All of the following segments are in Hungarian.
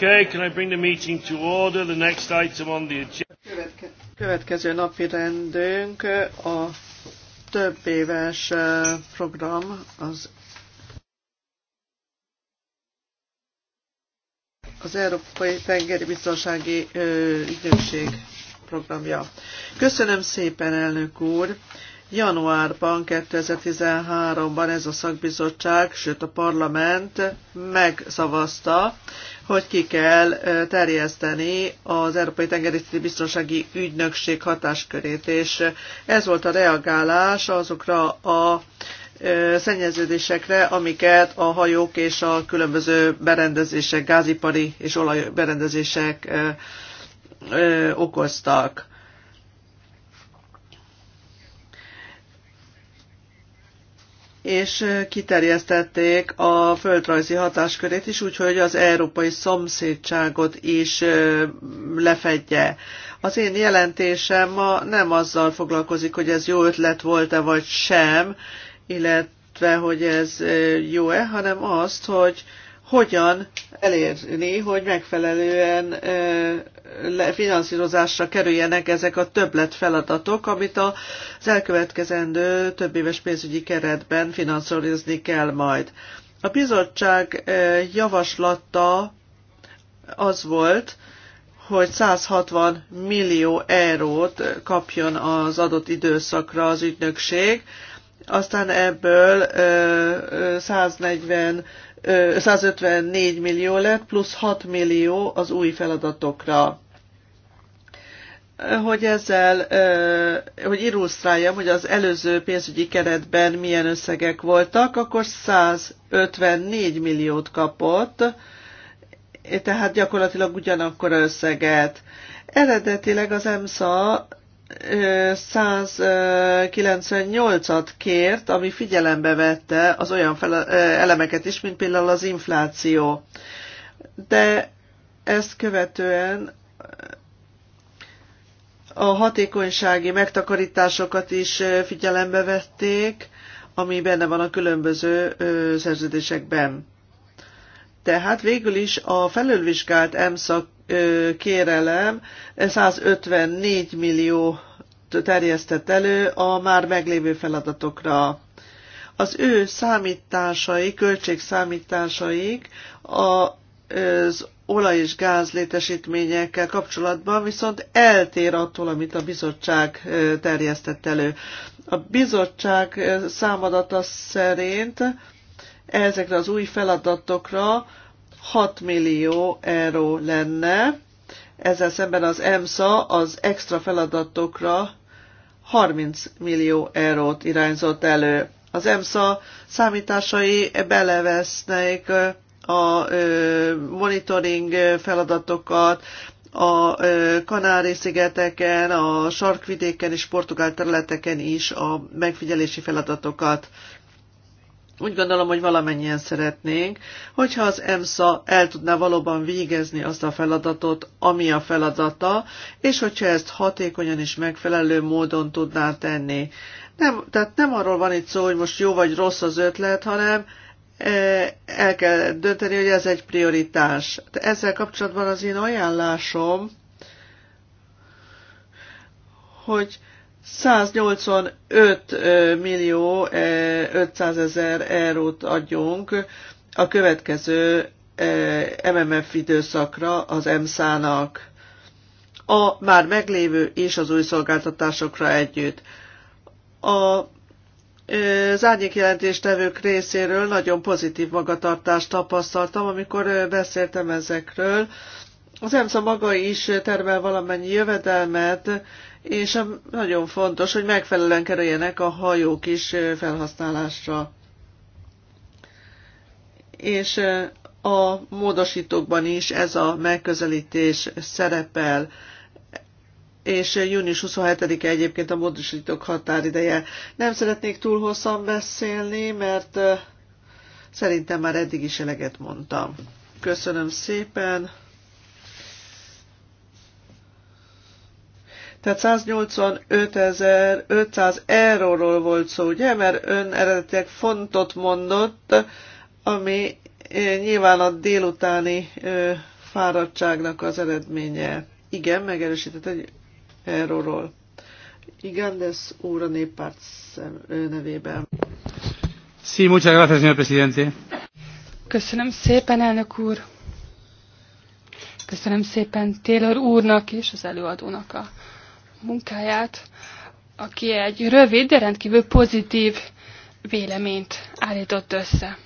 Okay, can I bring the meeting to order? The next item on the agenda. Következő napi rendünk a több éves eh, program az az Európai Tengeri Biztonsági eh, Ügynökség programja. Köszönöm szépen, elnök úr! Januárban, 2013-ban ez a szakbizottság, sőt a parlament megszavazta, hogy ki kell terjeszteni az Európai Tengerészeti Biztonsági Ügynökség hatáskörét, és ez volt a reagálás azokra a szennyeződésekre, amiket a hajók és a különböző berendezések, gázipari és olajberendezések okoztak. és kiterjesztették a földrajzi hatáskörét is, úgyhogy az európai szomszédságot is lefedje. Az én jelentésem ma nem azzal foglalkozik, hogy ez jó ötlet volt-e vagy sem, illetve hogy ez jó-e, hanem azt, hogy hogyan elérni, hogy megfelelően finanszírozásra kerüljenek ezek a többlet feladatok, amit az elkövetkezendő többéves pénzügyi keretben finanszírozni kell majd. A bizottság javaslata az volt, hogy 160 millió eurót kapjon az adott időszakra az ügynökség, aztán ebből 140 154 millió lett, plusz 6 millió az új feladatokra hogy ezzel, hogy illusztráljam, hogy az előző pénzügyi keretben milyen összegek voltak, akkor 154 milliót kapott, tehát gyakorlatilag ugyanakkor összeget. Eredetileg az EMSA 198-at kért, ami figyelembe vette az olyan elemeket is, mint például az infláció. De ezt követően a hatékonysági megtakarításokat is figyelembe vették, ami benne van a különböző szerződésekben. Tehát végül is a felülvizsgált emszak kérelem 154 millió terjesztett elő a már meglévő feladatokra. Az ő számításai, költségszámításaik az olaj- és gáz létesítményekkel kapcsolatban viszont eltér attól, amit a bizottság terjesztett elő. A bizottság számadata szerint ezekre az új feladatokra 6 millió euró lenne, ezzel szemben az EMSA az extra feladatokra 30 millió eurót irányzott elő. Az EMSA számításai belevesznek a monitoring feladatokat, a Kanári-szigeteken, a sarkvidéken és portugál területeken is a megfigyelési feladatokat úgy gondolom, hogy valamennyien szeretnénk, hogyha az EMSA el tudná valóban végezni azt a feladatot, ami a feladata, és hogyha ezt hatékonyan és megfelelő módon tudná tenni. Nem, tehát nem arról van itt szó, hogy most jó vagy rossz az ötlet, hanem e, el kell dönteni, hogy ez egy prioritás. De ezzel kapcsolatban az én ajánlásom, hogy 185 millió 500 ezer eurót adjunk a következő MMF időszakra az EMSZ-nak a már meglévő és az új szolgáltatásokra együtt. A az jelentéstevők részéről nagyon pozitív magatartást tapasztaltam, amikor beszéltem ezekről. Az EMSZ maga is termel valamennyi jövedelmet, és a, nagyon fontos, hogy megfelelően kerüljenek a hajók is felhasználásra. És a módosítókban is ez a megközelítés szerepel és június 27-e egyébként a módosítók határideje. Nem szeretnék túl hosszan beszélni, mert szerintem már eddig is eleget mondtam. Köszönöm szépen! Tehát 185.500 euróról volt szó, ugye? Mert ön eredetileg fontot mondott, ami eh, nyilván a délutáni eh, fáradtságnak az eredménye. Igen, megerősített egy de ez úr a néppárt szem, eh, nevében. Sí, muchas gracias, señor presidente. Köszönöm szépen, elnök úr. Köszönöm szépen Taylor úrnak és az előadónak a munkáját, aki egy rövid, de rendkívül pozitív véleményt állított össze.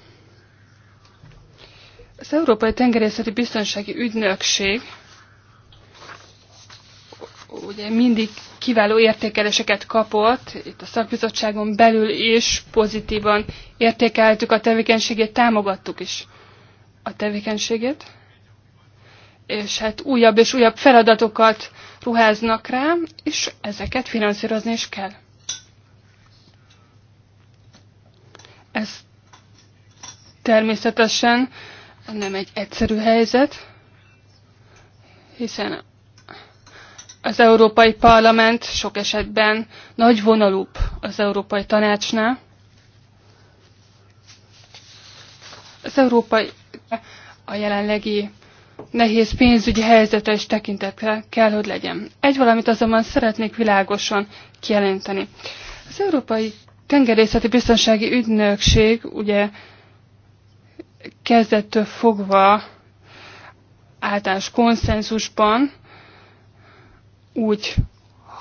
Az Európai Tengerészeti Biztonsági Ügynökség ugye mindig kiváló értékeléseket kapott, itt a szakbizottságon belül is pozitívan értékeltük a tevékenységét, támogattuk is a tevékenységét, és hát újabb és újabb feladatokat ruháznak rá, és ezeket finanszírozni is kell. Ez természetesen nem egy egyszerű helyzet, hiszen az Európai Parlament sok esetben nagy vonalúbb az Európai Tanácsnál. Az Európai a jelenlegi nehéz pénzügyi helyzete is tekintettel kell, hogy legyen. Egy valamit azonban szeretnék világosan kijelenteni. Az Európai Tengerészeti Biztonsági Ügynökség ugye kezdettől fogva általános konszenzusban úgy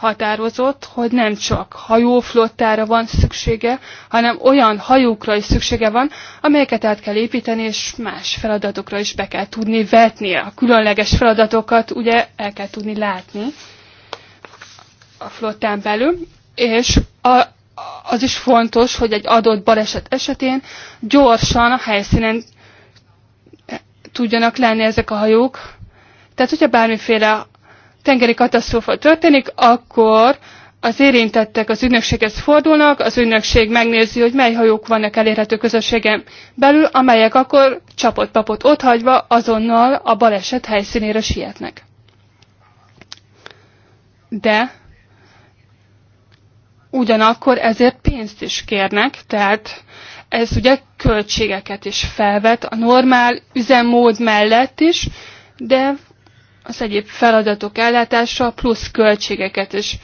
határozott, hogy nem csak hajóflottára van szüksége, hanem olyan hajókra is szüksége van, amelyeket át kell építeni, és más feladatokra is be kell tudni vetni. A különleges feladatokat ugye el kell tudni látni a flottán belül, és a, az is fontos, hogy egy adott baleset esetén gyorsan a helyszínen tudjanak lenni ezek a hajók. Tehát, hogyha bármiféle tengeri katasztrófa történik, akkor az érintettek az ügynökséghez fordulnak, az ügynökség megnézi, hogy mely hajók vannak elérhető közösségem belül, amelyek akkor csapott-papot otthagyva azonnal a baleset helyszínére sietnek. De ugyanakkor ezért pénzt is kérnek, tehát ez ugye költségeket is felvet a normál üzemmód mellett is, de az egyéb feladatok ellátása plusz költségeket is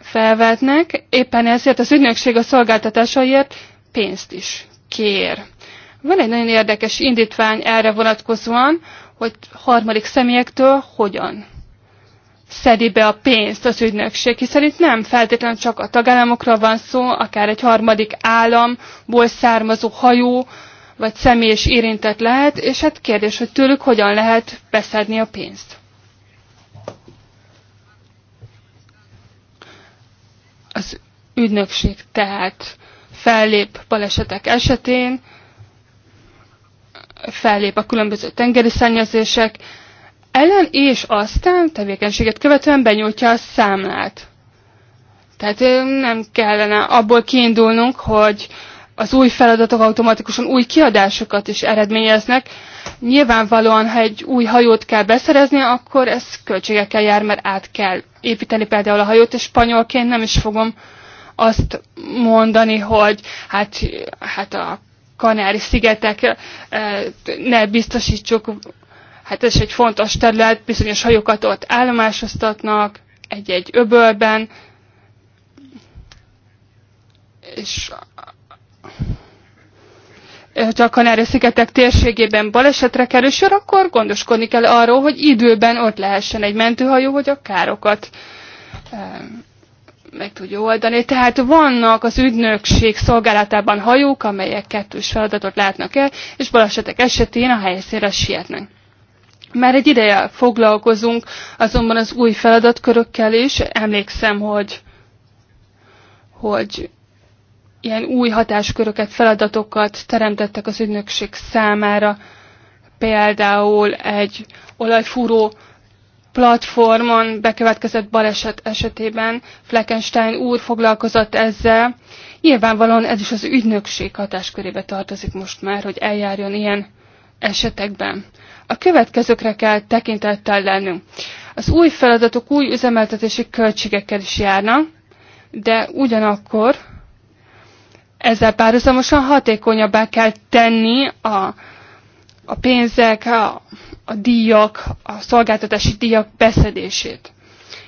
felvetnek, éppen ezért az ügynökség a szolgáltatásaiért pénzt is kér. Van egy nagyon érdekes indítvány erre vonatkozóan, hogy harmadik személyektől hogyan szedi be a pénzt az ügynökség, hiszen itt nem feltétlenül csak a tagállamokra van szó, akár egy harmadik államból származó hajó, vagy személy is érintett lehet, és hát kérdés, hogy tőlük hogyan lehet beszedni a pénzt. Az ügynökség tehát fellép balesetek esetén, fellép a különböző tengeri szennyezések ellen, és aztán tevékenységet követően benyújtja a számlát. Tehát nem kellene abból kiindulnunk, hogy az új feladatok automatikusan új kiadásokat is eredményeznek. Nyilvánvalóan, ha egy új hajót kell beszerezni, akkor ez költségekkel jár, mert át kell építeni például a hajót, és spanyolként nem is fogom azt mondani, hogy hát, hát a Kanári-szigetek eh, ne biztosítsuk, hát ez egy fontos terület, bizonyos hajókat ott állomásoztatnak egy-egy öbölben, és hogyha a Kanári-szigetek térségében balesetre kerül sor, akkor gondoskodni kell arról, hogy időben ott lehessen egy mentőhajó, hogy a károkat meg tudja oldani. Tehát vannak az ügynökség szolgálatában hajók, amelyek kettős feladatot látnak el, és balesetek esetén a helyszínre sietnek. Már egy ideje foglalkozunk azonban az új feladatkörökkel is. Emlékszem, hogy, hogy ilyen új hatásköröket, feladatokat teremtettek az ügynökség számára. Például egy olajfúró platformon bekövetkezett baleset esetében Fleckenstein úr foglalkozott ezzel. Nyilvánvalóan ez is az ügynökség hatáskörébe tartozik most már, hogy eljárjon ilyen esetekben. A következőkre kell tekintettel lennünk. Az új feladatok új üzemeltetési költségekkel is járna, de ugyanakkor ezzel párhuzamosan hatékonyabbá kell tenni a, a pénzek, a, a díjak, a szolgáltatási díjak beszedését.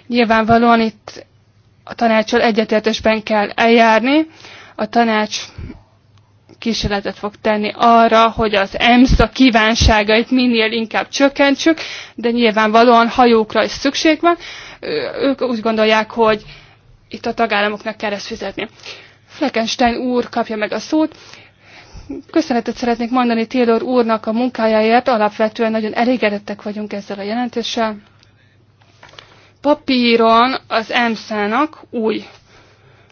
Nyilvánvalóan itt a tanácsal egyetértésben kell eljárni. A tanács kísérletet fog tenni arra, hogy az EMSZA kívánságait minél inkább csökkentsük, de nyilvánvalóan hajókra is szükség van. Ők úgy gondolják, hogy itt a tagállamoknak kell ezt fizetni. Fleckenstein úr kapja meg a szót. Köszönetet szeretnék mondani Taylor úrnak a munkájáért, alapvetően nagyon elégedettek vagyunk ezzel a jelentéssel. Papíron az EMSZ-nak új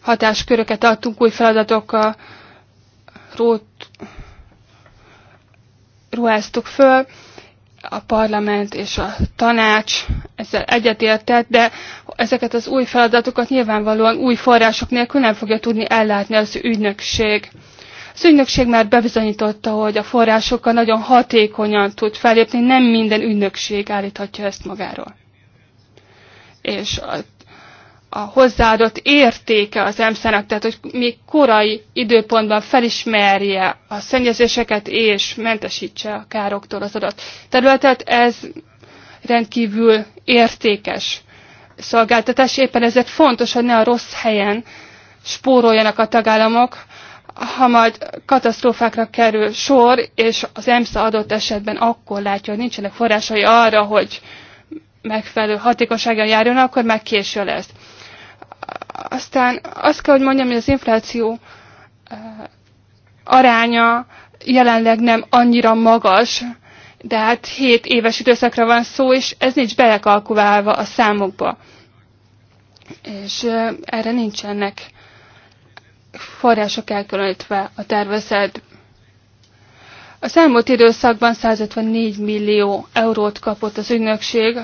hatásköröket adtunk, új feladatokkal rót, ruháztuk föl, a parlament és a tanács ezzel egyetértett, de ezeket az új feladatokat nyilvánvalóan új források nélkül nem fogja tudni ellátni az ügynökség. Az ügynökség már bebizonyította, hogy a forrásokkal nagyon hatékonyan tud felépni, nem minden ügynökség állíthatja ezt magáról. És a a hozzáadott értéke az EMSZ-nak, tehát hogy még korai időpontban felismerje a szennyezéseket és mentesítse a károktól az adott területet, ez rendkívül értékes szolgáltatás. Éppen ezért fontos, hogy ne a rossz helyen spóroljanak a tagállamok, ha majd katasztrófákra kerül sor, és az EMSZA adott esetben akkor látja, hogy nincsenek forrásai arra, hogy megfelelő hatékonysággal járjon, akkor már késő lesz. Aztán azt kell, hogy mondjam, hogy az infláció aránya jelenleg nem annyira magas, de hát 7 éves időszakra van szó, és ez nincs belekalkulálva a számokba. És erre nincsenek források elkülönítve a tervezet. A számolt időszakban 154 millió eurót kapott az ügynökség,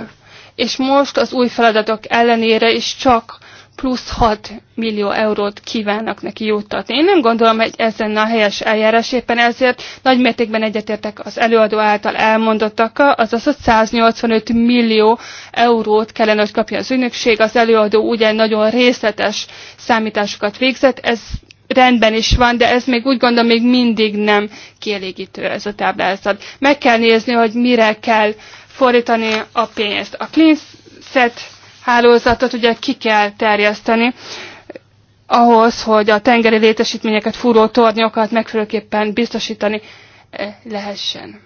és most az új feladatok ellenére is csak plusz 6 millió eurót kívánnak neki juttatni. Én nem gondolom, hogy ez lenne a helyes eljárás, éppen ezért nagy mértékben egyetértek az előadó által elmondottakkal, azaz, a 185 millió eurót kellene, hogy kapja az ügynökség. Az előadó ugye nagyon részletes számításokat végzett, ez rendben is van, de ez még úgy gondolom, még mindig nem kielégítő ez a táblázat. Meg kell nézni, hogy mire kell fordítani a pénzt. A clean set hálózatot ugye ki kell terjeszteni ahhoz, hogy a tengeri létesítményeket, fúró tornyokat megfelelőképpen biztosítani eh, lehessen.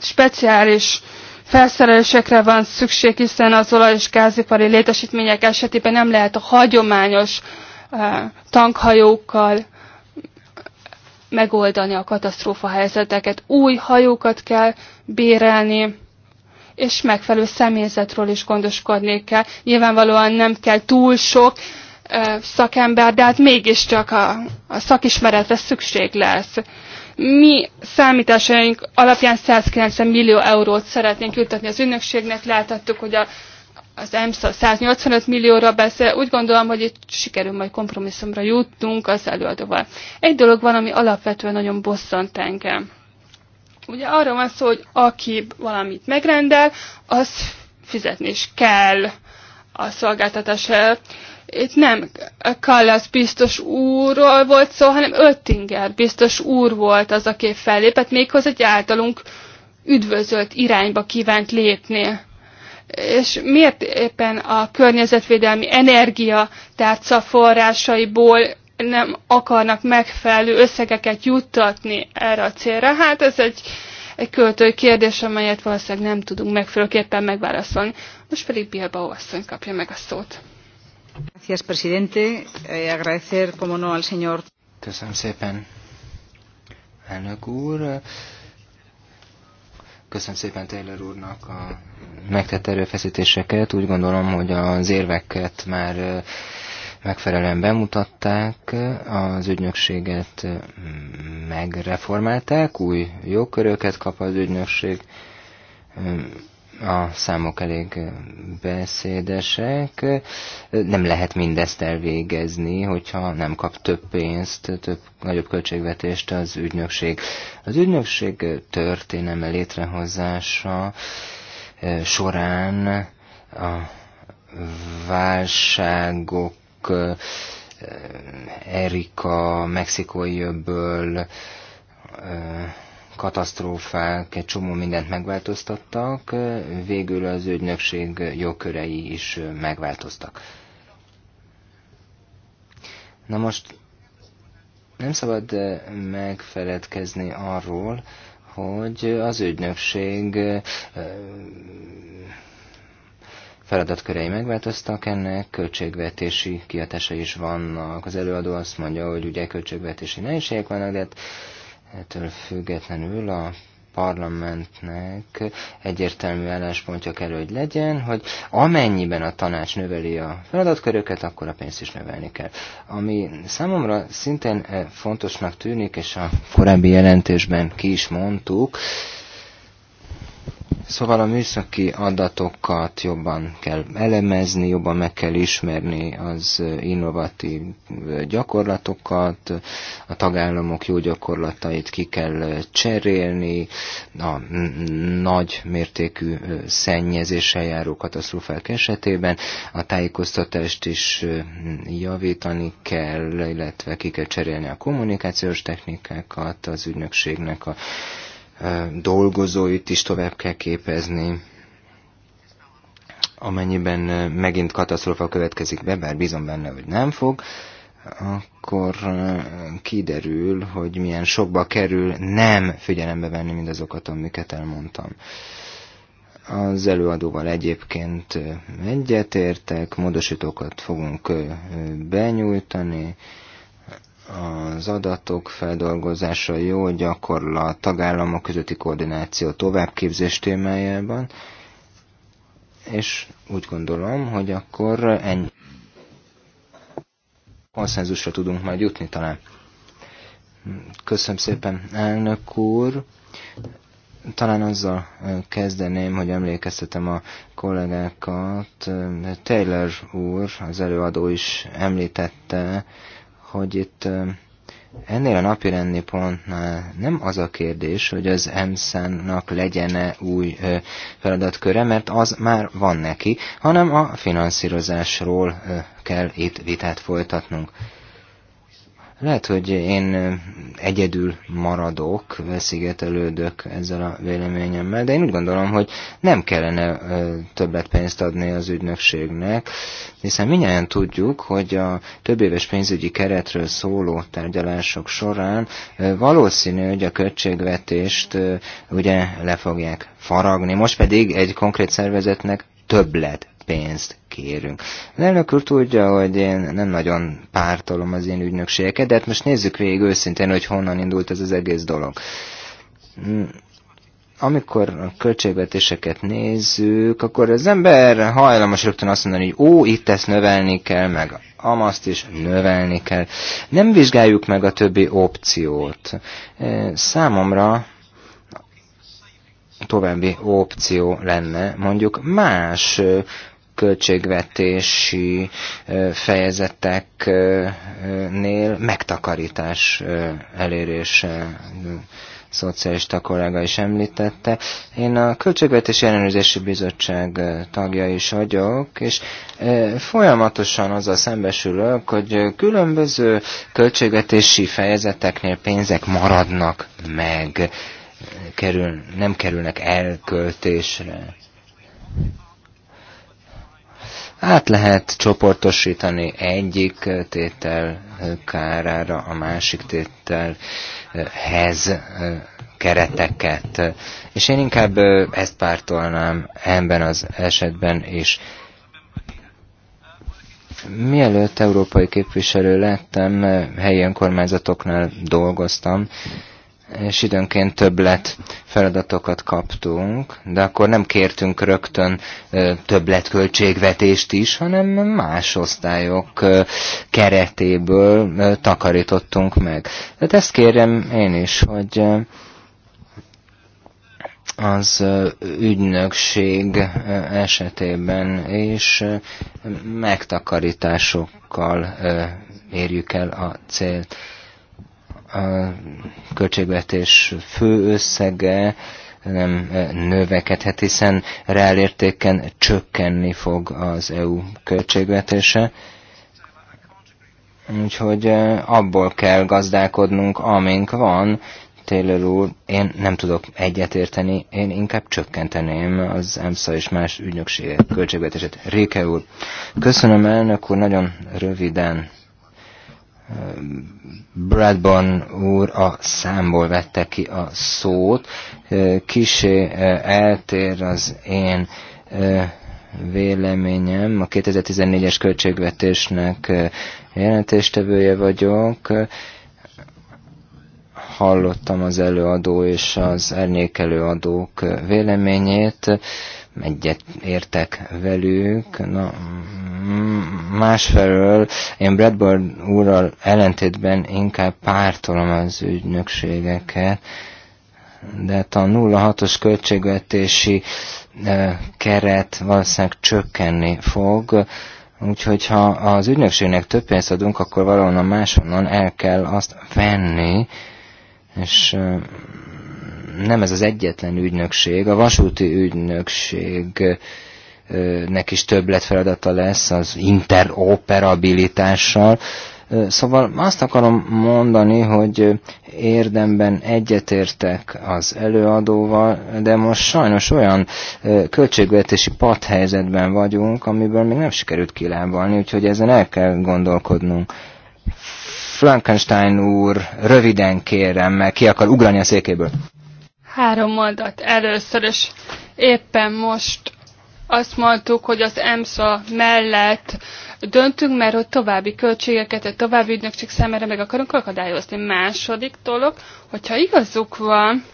speciális felszerelésekre van szükség, hiszen az olaj- és gázipari létesítmények esetében nem lehet a hagyományos eh, tankhajókkal megoldani a katasztrófa helyzeteket. Új hajókat kell bérelni, és megfelelő személyzetről is gondoskodni kell. Nyilvánvalóan nem kell túl sok szakember, de hát mégiscsak a, a szakismeretre szükség lesz. Mi számításaink alapján 190 millió eurót szeretnénk juttatni az ünnökségnek, láthattuk, hogy a az EMSZ 185 millióra beszél, úgy gondolom, hogy itt sikerül majd kompromisszumra jutnunk az előadóval. Egy dolog van, ami alapvetően nagyon bosszant engem. Ugye arra van szó, hogy aki valamit megrendel, az fizetni is kell a szolgáltatásért. Itt nem Kallas biztos úrról volt szó, hanem Öttinger biztos úr volt az, aki fellépett, méghozzá egy általunk üdvözölt irányba kívánt lépni. És miért éppen a környezetvédelmi energia tárca forrásaiból nem akarnak megfelelő összegeket juttatni erre a célra. Hát ez egy, egy költői kérdés, amelyet valószínűleg nem tudunk megfelelőképpen megválaszolni. Most pedig Bilbao asszony kapja meg a szót. Gracias, presidente. Eh, agradecer, como no, al señor. Köszönöm szépen, elnök úr. Köszönöm szépen Taylor úrnak a megtett erőfeszítéseket. Úgy gondolom, hogy az érveket már eh, megfelelően bemutatták, az ügynökséget mm, megreformálták, új jogköröket kap az ügynökség, mm, a számok elég beszédesek. Nem lehet mindezt elvégezni, hogyha nem kap több pénzt, több, nagyobb költségvetést az ügynökség. Az ügynökség történelme létrehozása eh, során a válságok Eh, Erika, mexikói öbből, eh, katasztrófák egy csomó mindent megváltoztattak, eh, végül az ügynökség jogkörei is megváltoztak. Na most nem szabad megfeledkezni arról, hogy az ügynökség feladatkörei megváltoztak ennek, költségvetési kiadásai is vannak. Az előadó azt mondja, hogy ugye költségvetési nehézségek vannak, de hát ettől függetlenül a parlamentnek egyértelmű álláspontja kell, hogy legyen, hogy amennyiben a tanács növeli a feladatköröket, akkor a pénzt is növelni kell. Ami számomra szintén eh, fontosnak tűnik, és a korábbi jelentésben ki is mondtuk, Szóval a műszaki adatokat jobban kell elemezni, jobban meg kell ismerni az innovatív gyakorlatokat, a tagállamok jó gyakorlatait ki kell cserélni, a nagy mértékű szennyezéssel járó katasztrófák esetében a tájékoztatást is javítani kell, illetve ki kell cserélni a kommunikációs technikákat az ügynökségnek a dolgozóit is tovább kell képezni, amennyiben megint katasztrófa következik be, bár bízom benne, hogy nem fog, akkor kiderül, hogy milyen sokba kerül nem figyelembe venni mindazokat, amiket elmondtam. Az előadóval egyébként egyetértek, módosítókat fogunk benyújtani, az adatok feldolgozása jó gyakorlat tagállamok közötti koordináció továbbképzés témájában, és úgy gondolom, hogy akkor ennyi konszenzusra tudunk majd jutni talán. Köszönöm szépen, elnök úr. Talán azzal kezdeném, hogy emlékeztetem a kollégákat. Taylor úr, az előadó is említette, hogy itt ennél a napirendi pontnál nem az a kérdés, hogy az EMSZ-nak legyen-e új feladatköre, mert az már van neki, hanem a finanszírozásról kell itt vitát folytatnunk. Lehet, hogy én egyedül maradok, veszigetelődök ezzel a véleményemmel, de én úgy gondolom, hogy nem kellene többet pénzt adni az ügynökségnek, hiszen minnyáján tudjuk, hogy a több éves pénzügyi keretről szóló tárgyalások során valószínű, hogy a költségvetést ugye le fogják faragni. Most pedig egy konkrét szervezetnek többlet pénzt kérünk. Az elnök úr tudja, hogy én nem nagyon pártolom az én ügynökségeket, de hát most nézzük végig őszintén, hogy honnan indult ez az egész dolog. Amikor a költségvetéseket nézzük, akkor az ember hajlamos rögtön azt mondani, hogy ó, itt ezt növelni kell, meg amaszt is növelni kell. Nem vizsgáljuk meg a többi opciót. Számomra további opció lenne mondjuk más költségvetési fejezeteknél megtakarítás elérése szocialista kollega is említette. Én a Költségvetési Ellenőrzési Bizottság tagja is vagyok, és folyamatosan azzal szembesülök, hogy különböző költségvetési fejezeteknél pénzek maradnak meg, kerül, nem kerülnek elköltésre át lehet csoportosítani egyik tétel kárára a másik tételhez kereteket. És én inkább ezt pártolnám ebben az esetben is. Mielőtt európai képviselő lettem, helyi önkormányzatoknál dolgoztam, és időnként többlet feladatokat kaptunk, de akkor nem kértünk rögtön többletköltségvetést is, hanem más osztályok keretéből takarítottunk meg. Tehát ezt kérem én is, hogy az ügynökség esetében és megtakarításokkal érjük el a célt a költségvetés fő összege nem eh, növekedhet, hiszen reálértéken csökkenni fog az EU költségvetése. Úgyhogy eh, abból kell gazdálkodnunk, amink van. Taylor úr, én nem tudok egyetérteni, én inkább csökkenteném az EMSZA és más ügynökségek költségvetését. Réke úr, köszönöm elnök úr, nagyon röviden Bradban úr a számból vette ki a szót, kisé eltér az én véleményem. A 2014-es költségvetésnek jelentéstevője vagyok. Hallottam az előadó és az adók véleményét egyet értek velük. Na, másfelől én Bradburn úrral ellentétben inkább pártolom az ügynökségeket, de hát a 0,6-os költségvetési e, keret valószínűleg csökkenni fog, úgyhogy ha az ügynökségnek több pénzt adunk, akkor valahonnan máshonnan el kell azt venni, és e, nem ez az egyetlen ügynökség, a vasúti ügynökségnek is többlet feladata lesz az interoperabilitással. Szóval azt akarom mondani, hogy érdemben egyetértek az előadóval, de most sajnos olyan költségvetési padhelyzetben vagyunk, amiből még nem sikerült kilábalni, úgyhogy ezen el kell gondolkodnunk. Frankenstein úr, röviden kérem, mert ki akar ugrani a székéből. Három mondat. Először is éppen most azt mondtuk, hogy az EMSZA mellett döntünk, mert hogy további költségeket a további ügynökség számára meg akarunk akadályozni. Második dolog, hogyha igazuk van,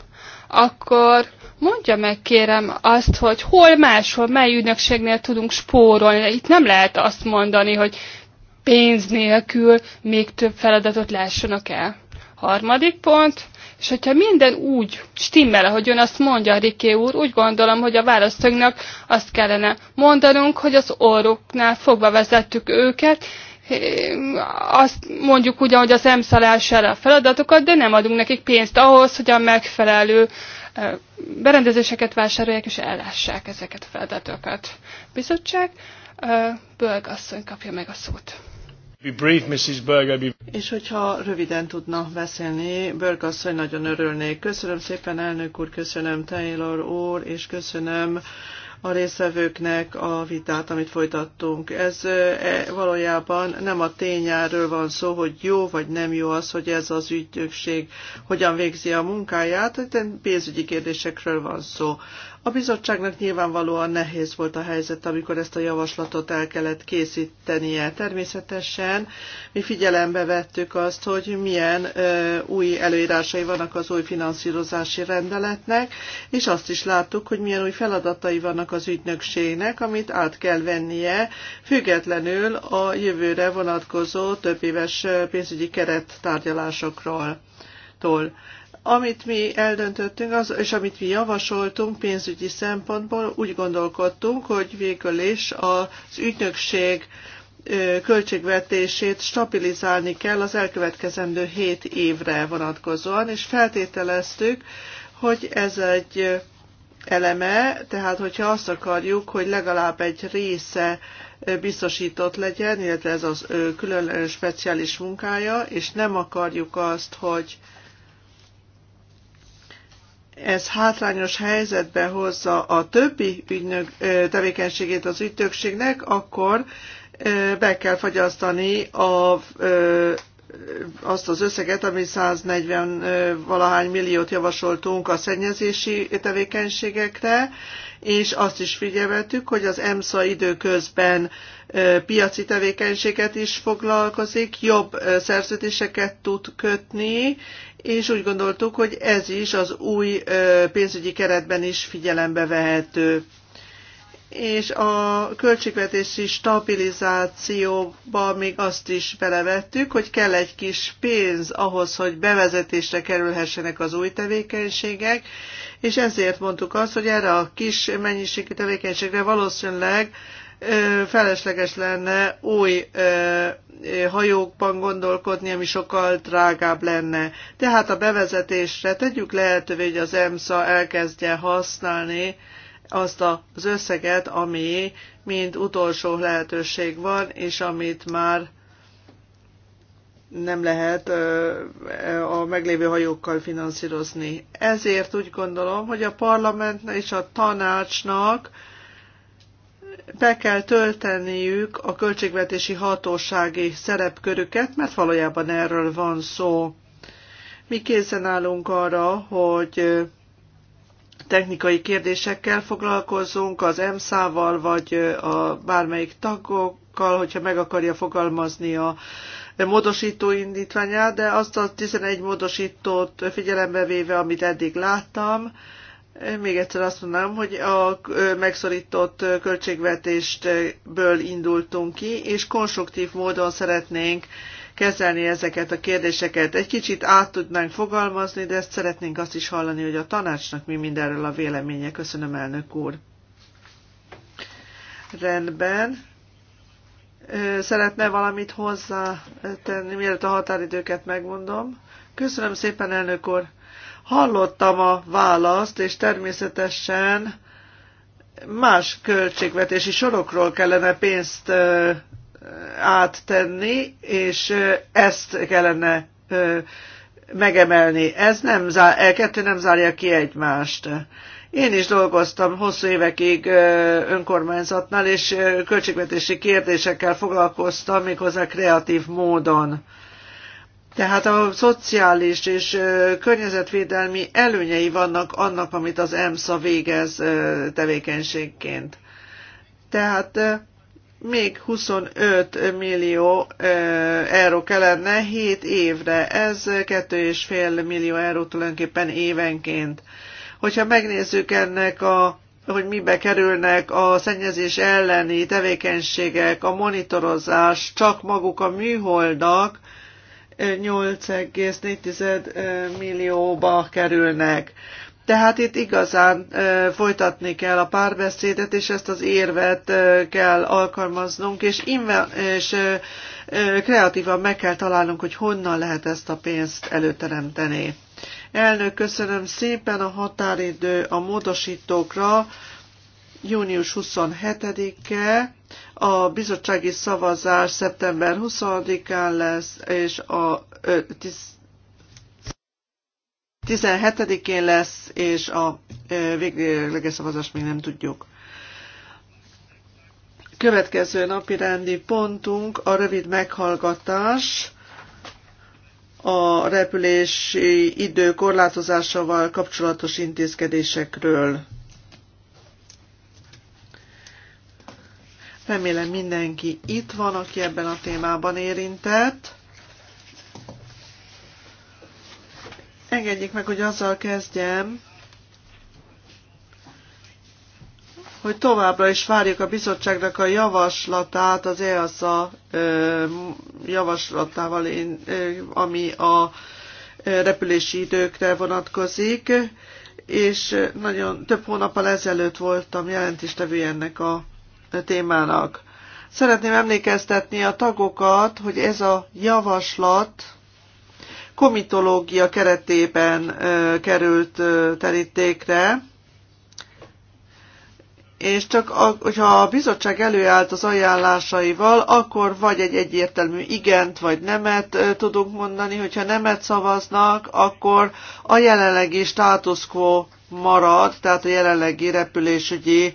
akkor mondja meg kérem azt, hogy hol máshol, mely ügynökségnél tudunk spórolni. Itt nem lehet azt mondani, hogy pénz nélkül még több feladatot lássanak el. Harmadik pont, és hogyha minden úgy stimmel, ahogy ön azt mondja, Riké úr, úgy gondolom, hogy a választóknak azt kellene mondanunk, hogy az orruknál fogva vezettük őket, azt mondjuk ugyan, hogy az emszalás el a feladatokat, de nem adunk nekik pénzt ahhoz, hogy a megfelelő eh, berendezéseket vásárolják és ellássák ezeket a feladatokat. Bizottság, eh, bölgasszony kapja meg a szót. És hogyha röviden tudna beszélni, Berg asszony, nagyon örülnék. Köszönöm szépen, elnök úr, köszönöm Taylor úr, és köszönöm a részvevőknek a vitát, amit folytattunk. Ez e, valójában nem a tényáról van szó, hogy jó vagy nem jó az, hogy ez az ügynökség hogyan végzi a munkáját, de pénzügyi kérdésekről van szó. A bizottságnak nyilvánvalóan nehéz volt a helyzet, amikor ezt a javaslatot el kellett készítenie. Természetesen mi figyelembe vettük azt, hogy milyen ö, új előírásai vannak az új finanszírozási rendeletnek, és azt is láttuk, hogy milyen új feladatai vannak az ügynökségnek, amit át kell vennie, függetlenül a jövőre vonatkozó több éves pénzügyi keret tárgyalásokról. Amit mi eldöntöttünk, az, és amit mi javasoltunk pénzügyi szempontból, úgy gondolkodtunk, hogy végül is az ügynökség költségvetését stabilizálni kell az elkövetkezendő 7 évre vonatkozóan, és feltételeztük, hogy ez egy eleme, tehát hogyha azt akarjuk, hogy legalább egy része biztosított legyen, illetve ez az külön speciális munkája, és nem akarjuk azt, hogy ez hátrányos helyzetbe hozza a többi ügynök tevékenységét az ügytökségnek, akkor be kell fagyasztani a, azt az összeget, ami 140 valahány milliót javasoltunk a szennyezési tevékenységekre, és azt is figyelmetük, hogy az EMSZA időközben piaci tevékenységet is foglalkozik, jobb szerződéseket tud kötni, és úgy gondoltuk, hogy ez is az új pénzügyi keretben is figyelembe vehető. És a költségvetési stabilizációba még azt is belevettük, hogy kell egy kis pénz ahhoz, hogy bevezetésre kerülhessenek az új tevékenységek, és ezért mondtuk azt, hogy erre a kis mennyiségű tevékenységre valószínűleg felesleges lenne új hajókban gondolkodni, ami sokkal drágább lenne. Tehát a bevezetésre tegyük lehetővé, hogy az EMSA elkezdje használni azt az összeget, ami mind utolsó lehetőség van, és amit már nem lehet a meglévő hajókkal finanszírozni. Ezért úgy gondolom, hogy a parlamentnek és a tanácsnak be kell tölteniük a költségvetési hatósági szerepkörüket, mert valójában erről van szó. Mi készen állunk arra, hogy technikai kérdésekkel foglalkozunk, az EMSZ-val vagy a bármelyik tagokkal, hogyha meg akarja fogalmazni a módosító indítványát, de azt a 11 módosítót figyelembe véve, amit eddig láttam, még egyszer azt mondanám, hogy a megszorított költségvetéstből indultunk ki, és konstruktív módon szeretnénk kezelni ezeket a kérdéseket. Egy kicsit át tudnánk fogalmazni, de ezt szeretnénk azt is hallani, hogy a tanácsnak mi mindenről a véleménye. Köszönöm, elnök úr. Rendben. Szeretne valamit hozzátenni, mielőtt a határidőket megmondom. Köszönöm szépen, elnök úr. Hallottam a választ, és természetesen más költségvetési sorokról kellene pénzt áttenni, és ezt kellene megemelni. Ez nem zár, e kettő nem zárja ki egymást. Én is dolgoztam hosszú évekig önkormányzatnál, és költségvetési kérdésekkel foglalkoztam, méghozzá kreatív módon. Tehát a szociális és környezetvédelmi előnyei vannak annak, amit az EMSZA végez tevékenységként. Tehát még 25 millió euró kellene 7 évre, ez 2,5 millió euró tulajdonképpen évenként. Hogyha megnézzük ennek a hogy mibe kerülnek a szennyezés elleni tevékenységek, a monitorozás, csak maguk a műholdak, 8,4 millióba kerülnek. Tehát itt igazán folytatni kell a párbeszédet, és ezt az érvet kell alkalmaznunk, és, inve, és kreatívan meg kell találnunk, hogy honnan lehet ezt a pénzt előteremteni. Elnök, köszönöm szépen a határidő a módosítókra június 27-e a bizottsági szavazás szeptember 20-án lesz, és a 17-én lesz, és a végleges szavazás még nem tudjuk. Következő napi rendi pontunk a rövid meghallgatás a repülési idő korlátozásával kapcsolatos intézkedésekről. Remélem mindenki itt van, aki ebben a témában érintett. Engedjék meg, hogy azzal kezdjem, hogy továbbra is várjuk a bizottságnak a javaslatát, az EASA javaslatával, ami a repülési időkre vonatkozik, és nagyon több hónappal ezelőtt voltam jelentéstevő ennek a témának. Szeretném emlékeztetni a tagokat, hogy ez a javaslat komitológia keretében került ö, terítékre, és csak a, hogyha a bizottság előállt az ajánlásaival, akkor vagy egy egyértelmű igent vagy nemet tudunk mondani, hogyha nemet szavaznak, akkor a jelenlegi státuszkó marad, tehát a jelenlegi repülésügyi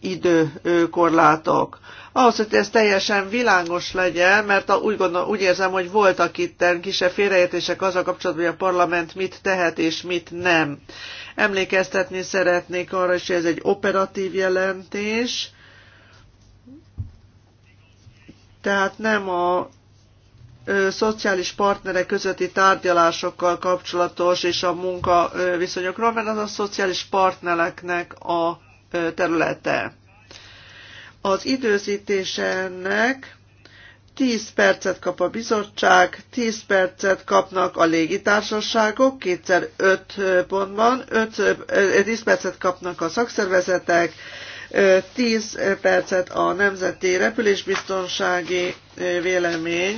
időkorlátok. Ahhoz, hogy ez teljesen világos legyen, mert úgy, gondol, úgy érzem, hogy voltak itt kisebb félreértések azzal kapcsolatban, hogy a parlament mit tehet és mit nem. Emlékeztetni szeretnék arra is, hogy ez egy operatív jelentés, tehát nem a szociális partnerek közötti tárgyalásokkal kapcsolatos és a munkaviszonyokról, mert az a szociális partnereknek a területe. Az időzítésének 10 percet kap a bizottság, 10 percet kapnak a légitársaságok, kétszer 5 pontban, 5, 10 percet kapnak a szakszervezetek, 10 percet a Nemzeti Repülésbiztonsági Vélemény,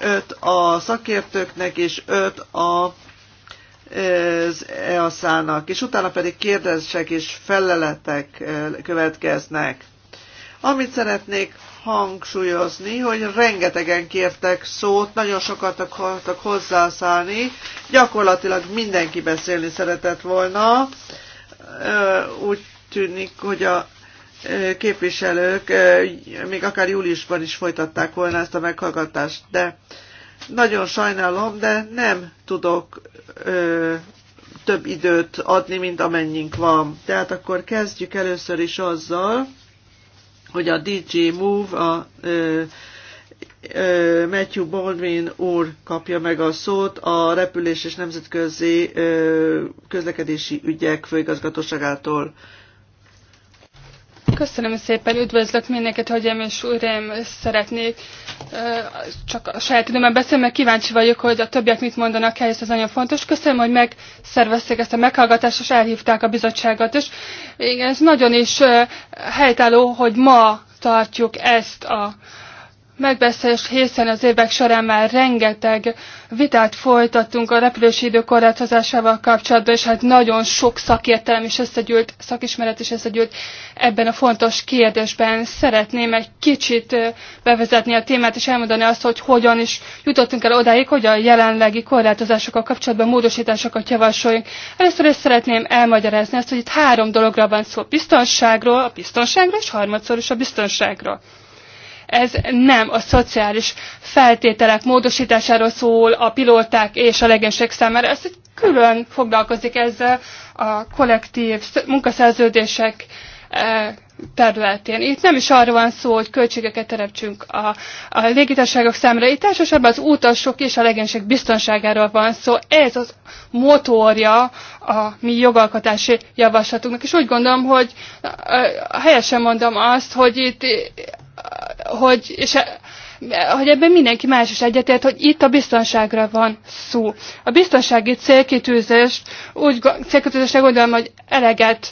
5 a szakértőknek és 5 a az EASZ-nak, és utána pedig kérdések és feleletek következnek. Amit szeretnék hangsúlyozni, hogy rengetegen kértek szót, nagyon sokat akartak hozzászállni, gyakorlatilag mindenki beszélni szeretett volna. Úgy tűnik, hogy a képviselők még akár júliusban is folytatták volna ezt a meghallgatást, de nagyon sajnálom, de nem tudok ö, több időt adni, mint amennyink van. Tehát akkor kezdjük először is azzal, hogy a DJ Move, a ö, ö, Matthew Baldwin úr kapja meg a szót a repülés és nemzetközi ö, közlekedési ügyek főigazgatóságától. Köszönöm szépen, üdvözlök mindenkit, hölgyeim és uraim, szeretnék csak a saját időmben beszélni, mert kíváncsi vagyok, hogy a többiek mit mondanak el, ez nagyon fontos. Köszönöm, hogy megszervezték ezt a meghallgatást, és elhívták a bizottságot, és igen, ez nagyon is helytálló, hogy ma tartjuk ezt a Megbeszélés hiszen az évek során már rengeteg vitát folytattunk a repülési idő korlátozásával kapcsolatban, és hát nagyon sok szakértelem is összegyűlt, szakismeret is összegyűlt ebben a fontos kérdésben. Szeretném egy kicsit bevezetni a témát, és elmondani azt, hogy hogyan is jutottunk el odáig, hogy a jelenlegi korlátozásokkal kapcsolatban módosításokat javasoljunk. Először is szeretném elmagyarázni azt, hogy itt három dologra van szó. Biztonságról, a biztonságról, és harmadszor is a biztonságról ez nem a szociális feltételek módosításáról szól a pilóták és a legénység számára. Ez egy külön foglalkozik ezzel a kollektív munkaszerződések eh, területén. Itt nem is arról van szó, hogy költségeket teremtsünk a, a légitársaságok számára, itt elsősorban az utasok és a legénység biztonságáról van szó. Ez az motorja a mi jogalkotási javaslatunknak, és úgy gondolom, hogy eh, helyesen mondom azt, hogy itt hogy, és e- hogy ebben mindenki más is egyetért, hogy itt a biztonságra van szó. A biztonsági célkitűzést úgy célkitűzésre gondolom, hogy eleget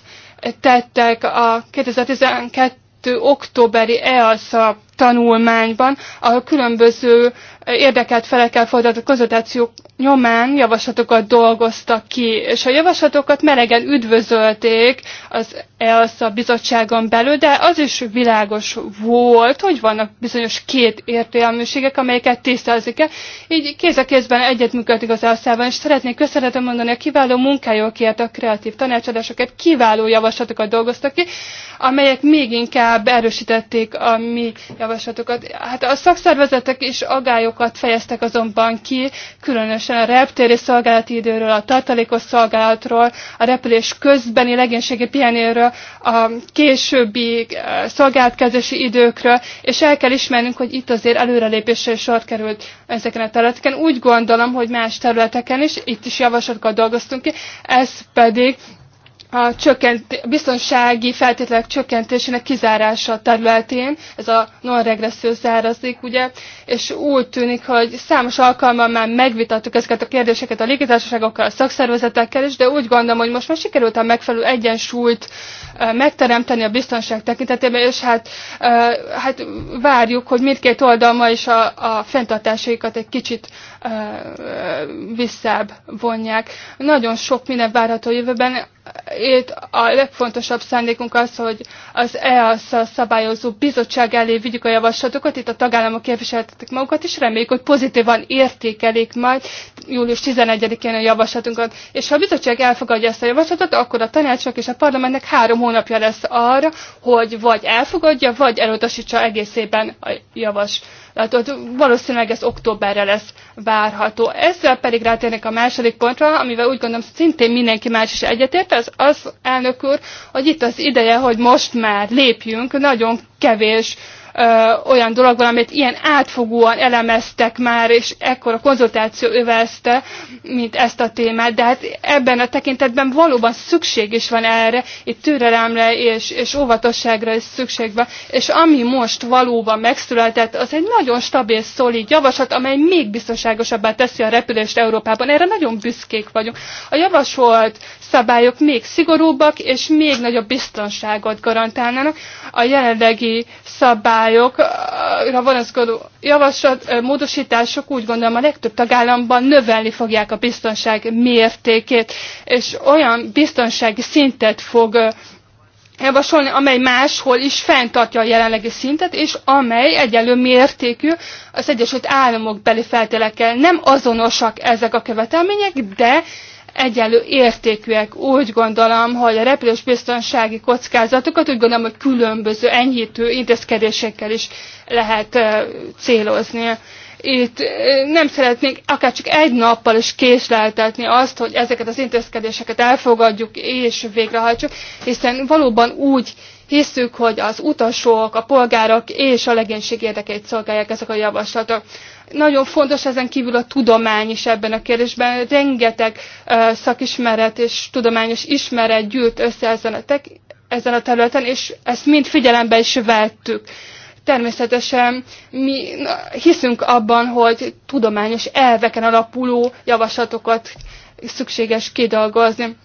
tettek a 2012 októberi EASA tanulmányban, ahol különböző érdekelt felekkel folytatott konzultációk nyomán javaslatokat dolgoztak ki, és a javaslatokat melegen üdvözölték az a bizottságon belül, de az is világos volt, hogy vannak bizonyos két értelműségek, amelyeket tisztelzik, el. Így kéz a kézben egyetműködik az elsz és szeretnék köszönetem mondani a kiváló munkájukért, a kreatív tanácsadásokért, kiváló javaslatokat dolgoztak ki, amelyek még inkább erősítették a mi javaslatokat. Hát a szakszervezetek is agályok aggodalmukat fejeztek azonban ki, különösen a reptéri szolgálati időről, a tartalékos szolgálatról, a repülés közbeni legénységi pihenőről, a későbbi eh, szolgálatkezési időkről, és el kell ismernünk, hogy itt azért előrelépésre sor került ezeken a területeken. Úgy gondolom, hogy más területeken is, itt is javaslatokat dolgoztunk ki, ez pedig a csökkent, biztonsági feltételek csökkentésének kizárása területén, ez a non-regresszió zárazik, ugye, és úgy tűnik, hogy számos alkalommal már megvitattuk ezeket a kérdéseket a légitársaságokkal, a szakszervezetekkel is, de úgy gondolom, hogy most már sikerült a megfelelő egyensúlyt megteremteni a biztonság tekintetében, és hát, hát várjuk, hogy mindkét ma is a, a fenntartásaikat egy kicsit visszább vonják. Nagyon sok minden várható jövőben, itt a legfontosabb szándékunk az, hogy az EASZ szabályozó bizottság elé vigyük a javaslatokat, itt a tagállamok képviseltetik magukat, és reméljük, hogy pozitívan értékelik majd július 11-én a javaslatunkat. És ha a bizottság elfogadja ezt a javaslatot, akkor a tanácsnak és a parlamentnek három hónapja lesz arra, hogy vagy elfogadja, vagy elutasítsa egészében a javaslatot. Valószínűleg ez októberre lesz várható. Ezzel pedig rátérnek a második pontra, amivel úgy gondolom szintén mindenki más is egyetért, az az, elnök úr, hogy itt az ideje, hogy most már lépjünk, nagyon kevés ö, olyan dolog van, amit ilyen átfogóan elemeztek már, és ekkor a konzultáció övezte, mint ezt a témát, de hát ebben a tekintetben valóban szükség is van erre, itt türelemre és, és óvatosságra is szükség van, és ami most valóban megszületett, az egy nagyon stabil, szolid javaslat, amely még biztonságosabbá teszi a repülést Európában. Erre nagyon büszkék vagyunk. A javasolt szabályok még szigorúbbak és még nagyobb biztonságot garantálnának. A jelenlegi szabályokra vonatkozó javaslat, módosítások úgy gondolom a legtöbb tagállamban növelni fogják a biztonság mértékét, és olyan biztonsági szintet fog javasolni, amely máshol is fenntartja a jelenlegi szintet, és amely egyenlő mértékű az Egyesült Államok beli feltélekkel. Nem azonosak ezek a követelmények, de egyenlő értékűek. Úgy gondolom, hogy a repülős biztonsági kockázatokat úgy gondolom, hogy különböző enyhítő intézkedésekkel is lehet célozni. Itt nem szeretnék akár csak egy nappal is késleltetni azt, hogy ezeket az intézkedéseket elfogadjuk és végrehajtsuk, hiszen valóban úgy hiszük, hogy az utasok, a polgárok és a legénység érdekeit szolgálják ezek a javaslatok. Nagyon fontos ezen kívül a tudomány is ebben a kérdésben. Rengeteg szakismeret és tudományos ismeret gyűlt össze ezen a, tek, ezen a területen, és ezt mind figyelembe is vettük. Természetesen mi hiszünk abban, hogy tudományos elveken alapuló javaslatokat szükséges kidolgozni.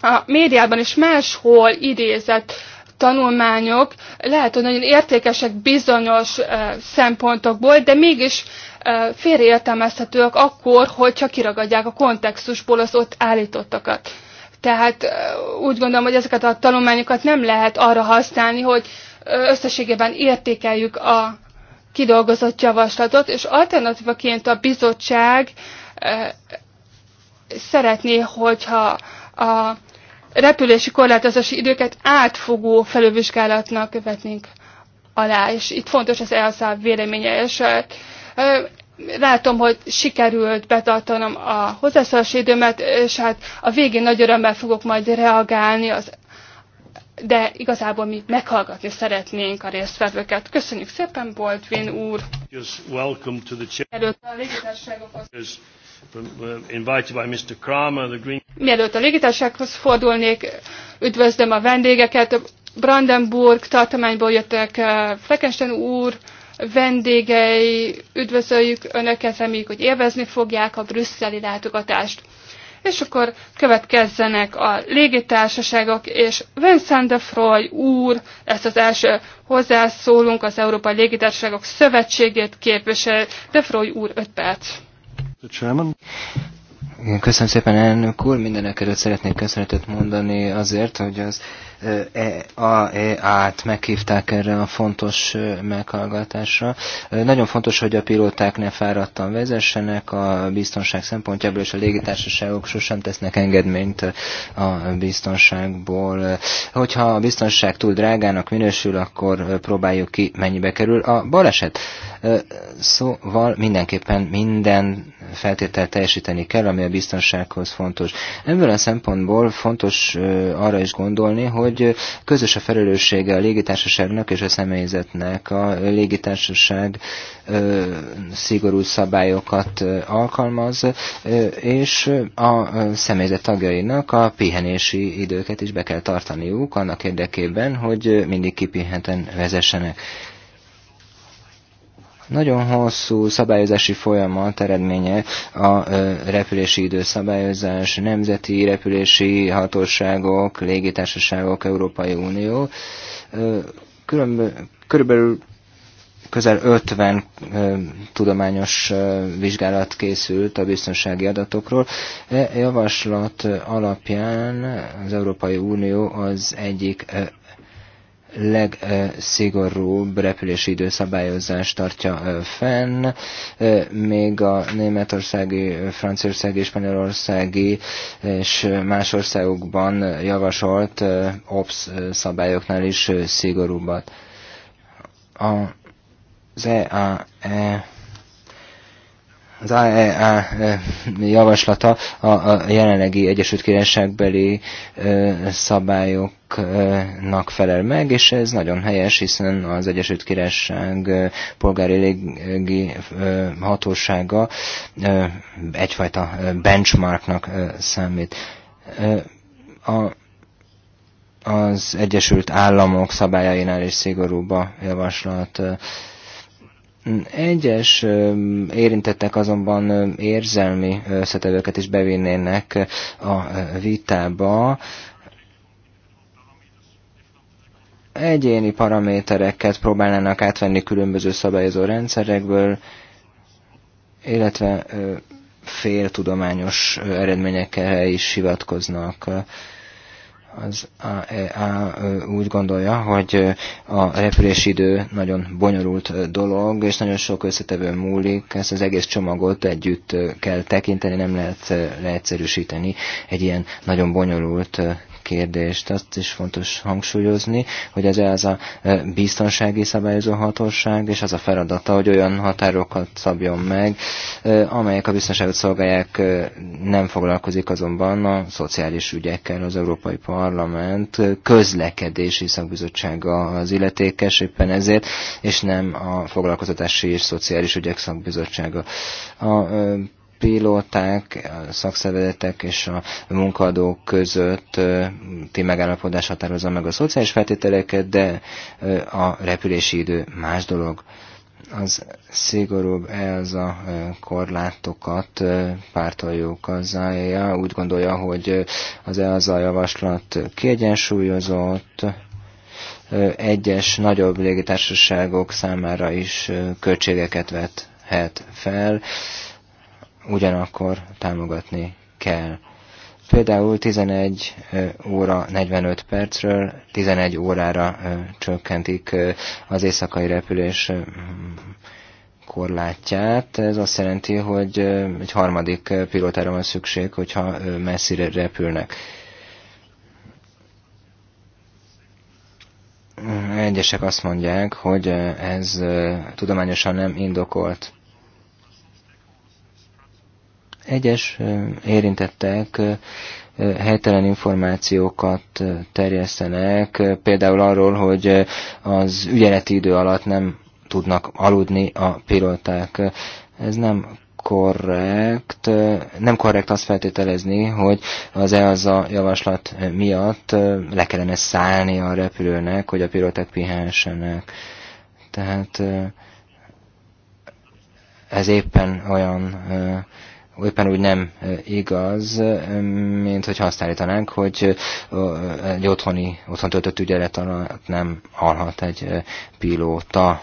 A médiában is máshol idézett tanulmányok lehet, hogy nagyon értékesek bizonyos szempontokból, de mégis félreértelmezhetőek akkor, hogyha kiragadják a kontextusból az ott állítottakat. Tehát úgy gondolom, hogy ezeket a tanulmányokat nem lehet arra használni, hogy összességében értékeljük a kidolgozott javaslatot, és alternatívaként a bizottság szeretné, hogyha a repülési korlátozási időket átfogó felülvizsgálatnak vetnénk alá, és itt fontos az ELSZÁ véleménye, és Látom, hogy sikerült betartanom a hozzászólási időmet, és hát a végén nagy örömmel fogok majd reagálni, az, de igazából mi meghallgatni szeretnénk a résztvevőket. Köszönjük szépen, Boldvin úr! a Mielőtt a légitársághoz um, uh, fordulnék, üdvözlöm a vendégeket. Brandenburg tartományból jöttek uh, Fleckenstein úr, vendégei, üdvözöljük Önöket, reméljük, hogy élvezni fogják a brüsszeli látogatást. És akkor következzenek a légitársaságok, és Vincent de Froy úr, ezt az első hozzászólunk, az Európai Légitársaságok Szövetségét képvisel. De Froy úr, 5 perc. Köszönöm szépen, elnök úr. Mindenek előtt szeretnék köszönetet mondani azért, hogy az EAE-át meghívták erre a fontos meghallgatásra. Nagyon fontos, hogy a pilóták ne fáradtan vezessenek a biztonság szempontjából, és a légitársaságok sosem tesznek engedményt a biztonságból. Hogyha a biztonság túl drágának minősül, akkor próbáljuk ki, mennyibe kerül a baleset. Szóval mindenképpen minden feltételt teljesíteni kell, ami a biztonsághoz fontos. Ebből a szempontból fontos arra is gondolni, hogy hogy közös a felelőssége a légitársaságnak és a személyzetnek. A légitársaság szigorú szabályokat alkalmaz, és a személyzet tagjainak a pihenési időket is be kell tartaniuk annak érdekében, hogy mindig kipihenten vezessenek. Nagyon hosszú szabályozási folyamat eredménye a repülési időszabályozás, nemzeti repülési hatóságok, légitársaságok, Európai Unió. körülbelül közel 50 tudományos vizsgálat készült a biztonsági adatokról. E javaslat alapján az Európai Unió az egyik legszigorúbb repülési időszabályozást tartja fenn, még a németországi, franciaországi, spanyolországi és más országokban javasolt OPS szabályoknál is szigorúbbat. A, ZAE az AEA e e, javaslata a jelenlegi Egyesült Királyságbeli e, szabályoknak felel meg, és ez nagyon helyes, hiszen az Egyesült Királyság polgári légi hatósága egyfajta benchmarknak számít. A az Egyesült Államok szabályainál is szigorúbb a javaslat. Egyes érintettek azonban érzelmi összetevőket is bevinnének a vitába, egyéni paramétereket próbálnának átvenni különböző szabályozó rendszerekből, illetve féltudományos eredményekre is hivatkoznak az a e úgy gondolja, hogy a repülési idő nagyon bonyolult dolog, és nagyon sok összetevő múlik, ezt az egész csomagot együtt kell tekinteni, nem lehet leegyszerűsíteni egy ilyen nagyon bonyolult kérdést. Azt is fontos hangsúlyozni, hogy ez az a e, biztonsági szabályozó hatóság, és az a feladata, hogy olyan határokat szabjon meg, e, amelyek a biztonságot szolgálják, e, nem foglalkozik azonban a szociális ügyekkel az Európai Parlament közlekedési szakbizottsága az illetékes éppen ezért, és nem a foglalkozatási és szociális ügyek szakbizottsága. A pilóták, a szakszervezetek és a munkadók között ti megállapodás határozza meg a szociális feltételeket, de a repülési idő más dolog. Az szigorúbb a korlátokat pártoljuk az AEA. Úgy gondolja, hogy az EASA javaslat kiegyensúlyozott, egyes nagyobb légitársaságok számára is költségeket vethet fel ugyanakkor támogatni kell. Például 11 óra 45 percről 11 órára csökkentik az éjszakai repülés korlátját. Ez azt jelenti, hogy egy harmadik pilótára van szükség, hogyha messzire repülnek. Egyesek azt mondják, hogy ez tudományosan nem indokolt. Egyes érintettek helytelen információkat terjesztenek, például arról, hogy az ügyeleti idő alatt nem tudnak aludni a pilóták. Ez nem korrekt, nem korrekt azt feltételezni, hogy az EASA javaslat miatt le kellene szállni a repülőnek, hogy a pilóták pihensenek. Tehát ez éppen olyan éppen úgy nem igaz, mint hogy azt állítanánk, hogy egy otthoni, otthon töltött ügyelet alatt nem alhat egy pilóta.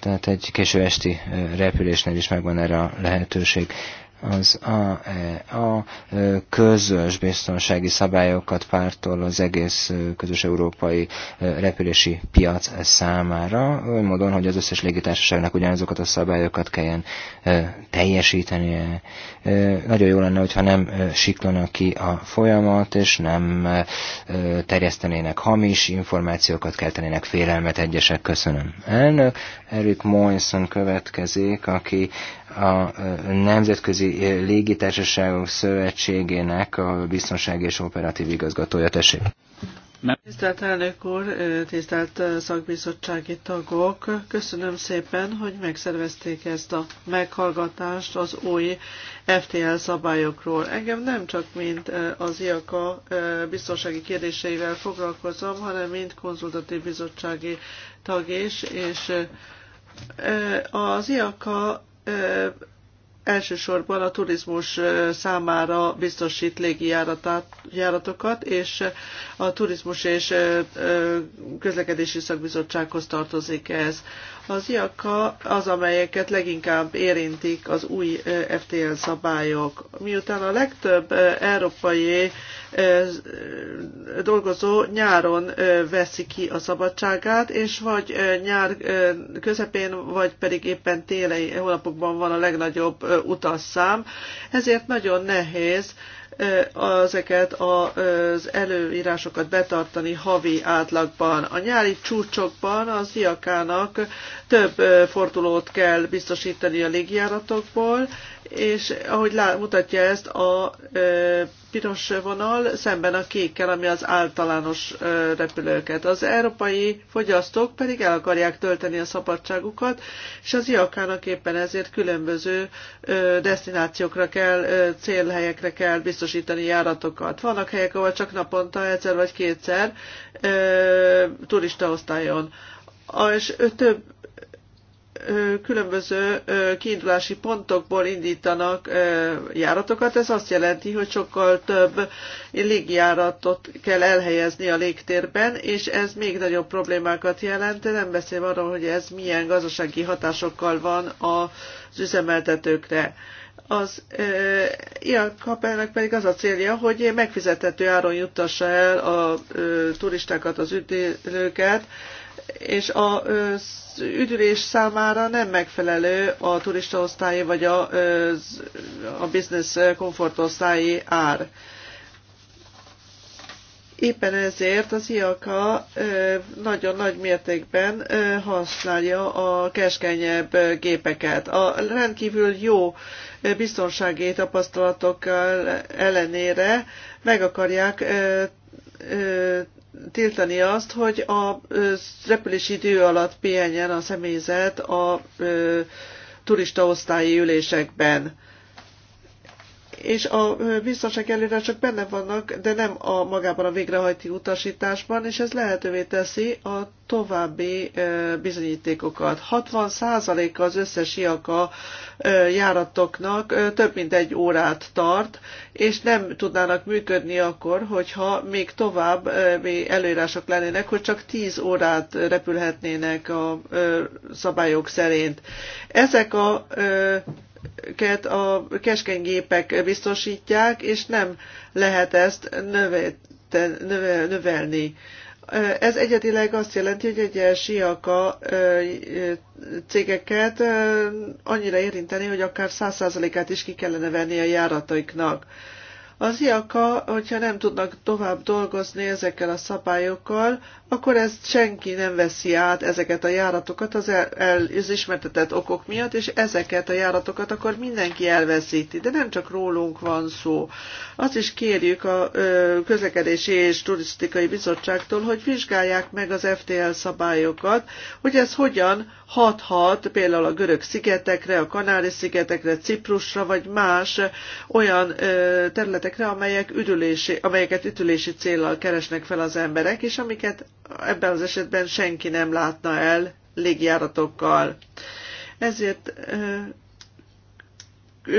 Tehát egy késő esti repülésnél is megvan erre a lehetőség az AEA e közös biztonsági szabályokat pártol az egész közös európai repülési piac számára, olyan módon, hogy az összes légitársaságnak ugyanazokat a szabályokat kelljen teljesítenie. Nagyon jó lenne, hogyha nem siklana ki a folyamat, és nem terjesztenének hamis információkat, keltenének félelmet egyesek. Köszönöm. Elnök Erik Moinson következik, aki a Nemzetközi Légitársaságok Szövetségének a biztonsági és operatív igazgatója. Tessék! Tisztelt elnök úr, tisztelt szakbizottsági tagok, köszönöm szépen, hogy megszervezték ezt a meghallgatást az új FTL szabályokról. Engem nem csak mint az IAKA biztonsági kérdéseivel foglalkozom, hanem mint konzultatív bizottsági tag is, és az IAKA elsősorban a turizmus számára biztosít légijáratokat, és a turizmus és közlekedési szakbizottsághoz tartozik ez. Az IAKA az, amelyeket leginkább érintik az új FTL szabályok. Miután a legtöbb európai dolgozó nyáron veszi ki a szabadságát, és vagy nyár közepén, vagy pedig éppen téli hónapokban van a legnagyobb utasszám, ezért nagyon nehéz ezeket az előírásokat betartani havi átlagban. A nyári csúcsokban az diakának több fordulót kell biztosítani a légjáratokból és ahogy lá, mutatja ezt a ö, piros vonal szemben a kékkel, ami az általános ö, repülőket. Az európai fogyasztók pedig el akarják tölteni a szabadságukat, és az iakának éppen ezért különböző ö, destinációkra kell, ö, célhelyekre kell biztosítani járatokat. Vannak helyek, ahol csak naponta egyszer vagy kétszer ö, turista osztályon és több különböző kiindulási pontokból indítanak járatokat. Ez azt jelenti, hogy sokkal több légjáratot kell elhelyezni a légtérben, és ez még nagyobb problémákat jelent, nem beszélve arról, hogy ez milyen gazdasági hatásokkal van az üzemeltetőkre az ilyen kapelnek pedig az a célja, hogy megfizethető áron juttassa el a turistákat, az üdülőket és a üdülés számára nem megfelelő a turista osztályi vagy a, a business komfort osztályi ár. Éppen ezért az IAKA nagyon nagy mértékben használja a keskenyebb gépeket. A rendkívül jó biztonsági tapasztalatok ellenére meg akarják tiltani azt, hogy a repülési idő alatt pihenjen a személyzet a turista osztályi ülésekben és a biztonsági előírások benne vannak, de nem a magában a végrehajtó utasításban, és ez lehetővé teszi a további bizonyítékokat. 60%-a az összes iaka járatoknak több mint egy órát tart, és nem tudnának működni akkor, hogyha még további előírások lennének, hogy csak 10 órát repülhetnének a szabályok szerint. Ezek a ezeket a keskeny gépek biztosítják, és nem lehet ezt növelni. Ez egyetileg azt jelenti, hogy egyes siaka cégeket annyira érinteni, hogy akár 100%-át is ki kellene venni a járataiknak. Az IAKA, hogyha nem tudnak tovább dolgozni ezekkel a szabályokkal, akkor ezt senki nem veszi át ezeket a járatokat az, el, el, az ismertetett okok miatt, és ezeket a járatokat akkor mindenki elveszíti. De nem csak rólunk van szó. Azt is kérjük a ö, Közlekedési és Turisztikai Bizottságtól, hogy vizsgálják meg az FTL szabályokat, hogy ez hogyan hathat például a görög szigetekre, a kanári szigetekre, Ciprusra, vagy más olyan területekre, amelyek üdülési, amelyeket ütülési célral keresnek fel az emberek, és amiket ebben az esetben senki nem látna el légjáratokkal. Ezért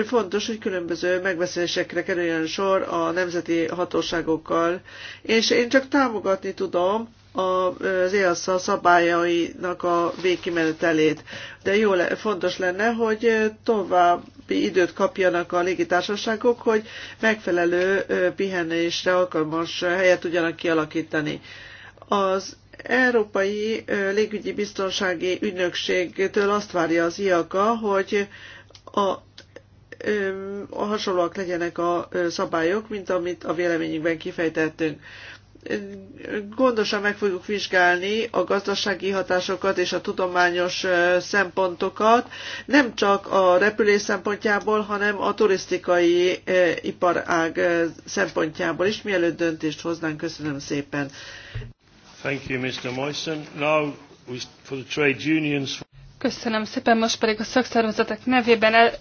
fontos, hogy különböző megbeszélésekre kerüljön sor a nemzeti hatóságokkal, és én csak támogatni tudom, az EASA szabályainak a végkimenetelét. De jó, fontos lenne, hogy további időt kapjanak a légitársaságok, hogy megfelelő pihenésre alkalmas helyet tudjanak kialakítani. Az Európai Légügyi Biztonsági Ügynökségtől azt várja az IAKA, hogy a hasonlóak legyenek a szabályok, mint amit a véleményünkben kifejtettünk gondosan meg fogjuk vizsgálni a gazdasági hatásokat és a tudományos szempontokat, nem csak a repülés szempontjából, hanem a turisztikai iparág szempontjából is, mielőtt döntést hoznánk. Köszönöm szépen. Thank you, Mr. Now for the trade unions. Köszönöm szépen, most pedig a szakszervezetek nevében el,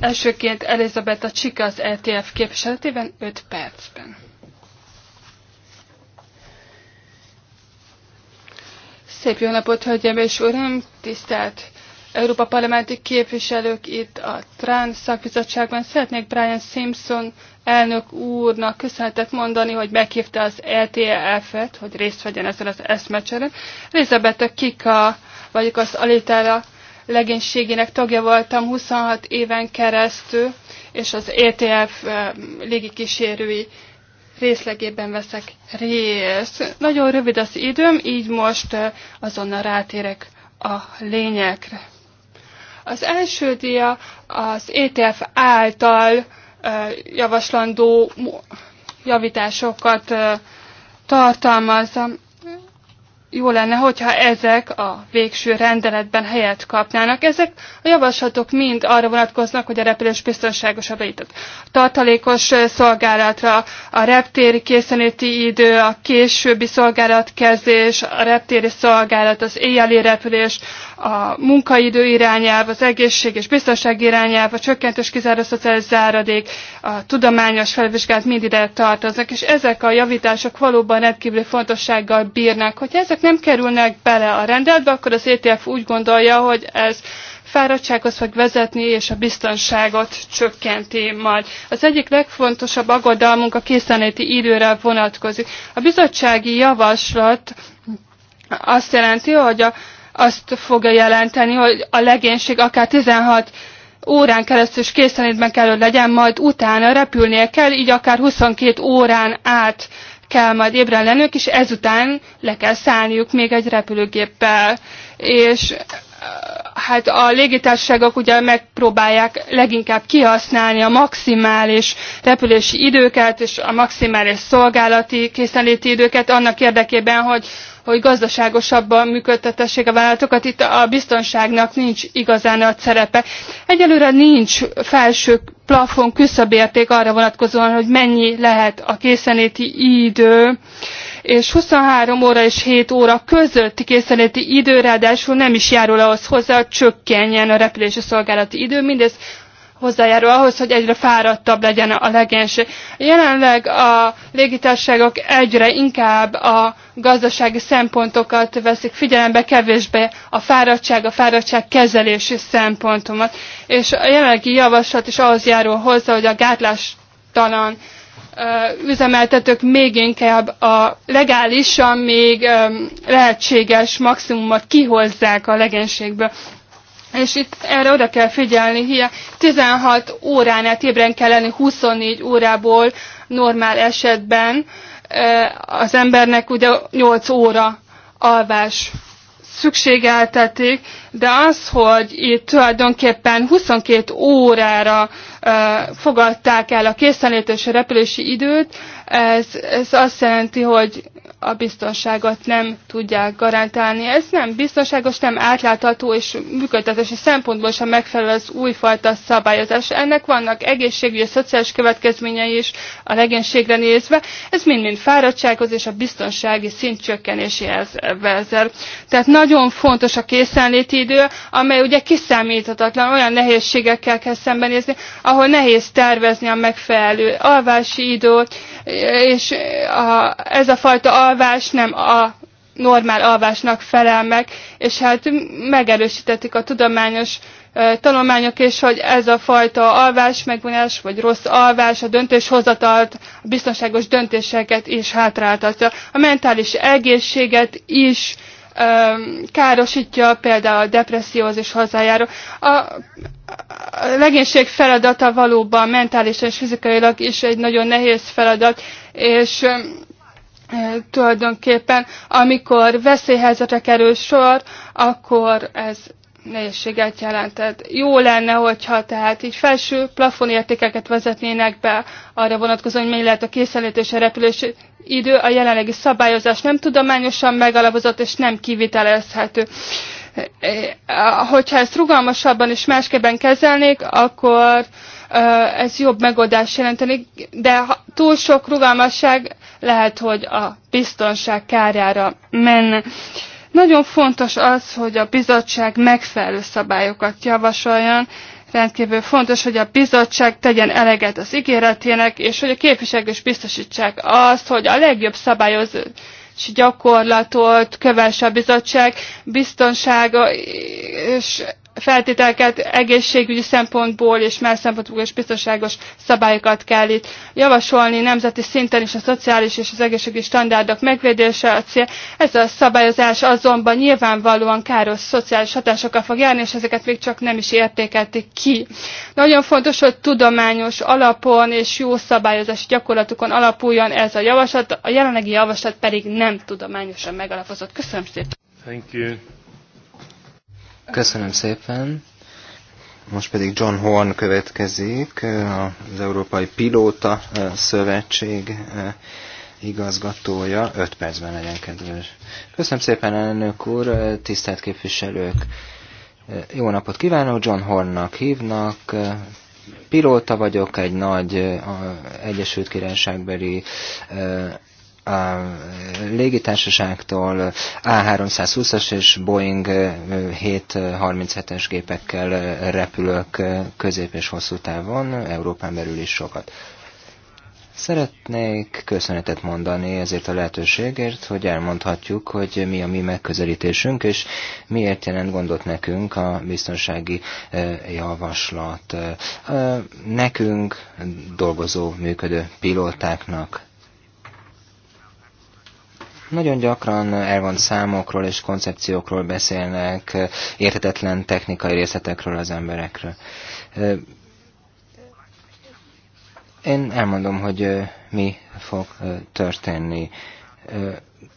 elsőként Elizabeth a Csika az ETF képviseletében 5 percben. Szép jó napot, hölgyeim és uram! Tisztelt Európa Parlamenti képviselők itt a Trans szakbizottságban. Szeretnék Brian Simpson elnök úrnak köszönetet mondani, hogy meghívta az etf et hogy részt vegyen ezen az eszmecseren. Elizabeth Kika vagyok az Alitára legénységének tagja voltam 26 éven keresztül, és az ETF eh, légikísérői részlegében veszek részt. Nagyon rövid az időm, így most azonnal rátérek a lényekre. Az első dia az ETF által javaslandó javításokat tartalmazza jó lenne, hogyha ezek a végső rendeletben helyet kapnának. Ezek a javaslatok mind arra vonatkoznak, hogy a repülés biztonságosabb itt. Tartalékos szolgálatra, a reptéri készenéti idő, a későbbi szolgálatkezdés, a reptéri szolgálat, az éjjeli repülés, a munkaidő irányelv, az egészség és biztonság irányelv, a csökkentős kizáró szociális záradék, a tudományos felvizsgálat mind ide tartoznak, és ezek a javítások valóban rendkívül fontossággal bírnak. hogy ezek ezek nem kerülnek bele a rendeletbe, akkor az ETF úgy gondolja, hogy ez fáradtsághoz fog vezetni, és a biztonságot csökkenti majd. Az egyik legfontosabb aggodalmunk a készenléti időre vonatkozik. A bizottsági javaslat azt jelenti, hogy a, azt fogja jelenteni, hogy a legénység akár 16 órán keresztül is készenlétben kell, hogy legyen, majd utána repülnie kell, így akár 22 órán át kell majd ébren lennünk, és ezután le kell szállniuk még egy repülőgéppel. És eh, hát a légitársaságok ugye megpróbálják leginkább kihasználni a maximális repülési időket és a maximális szolgálati készenléti időket annak érdekében, hogy hogy gazdaságosabban működtetessék a vállalatokat. Itt a biztonságnak nincs igazán a szerepe. Egyelőre nincs felső plafon küszöbérték arra vonatkozóan, hogy mennyi lehet a készenléti idő, és 23 óra és 7 óra közötti készenléti idő, ráadásul nem is járul ahhoz hozzá, hogy csökkenjen a repülési szolgálati idő, mindez hozzájárul ahhoz, hogy egyre fáradtabb legyen a legénység. Jelenleg a légitárságok egyre inkább a gazdasági szempontokat veszik figyelembe, kevésbé a fáradtság, a fáradtság kezelési szempontomat. És a jelenlegi javaslat is ahhoz járul hozzá, hogy a gátlástalan üzemeltetők még inkább a legálisan még lehetséges maximumot kihozzák a legénységből. És itt erre oda kell figyelni, hogy 16 óránál ébren kell lenni 24 órából normál esetben az embernek ugye 8 óra alvás szükségeltetik, de az, hogy itt tulajdonképpen 22 órára fogadták el a készenlétes repülési időt, ez, ez azt jelenti, hogy a biztonságot nem tudják garantálni. Ez nem biztonságos, nem átlátható és működtetési szempontból sem megfelel az újfajta szabályozás. Ennek vannak egészségügyi, szociális következményei is a legénységre nézve. Ez mind-mind fáradtsághoz és a biztonsági szint csökkenéséhez vezet. Tehát nagyon fontos a készenléti idő, amely ugye kiszámíthatatlan, olyan nehézségekkel kell szembenézni, ahol nehéz tervezni a megfelelő alvási időt, és a, ez a fajta alvás nem a normál alvásnak felel meg, és hát megerősítették a tudományos tanulmányok is, hogy ez a fajta alvás, megvonás vagy rossz alvás a döntéshozatalt, a biztonságos döntéseket is hátráltatja. A mentális egészséget is károsítja, például a depresszióhoz is hozzájárul. A, a legénység feladata valóban mentálisan és fizikailag is egy nagyon nehéz feladat, és tulajdonképpen, amikor veszélyhelyzetre kerül sor, akkor ez nehézséget jelentett. Jó lenne, hogyha tehát így felső plafonértékeket vezetnének be arra vonatkozóan, hogy mi lehet a és a repülési idő, a jelenlegi szabályozás nem tudományosan megalapozott és nem kivitelezhető. E, hogyha ezt rugalmasabban és másképpen kezelnék, akkor e, ez jobb megoldás jelenteni, de túl sok rugalmasság lehet, hogy a biztonság kárára menne. Nagyon fontos az, hogy a bizottság megfelelő szabályokat javasoljon, rendkívül fontos, hogy a bizottság tegyen eleget az ígéretének, és hogy a képviselők is biztosítsák azt, hogy a legjobb szabályozó gyakorlatot kövesse a bizottság biztonsága és feltételeket egészségügyi szempontból és más szempontból is biztonságos szabályokat kell itt javasolni. Nemzeti szinten is a szociális és az egészségügyi standardok megvédése a cél. Ez a szabályozás azonban nyilvánvalóan káros szociális hatásokkal fog járni, és ezeket még csak nem is értékelték ki. Nagyon fontos, hogy tudományos alapon és jó szabályozási gyakorlatokon alapuljon ez a javaslat, a jelenlegi javaslat pedig nem tudományosan megalapozott. Köszönöm szépen! Thank you. Köszönöm szépen. Most pedig John Horn következik, eh, az Európai Pilóta eh, Szövetség eh, igazgatója. Öt percben legyen kedves. Köszönöm szépen, elnök úr, tisztelt képviselők. Jó napot kívánok, John Hornnak hívnak. Pilóta vagyok, egy nagy Egyesült Királyságbeli a légitársaságtól A320-as és Boeing 737-es gépekkel repülök közép és hosszú távon, Európán belül is sokat. Szeretnék köszönetet mondani ezért a lehetőségért, hogy elmondhatjuk, hogy mi a mi megközelítésünk, és miért jelent gondot nekünk a biztonsági e, javaslat. E, nekünk dolgozó, működő pilótáknak nagyon gyakran elvont számokról és koncepciókról beszélnek, érthetetlen technikai részletekről az emberekről. Én elmondom, hogy mi fog történni.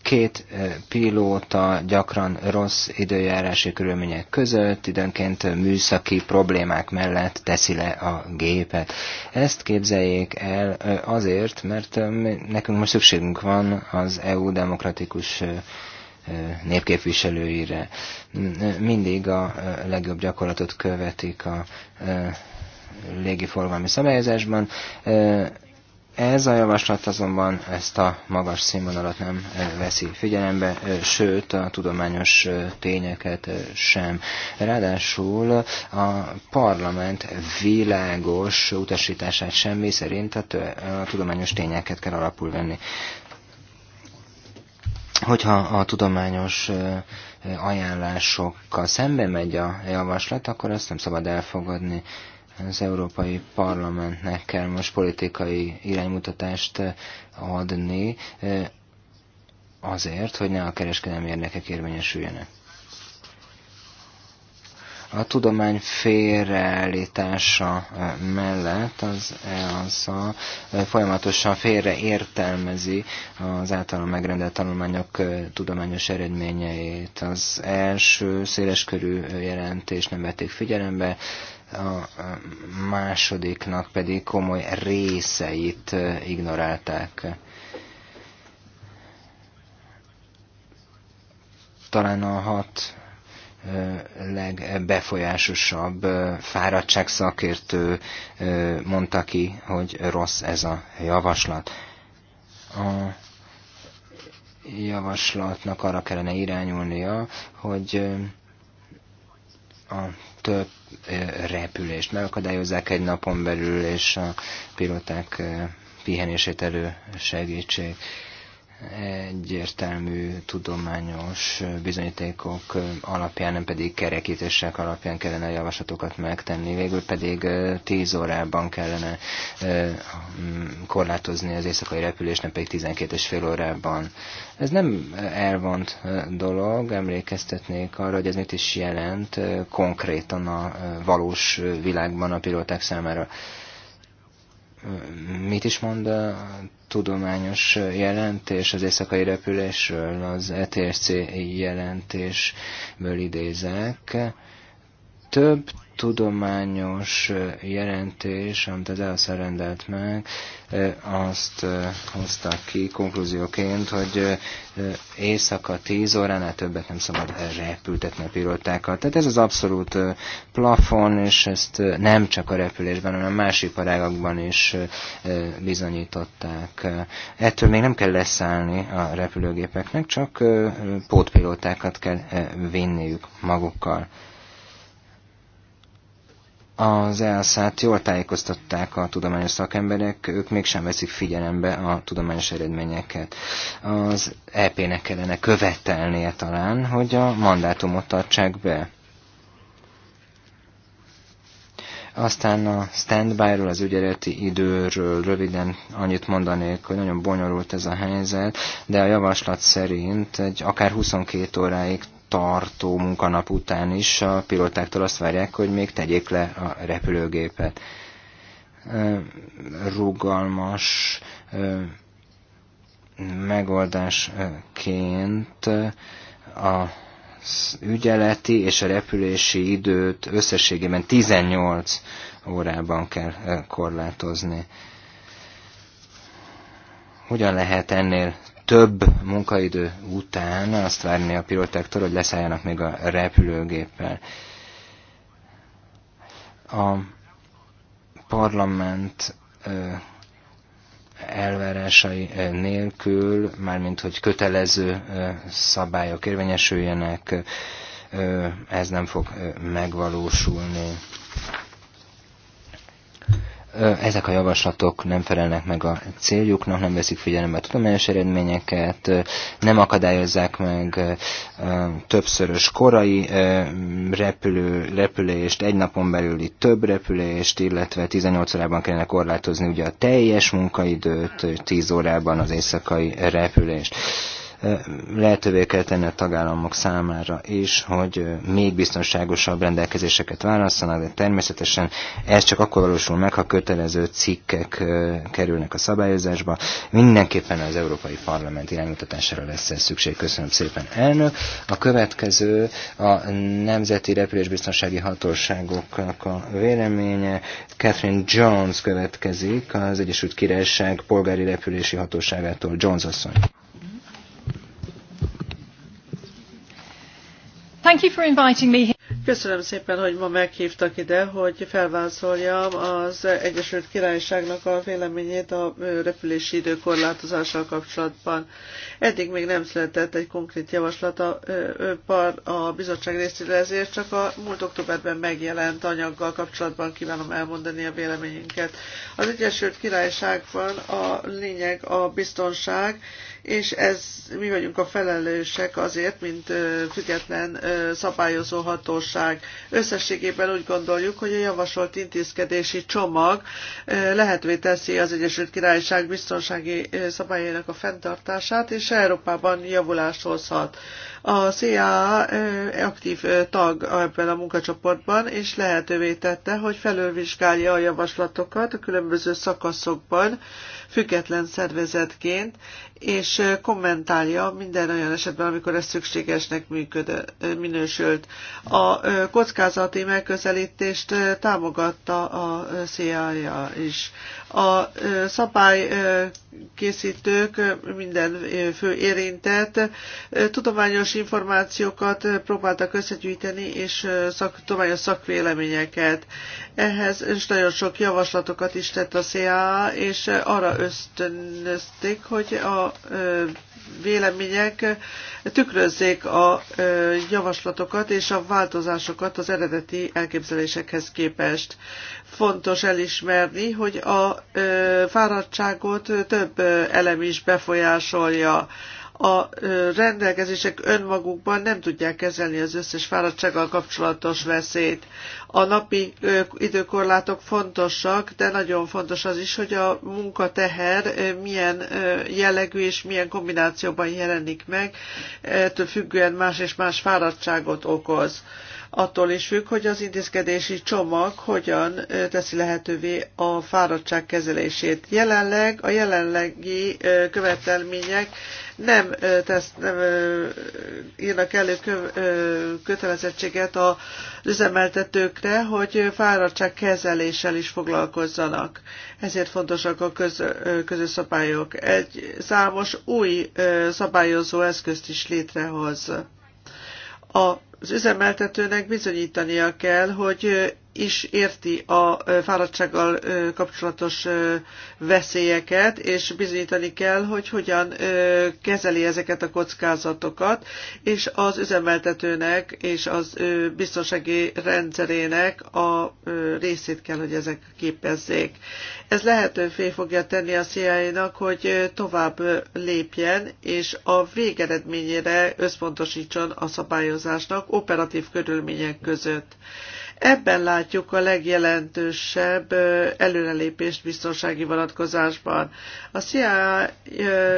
Két pilóta gyakran rossz időjárási körülmények között, időnként műszaki problémák mellett teszi le a gépet. Ezt képzeljék el azért, mert nekünk most szükségünk van az EU demokratikus népképviselőire. Mindig a legjobb gyakorlatot követik a légiforgalmi szabályozásban. Ez a javaslat azonban ezt a magas színvonalat nem eh, veszi figyelembe, eh, sőt a tudományos eh, tényeket sem. Ráadásul a parlament világos utasítását semmi szerint a, hát, a tudományos tényeket kell alapul venni. Hogyha a tudományos ajánlásokkal szembe megy a javaslat, akkor ezt nem szabad elfogadni az Európai Parlamentnek kell most politikai iránymutatást adni azért, hogy ne a kereskedelmi érdekek érvényesüljenek. A tudomány félreállítása mellett az EASA folyamatosan félreértelmezi az általán megrendelt tanulmányok tudományos eredményeit. Az első széleskörű jelentés nem vették figyelembe, a másodiknak pedig komoly részeit ignorálták. Talán a hat legbefolyásosabb fáradtságszakértő mondta ki, hogy rossz ez a javaslat. A javaslatnak arra kellene irányulnia, hogy a több repülést megakadályozzák egy napon belül, és a piloták pihenését elő segítség egyértelmű tudományos bizonyítékok alapján, nem pedig kerekítések alapján kellene a javaslatokat megtenni. Végül pedig 10 órában kellene korlátozni az éjszakai repülést, nem pedig 12 és fél órában. Ez nem elvont dolog, emlékeztetnék arra, hogy ez mit is jelent konkrétan a valós világban a pilóták számára mit is mond a tudományos jelentés az éjszakai repülésről, az ETSC jelentésből idézek. Több tudományos jelentés, amit az ELSZA rendelt meg, eh, azt eh, hozta ki konklúzióként, hogy eh, éjszaka 10 óránál többet nem szabad repültetni a pilótákat. Tehát ez az abszolút plafon, és ezt nem csak a repülésben, hanem más iparágakban is bizonyították. Ettől még nem kell leszállni a repülőgépeknek, csak pótpilótákat kell vinniük magukkal az elszát jól tájékoztatták a tudományos szakemberek, ők mégsem veszik figyelembe a tudományos eredményeket. Az EP-nek kellene követelnie talán, hogy a mandátumot tartsák be. Aztán a standby-ról, az ügyeleti időről röviden annyit mondanék, hogy nagyon bonyolult ez a helyzet, de a javaslat szerint egy akár 22 óráig tartó munkanap után is a pilotáktól azt várják, hogy még tegyék le a repülőgépet. Rugalmas megoldásként a ügyeleti és a repülési időt összességében 18 órában kell korlátozni. Hogyan lehet ennél több munkaidő után azt várni a pilotáktól, hogy leszálljanak még a repülőgéppel. A parlament elvárásai nélkül, mármint hogy kötelező szabályok érvényesüljenek, ez nem fog megvalósulni ezek a javaslatok nem felelnek meg a céljuknak, nem veszik figyelembe a tudományos eredményeket, nem akadályozzák meg többszörös korai repülő, repülést, egy napon belüli több repülést, illetve 18 órában kellene korlátozni ugye a teljes munkaidőt, 10 órában az éjszakai repülést lehetővé kell tenni a tagállamok számára is, hogy még biztonságosabb rendelkezéseket válasszanak, de természetesen ez csak akkor valósul meg, ha kötelező cikkek kerülnek a szabályozásba. Mindenképpen az Európai Parlament irányítatására lesz ez szükség. Köszönöm szépen, elnök. A következő a Nemzeti Repülésbiztonsági Hatóságoknak a véleménye. Catherine Jones következik, az Egyesült Királyság polgári repülési hatóságától. Jones asszony. Thank you for inviting me. Köszönöm szépen, hogy ma meghívtak ide, hogy felvázoljam az Egyesült Királyságnak a véleményét a repülési időkorlátozással kapcsolatban. Eddig még nem született egy konkrét javaslat a, a bizottság részére, ezért csak a múlt októberben megjelent anyaggal kapcsolatban kívánom elmondani a véleményünket. Az Egyesült Királyságban a lényeg a biztonság, és ez mi vagyunk a felelősek azért, mint független szabályozó hatóság. Összességében úgy gondoljuk, hogy a javasolt intézkedési csomag lehetővé teszi az Egyesült Királyság biztonsági szabályainak a fenntartását, és Európában javulás hozhat. A CIA aktív tag ebben a munkacsoportban, és lehetővé tette, hogy felülvizsgálja a javaslatokat a különböző szakaszokban, független szervezetként, és kommentálja minden olyan esetben, amikor ez szükségesnek működő, minősült. A kockázati megközelítést támogatta a CIA is. A szabálykészítők, minden fő érintett tudományos információkat próbáltak összegyűjteni, és szak, tudományos szakvéleményeket. Ehhez is nagyon sok javaslatokat is tett a CIA és arra ösztönözték, hogy a vélemények tükrözzék a javaslatokat és a változásokat az eredeti elképzelésekhez képest. Fontos elismerni, hogy a fáradtságot több elem is befolyásolja a rendelkezések önmagukban nem tudják kezelni az összes fáradtsággal kapcsolatos veszélyt. A napi időkorlátok fontosak, de nagyon fontos az is, hogy a munkateher milyen jellegű és milyen kombinációban jelenik meg, ettől függően más és más fáradtságot okoz attól is függ, hogy az intézkedési csomag hogyan teszi lehetővé a fáradtság kezelését. Jelenleg a jelenlegi követelmények nem, tesz, nem írnak elő kötelezettséget az üzemeltetőkre, hogy fáradtság kezeléssel is foglalkozzanak. Ezért fontosak a köz, közös szabályok. Egy számos új szabályozó eszközt is létrehoz. A az üzemeltetőnek bizonyítania kell, hogy is érti a fáradtsággal kapcsolatos veszélyeket, és bizonyítani kell, hogy hogyan kezeli ezeket a kockázatokat, és az üzemeltetőnek és az biztonsági rendszerének a részét kell, hogy ezek képezzék. Ez lehetővé fogja tenni a CIA-nak, hogy tovább lépjen, és a végeredményére összpontosítson a szabályozásnak operatív körülmények között. Ebben látjuk a legjelentősebb előrelépést biztonsági vonatkozásban. A CIA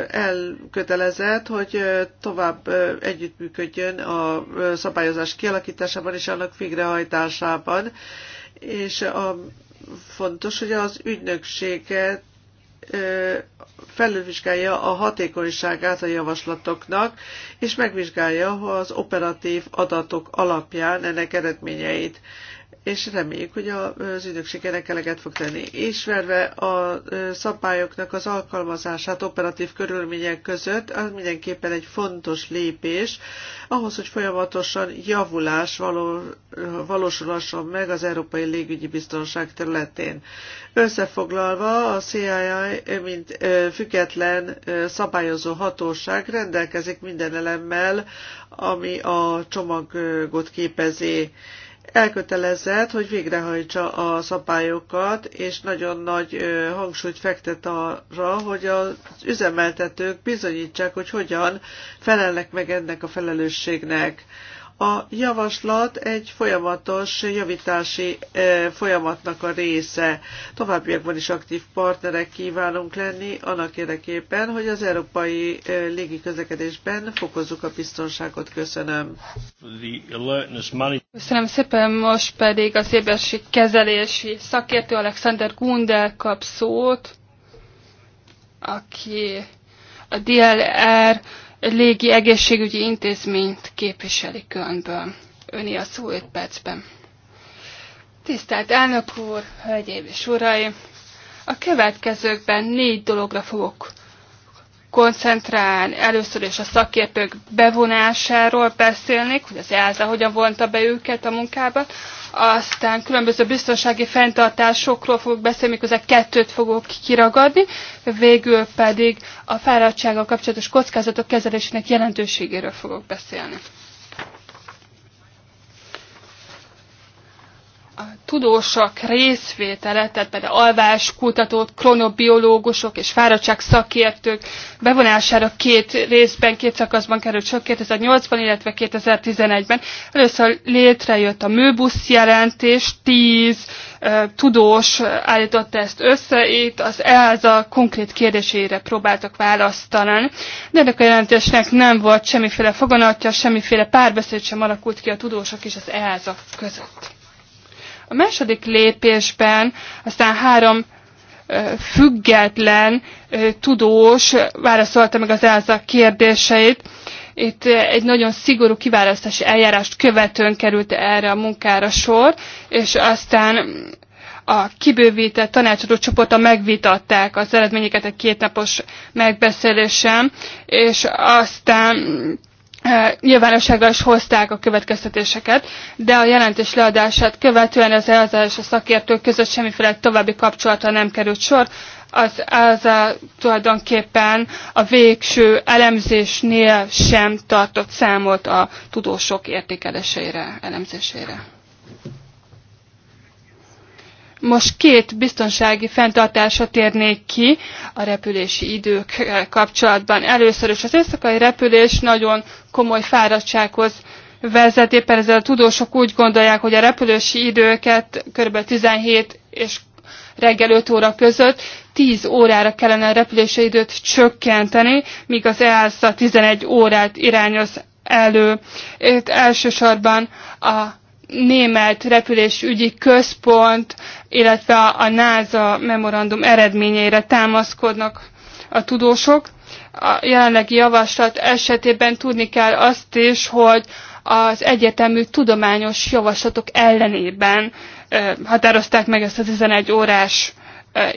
elkötelezett, hogy tovább együttműködjön a szabályozás kialakításában és annak végrehajtásában, és a fontos, hogy az ügynökséget felülvizsgálja a hatékonyságát a javaslatoknak, és megvizsgálja az operatív adatok alapján ennek eredményeit és reméljük, hogy az ügynökség ennek eleget fog tenni. Ismerve a szabályoknak az alkalmazását operatív körülmények között, az mindenképpen egy fontos lépés ahhoz, hogy folyamatosan javulás való, valósulhasson meg az európai légügyi biztonság területén. Összefoglalva, a CII, mint független szabályozó hatóság rendelkezik minden elemmel, ami a csomagot képezi elkötelezett, hogy végrehajtsa a szabályokat, és nagyon nagy hangsúlyt fektet arra, hogy az üzemeltetők bizonyítsák, hogy hogyan felelnek meg ennek a felelősségnek. A javaslat egy folyamatos javítási folyamatnak a része. Továbbiakban is aktív partnerek kívánunk lenni annak érdekében, hogy az európai légiközlekedésben fokozzuk a biztonságot. Köszönöm. Köszönöm szépen, most pedig az éberség kezelési szakértő Alexander Gundel kap szót, aki a DLR légi egészségügyi intézményt képviselik önből. Öni a szó 5 percben. Tisztelt elnök úr, hölgyeim és uraim! A következőkben négy dologra fogok koncentrálni. Először is a szakértők bevonásáról beszélnék, hogy az ELSA hogyan vonta be őket a munkába aztán különböző biztonsági fenntartásokról fogok beszélni, miközben kettőt fogok kiragadni, végül pedig a fáradtsággal kapcsolatos kockázatok kezelésének jelentőségéről fogok beszélni. a tudósok részvétele, tehát például alváskutatók, kronobiológusok és fáradtság szakértők bevonására két részben, két szakaszban került sok 2008-ban, illetve 2011-ben. Először létrejött a műbusz jelentés, tíz e, tudós állította ezt össze, itt az ELSA konkrét kérdésére próbáltak választ de ennek a jelentésnek nem volt semmiféle foganatja, semmiféle párbeszéd sem alakult ki a tudósok és az ELSA között. A második lépésben aztán három független tudós válaszolta meg az ELSA kérdéseit. Itt egy nagyon szigorú kiválasztási eljárást követően került erre a munkára sor, és aztán a kibővített tanácsadó csoporta megvitatták az eredményeket egy kétnapos megbeszélésen, és aztán nyilvánosságra is hozták a következtetéseket, de a jelentés leadását követően az ELSA és a szakértők között semmiféle további kapcsolata nem került sor. Az ELSA tulajdonképpen a végső elemzésnél sem tartott számot a tudósok értékelésére elemzésére. Most két biztonsági fenntartásra térnék ki a repülési idők eh, kapcsolatban. Először is az éjszakai repülés nagyon komoly fáradtsághoz vezet, éppen ezzel a tudósok úgy gondolják, hogy a repülési időket kb. 17 és reggel 5 óra között 10 órára kellene a repülési időt csökkenteni, míg az EASA 11 órát irányoz elő. Itt elsősorban a német repülésügyi központ, illetve a NASA memorandum eredményeire támaszkodnak a tudósok. A jelenlegi javaslat esetében tudni kell azt is, hogy az egyetemű tudományos javaslatok ellenében határozták meg ezt a 11 órás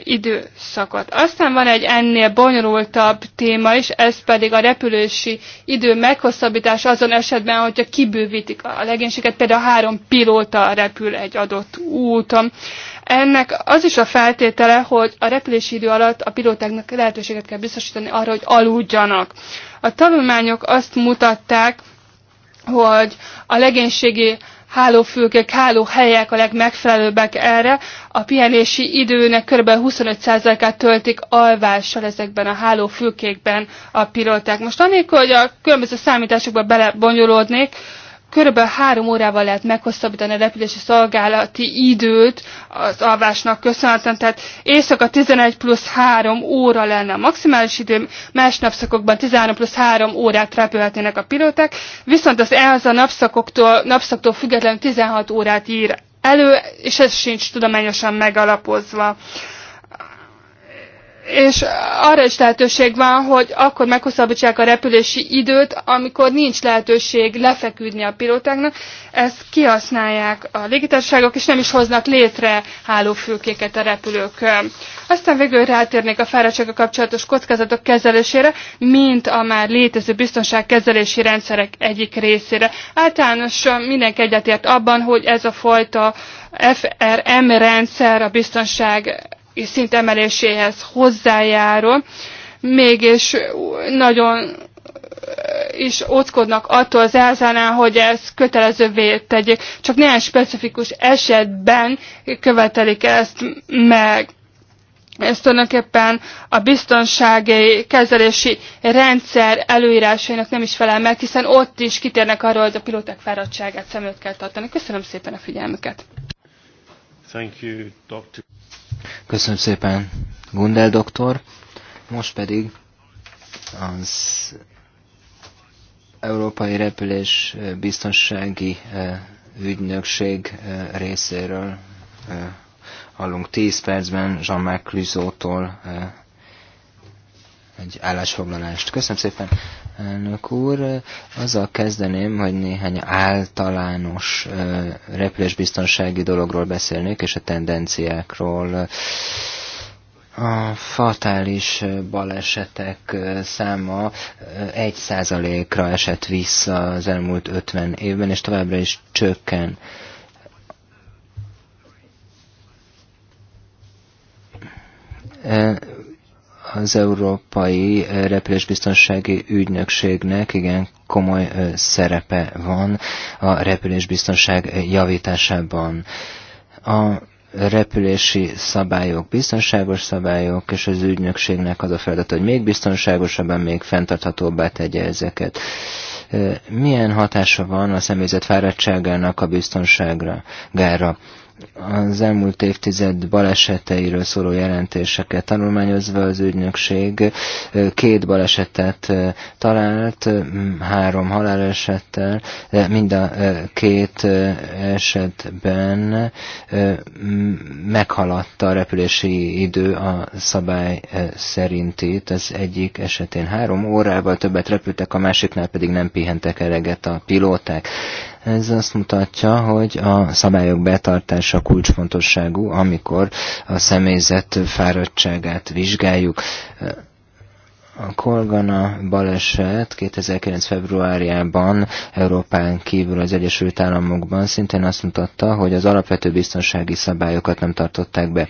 időszakot. Aztán van egy ennél bonyolultabb téma is, ez pedig a repülősi idő meghosszabbítása azon esetben, hogyha kibővítik a legénységet, például három pilóta repül egy adott úton. Ennek az is a feltétele, hogy a repülési idő alatt a pilótáknak lehetőséget kell biztosítani arra, hogy aludjanak. A tanulmányok azt mutatták, hogy a legénységi hálófülkék, hálóhelyek a legmegfelelőbbek erre. A pihenési időnek kb. 25%-át töltik alvással ezekben a hálófülkékben a pilóták. Most anélkül, hogy a különböző számításokba belebonyolódnék, körülbelül három órával lehet meghosszabbítani a repülési szolgálati időt az alvásnak köszönhetően, tehát éjszaka 11 plusz 3 óra lenne a maximális idő, más napszakokban 13 plusz 3 órát repülhetnének a pilóták, viszont az ELSA napszakoktól, napszaktól függetlenül 16 órát ír elő, és ez sincs tudományosan megalapozva és arra is lehetőség van, hogy akkor meghosszabbítsák a repülési időt, amikor nincs lehetőség lefeküdni a pilótáknak. Ezt kihasználják a légitársaságok, és nem is hoznak létre hálófülkéket a repülők. Aztán végül rátérnék a fáradtsága kapcsolatos kockázatok kezelésére, mint a már létező biztonságkezelési rendszerek egyik részére. Általánosan mindenki egyetért abban, hogy ez a fajta FRM rendszer a biztonság szint emeléséhez hozzájárul, mégis nagyon is ockodnak attól az elzánál, hogy ez kötelezővé tegyék. Csak néhány specifikus esetben követelik ezt meg. Ez tulajdonképpen a biztonsági kezelési rendszer előírásainak nem is felel meg, hiszen ott is kitérnek arról, hogy a pilóták fáradtságát szemlőt kell tartani. Köszönöm szépen a figyelmüket. Thank you, doctor. Köszönöm szépen, Gundel doktor. Most pedig az Európai Repülés Biztonsági eh, Ügynökség eh, részéről eh, hallunk 10 percben Jean-Marc Cluzótól egy állásfoglalást. Köszönöm szépen, elnök úr. Azzal kezdeném, hogy néhány általános repülésbiztonsági dologról beszélnék, és a tendenciákról. A fatális balesetek száma 1%-ra esett vissza az elmúlt 50 évben, és továbbra is csökken. Uh, az Európai eh, Repülésbiztonsági Ügynökségnek igen komoly eh, szerepe van a repülésbiztonság eh, javításában. A repülési szabályok biztonságos szabályok, és az ügynökségnek az a feladat, hogy még biztonságosabban, még fenntarthatóbbá tegye ezeket. Milyen hatása van a személyzet fáradtságának a biztonságra? Gára? az elmúlt évtized baleseteiről szóló jelentéseket tanulmányozva az ügynökség két balesetet talált, három halálesettel, mind a két esetben meghaladta a repülési idő a szabály szerintét. Az egyik esetén három órával többet repültek, a másiknál pedig nem pihentek eleget a pilóták. Ez azt mutatja, hogy a szabályok betartása kulcsfontosságú, amikor a személyzet fáradtságát vizsgáljuk. A Kolgana baleset 2009. februárjában Európán kívül az Egyesült Államokban szintén azt mutatta, hogy az alapvető biztonsági szabályokat nem tartották be.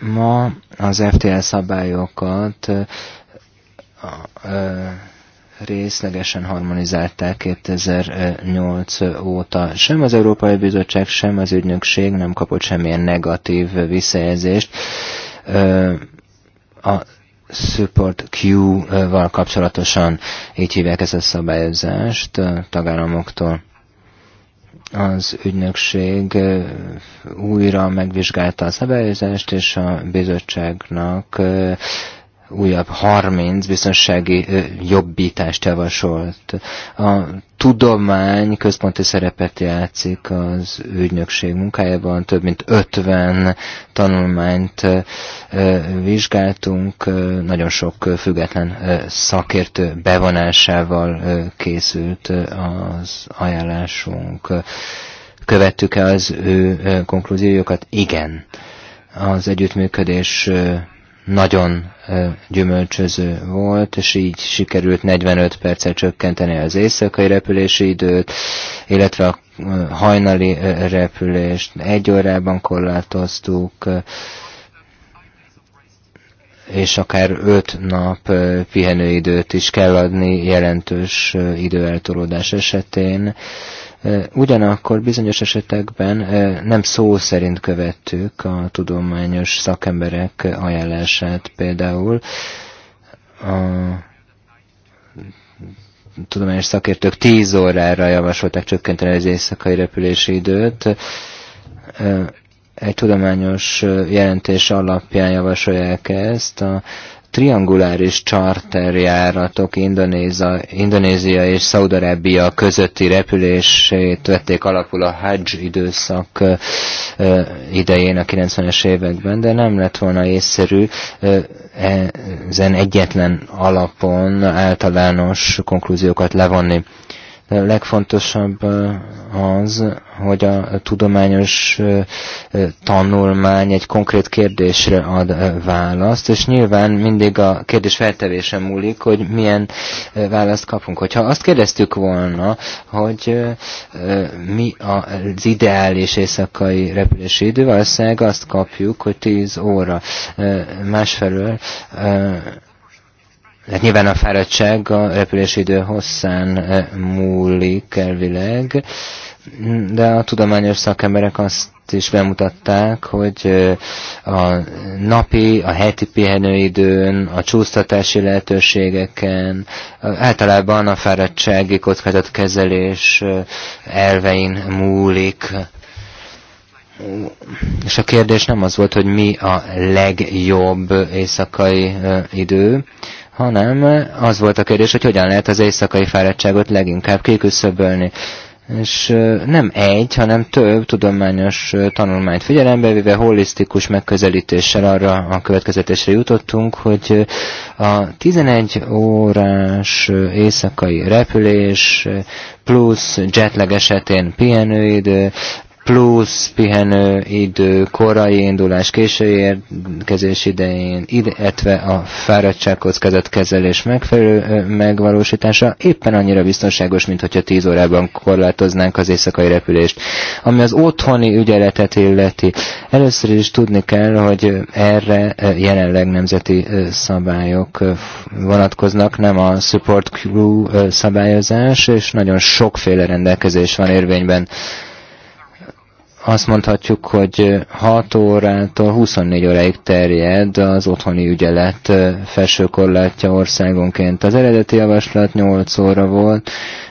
Ma az FTL szabályokat a, a, részlegesen harmonizálták 2008 óta. Sem az Európai Bizottság, sem az ügynökség nem kapott semmilyen negatív visszajelzést. A Support Q-val kapcsolatosan így hívják ezt a szabályozást a tagállamoktól az ügynökség újra megvizsgálta a szabályozást, és a bizottságnak újabb 30 biztonsági jobbítást javasolt. A tudomány központi szerepet játszik az ügynökség munkájában, több mint 50 tanulmányt vizsgáltunk, nagyon sok független szakértő bevonásával készült az ajánlásunk. Követtük-e az ő konklúziójukat? Igen. Az együttműködés nagyon gyümölcsöző volt, és így sikerült 45 percet csökkenteni az éjszakai repülési időt, illetve a hajnali repülést egy órában korlátoztuk, és akár öt nap pihenőidőt is kell adni jelentős időeltolódás esetén. Ugyanakkor bizonyos esetekben nem szó szerint követtük a tudományos szakemberek ajánlását például. A tudományos szakértők 10 órára javasolták csökkenteni az éjszakai repülési időt. Egy tudományos jelentés alapján javasolják ezt. A trianguláris charterjáratok Indonéza, Indonézia és Szaudarábia közötti repülését vették alapul a Hajj időszak idején a 90-es években, de nem lett volna észszerű ezen egyetlen alapon általános konklúziókat levonni legfontosabb az, hogy a tudományos tanulmány egy konkrét kérdésre ad választ, és nyilván mindig a kérdés feltevésen múlik, hogy milyen választ kapunk. Hogyha azt kérdeztük volna, hogy mi az ideális éjszakai repülési idő, valószínűleg azt kapjuk, hogy 10 óra. Másfelől Hát nyilván a fáradtság a repülési idő hosszán eh, múlik elvileg, de a tudományos szakemberek azt is bemutatták, hogy eh, a napi, a heti pihenőidőn, a csúsztatási lehetőségeken, általában a fáradtsági kezelés eh, elvein múlik. És a kérdés nem az volt, hogy mi a legjobb éjszakai idő, hanem eh, az volt a kérdés, hogy hogyan lehet az éjszakai fáradtságot leginkább kiküszöbölni. És eh, nem egy, hanem több tudományos eh, tanulmányt figyelembe véve holisztikus megközelítéssel arra a következetésre jutottunk, hogy a 11 órás éjszakai repülés plusz jetlag esetén pihenőidő plusz pihenő idő, korai indulás, késői érkezés idején, illetve a fáradtságkockázat kezelés megfelelő megvalósítása éppen annyira biztonságos, mint hogyha 10 órában korlátoznánk az éjszakai repülést. Ami az otthoni ügyeletet illeti, először is tudni kell, hogy erre jelenleg nemzeti szabályok vonatkoznak, nem a support crew szabályozás, és nagyon sokféle rendelkezés van érvényben azt mondhatjuk, hogy 6 órától 24 óráig terjed az otthoni ügyelet felsőkorlátja országonként. Az eredeti javaslat 8 óra volt,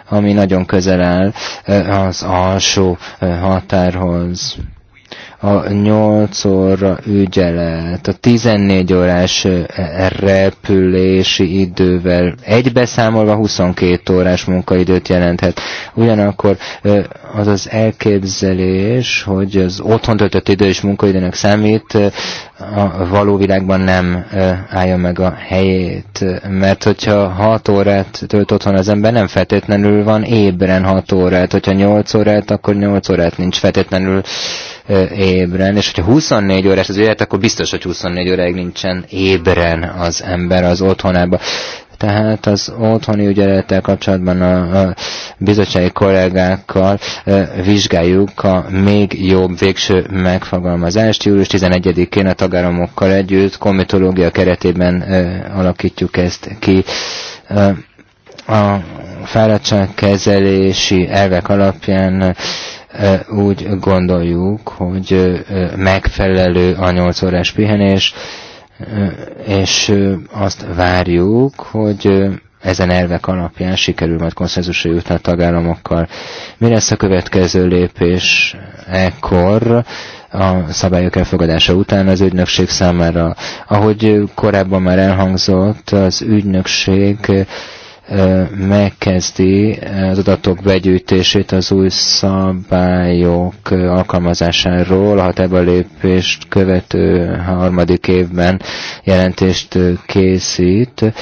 ami nagyon közel áll az alsó határhoz a 8 óra ügyelet, a 14 órás e, repülési idővel egybeszámolva 22 órás munkaidőt jelenthet. Ugyanakkor e, az az elképzelés, hogy az otthon töltött idő és munkaidőnek számít, e, a való világban nem állja meg a helyét. Mert hogyha 6 órát tölt otthon az ember, nem feltétlenül van ébren 6 órát. Hogyha 8 órát, akkor 8 órát nincs feltétlenül ébren, és hogyha 24 órás az élet, akkor biztos, hogy 24 óráig nincsen ébren az ember az otthonában. Tehát az otthoni ügyelettel kapcsolatban a, a bizottsági kollégákkal e, vizsgáljuk a még jobb végső megfogalmazást. Július 11-én a tagáromokkal együtt komitológia keretében e, alakítjuk ezt ki. E, a fáradtságkezelési elvek alapján úgy gondoljuk, hogy megfelelő a 8 órás pihenés, és azt várjuk, hogy ezen elvek alapján sikerül majd konszenzusra jutni a tagállamokkal. Mi lesz a következő lépés ekkor? a szabályok elfogadása után az ügynökség számára. Ahogy korábban már elhangzott, az ügynökség megkezdi az adatok begyűjtését az új szabályok alkalmazásáról, a hatába lépést követő harmadik évben jelentést készít.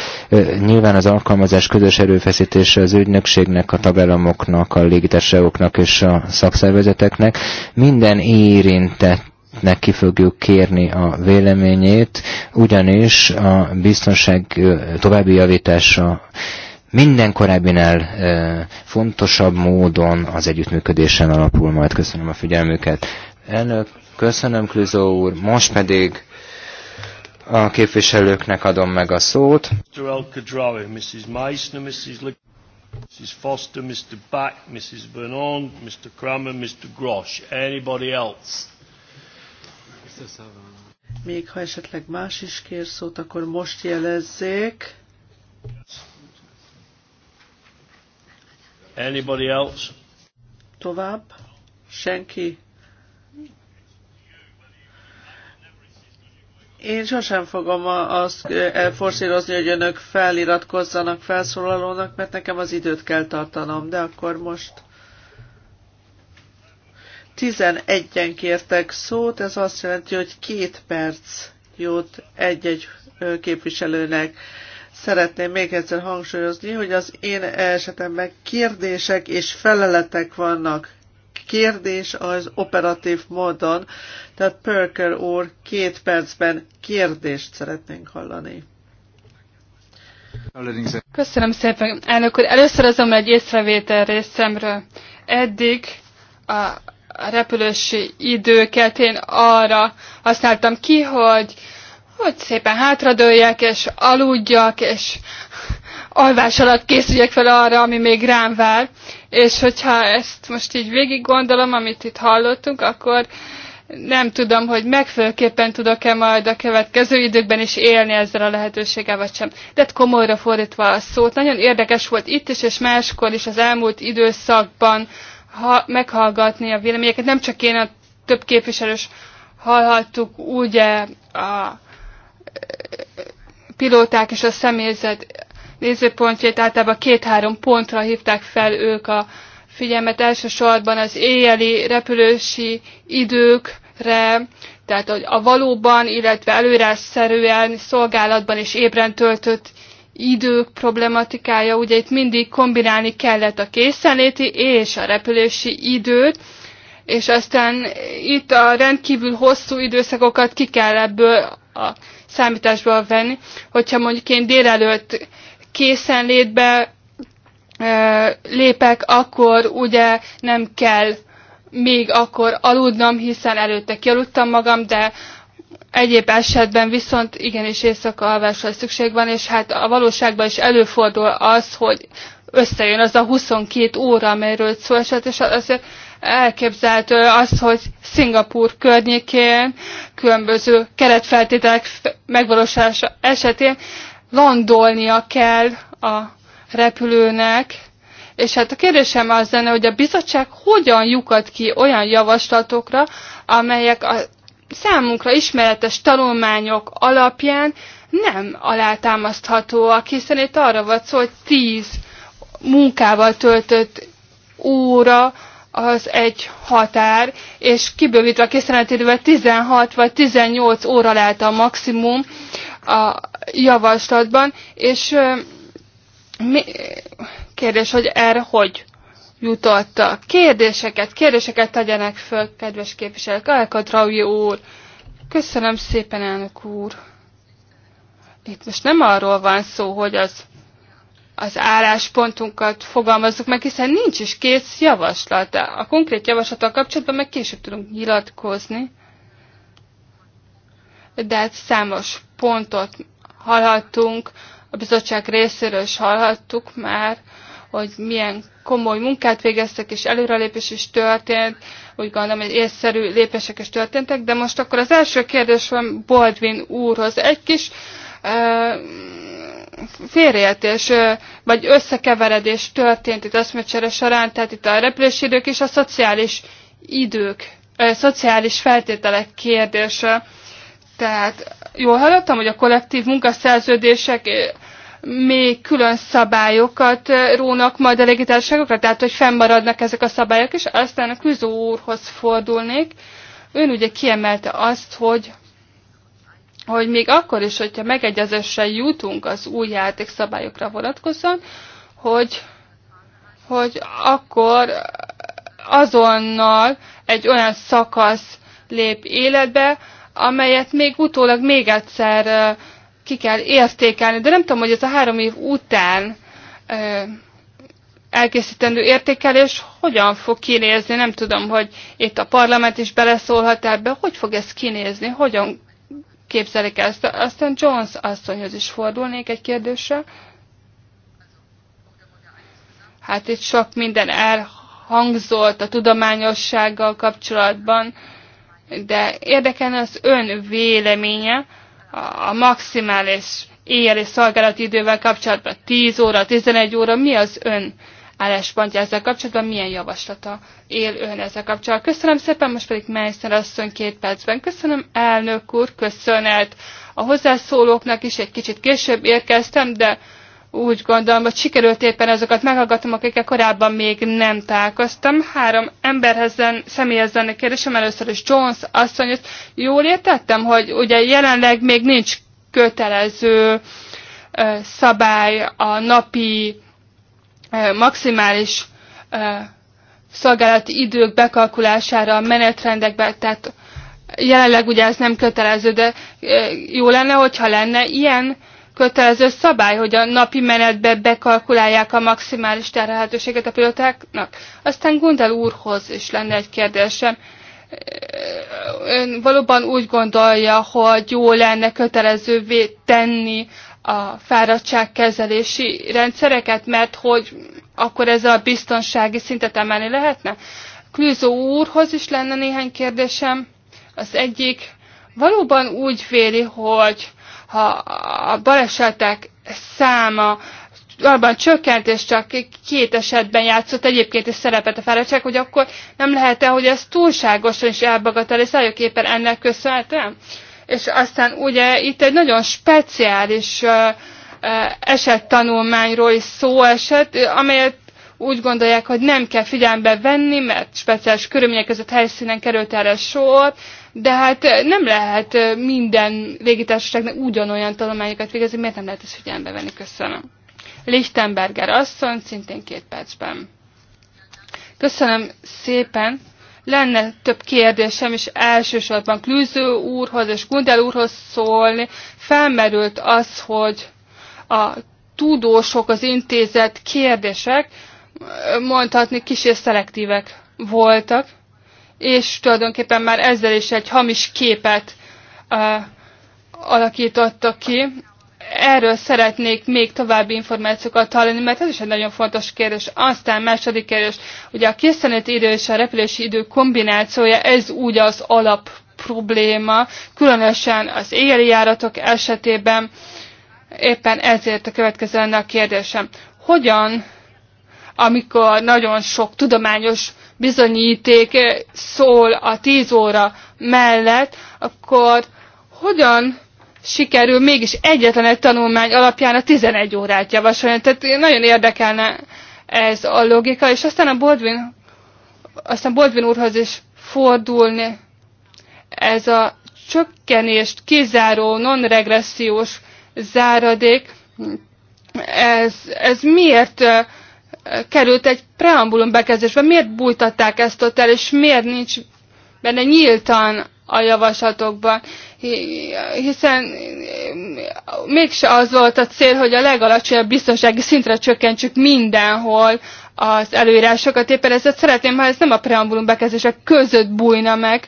Nyilván az alkalmazás közös erőfeszítése az ügynökségnek, a tagállamoknak, a légitársaságoknak és a szakszervezeteknek. Minden érintett nek ki fogjuk kérni a véleményét, ugyanis a biztonság további javítása minden korábbinál fontosabb módon az együttműködésen alapul majd. Köszönöm a figyelmüket. Elnök, köszönöm Klüzó úr, most pedig a képviselőknek adom meg a szót. Mr. El Kadrawi, Mrs. Meissner, Mrs. Le Mrs. Foster, Mr. Back, Mrs. Vernon, Mr. Kramer, Mr. Grosh. Anybody else? Még ha esetleg más is kér szót, akkor most jelezzék. Yes. Anybody else? Tovább? Senki? Én sosem fogom azt forszírozni, hogy önök feliratkozzanak felszólalónak, mert nekem az időt kell tartanom, de akkor most 11-en kértek szót, ez azt jelenti, hogy két perc jut egy-egy képviselőnek. Szeretném még egyszer hangsúlyozni, hogy az én esetemben kérdések és feleletek vannak. Kérdés az operatív módon, tehát Perker úr két percben kérdést szeretnénk hallani. Köszönöm szépen, elnök úr. Először azom egy észrevétel részemről. Eddig a repülősi időket én arra használtam ki, hogy hogy szépen hátradőljek, és aludjak, és alvás alatt készüljek fel arra, ami még rám vár. És hogyha ezt most így végig gondolom, amit itt hallottunk, akkor nem tudom, hogy megfőképpen tudok-e majd a következő időkben is élni ezzel a lehetőséggel, vagy sem. De hát komolyra fordítva a szót, nagyon érdekes volt itt is, és máskor is az elmúlt időszakban ha, meghallgatni a véleményeket. Nem csak én, a több képviselős hallhattuk ugye a pilóták és a személyzet nézőpontjait általában két-három pontra hívták fel ők a figyelmet. Elsősorban az éjjeli repülési időkre, tehát a valóban, illetve előrásszerűen szolgálatban és ébren töltött idők problematikája, ugye itt mindig kombinálni kellett a készenléti és a repülési időt, és aztán itt a rendkívül hosszú időszakokat ki kell ebből a számításba venni, hogyha mondjuk én délelőtt készenlétbe lépek, akkor ugye nem kell még akkor aludnom, hiszen előtte kialudtam magam, de egyéb esetben viszont igenis éjszaka alvásra szükség van, és hát a valóságban is előfordul az, hogy összejön az a 22 óra, amelyről szó esett, és azért elképzelhető az, hogy Szingapúr környékén különböző keretfeltételek megvalósása esetén landolnia kell a repülőnek, és hát a kérdésem az lenne, hogy a bizottság hogyan lyukat ki olyan javaslatokra, amelyek a számunkra ismeretes tanulmányok alapján nem alátámaszthatóak, hiszen itt arra volt szó, hogy tíz munkával töltött óra az egy határ, és kibővítve a készrenetidővel 16 vagy 18 óra lehet a maximum a javaslatban, és mi, kérdés, hogy erre hogy jutotta? Kérdéseket, kérdéseket tegyenek föl, kedves képviselők, Alkadraui úr. Köszönöm szépen, elnök úr. Itt most nem arról van szó, hogy az az álláspontunkat fogalmazzuk meg, hiszen nincs is kész javaslat. De a konkrét javaslattal kapcsolatban meg később tudunk nyilatkozni. De hát számos pontot hallhattunk, a bizottság részéről is hallhattuk már, hogy milyen komoly munkát végeztek, és előrelépés is történt, úgy gondolom, hogy észszerű lépések is történtek, de most akkor az első kérdés van Baldwin úrhoz. Egy kis uh, félreértés vagy összekeveredés történt itt eszmecsere során, tehát itt a repülési idők és a szociális idők, a szociális feltételek kérdése. Tehát jól hallottam, hogy a kollektív munkaszerződések még külön szabályokat rónak majd a légitársaságokra, tehát hogy fennmaradnak ezek a szabályok, és aztán a küzdő úrhoz fordulnék. Ön ugye kiemelte azt, hogy hogy még akkor is, hogyha megegyezésre jutunk az új játékszabályokra vonatkozóan, hogy, hogy akkor azonnal egy olyan szakasz lép életbe, amelyet még utólag még egyszer ki kell értékelni. De nem tudom, hogy ez a három év után elkészítendő értékelés hogyan fog kinézni, nem tudom, hogy itt a parlament is beleszólhat ebbe, hogy fog ez kinézni, hogyan képzelik ezt. Aztán Jones asszonyhoz is fordulnék egy kérdéssel. Hát itt sok minden elhangzott a tudományossággal kapcsolatban, de érdekelne az ön véleménye a maximális éjjeli szolgálati idővel kapcsolatban 10 óra, 11 óra, mi az ön álláspontja ezzel kapcsolatban, milyen javaslata él ön ezzel kapcsolatban. Köszönöm szépen, most pedig Meissner asszony két percben. Köszönöm, elnök úr, köszönet a hozzászólóknak is, egy kicsit később érkeztem, de úgy gondolom, hogy sikerült éppen azokat meghallgatom, akikkel korábban még nem találkoztam. Három emberhez személyhez lenne kérdésem, először is Jones hogy Jól értettem, hogy ugye jelenleg még nincs kötelező szabály a napi maximális szolgálati idők bekalkulására, a menetrendekbe, tehát jelenleg ugye ez nem kötelező, de jó lenne, hogyha lenne ilyen kötelező szabály, hogy a napi menetbe bekalkulálják a maximális terhelhetőséget a pilotáknak. Aztán Gundel úrhoz is lenne egy kérdésem. Ön valóban úgy gondolja, hogy jó lenne kötelezővé tenni a fáradtságkezelési rendszereket, mert hogy akkor ez a biztonsági szintet emelni lehetne. Klűzó úrhoz is lenne néhány kérdésem. Az egyik valóban úgy véli, hogy ha a balesetek száma abban csökkent, és csak két esetben játszott egyébként is szerepet a fáradtság, hogy akkor nem lehet-e, hogy ez túlságosan is elbagatelizáljuk éppen ennek köszönhetően? és aztán ugye itt egy nagyon speciális esettanulmányról is szó esett, amelyet úgy gondolják, hogy nem kell figyelembe venni, mert speciális körülmények között helyszínen került erre sor, de hát nem lehet minden légitársaságnak ugyanolyan tanulmányokat végezni, miért nem lehet ezt figyelembe venni? Köszönöm. Lichtenberger asszony, szintén két percben. Köszönöm szépen lenne több kérdésem, és elsősorban Klűző úrhoz és Gundel úrhoz szólni. Felmerült az, hogy a tudósok, az intézet kérdések, mondhatni kis és szelektívek voltak, és tulajdonképpen már ezzel is egy hamis képet uh, alakítottak ki erről szeretnék még további információkat hallani, mert ez is egy nagyon fontos kérdés. Aztán második kérdés, ugye a készenlét idő és a repülési idő kombinációja, ez úgy az alap probléma, különösen az éjjeli járatok esetében. Éppen ezért a következő lenne a kérdésem. Hogyan, amikor nagyon sok tudományos bizonyíték szól a 10 óra mellett, akkor hogyan sikerül mégis egyetlen egy tanulmány alapján a 11 órát javasolni. Tehát nagyon érdekelne ez a logika, és aztán a Baldwin, aztán Baldwin úrhoz is fordulni ez a csökkenést kizáró, non-regressziós záradék, ez, ez miért került egy preambulum bekezdésbe, miért bújtatták ezt ott el, és miért nincs benne nyíltan a javaslatokban hiszen eh, mégse az volt a cél, hogy a legalacsonyabb biztonsági szintre csökkentsük mindenhol az előírásokat. Éppen ezt szeretném, ha ez nem a preambulum bekezdések között bújna meg.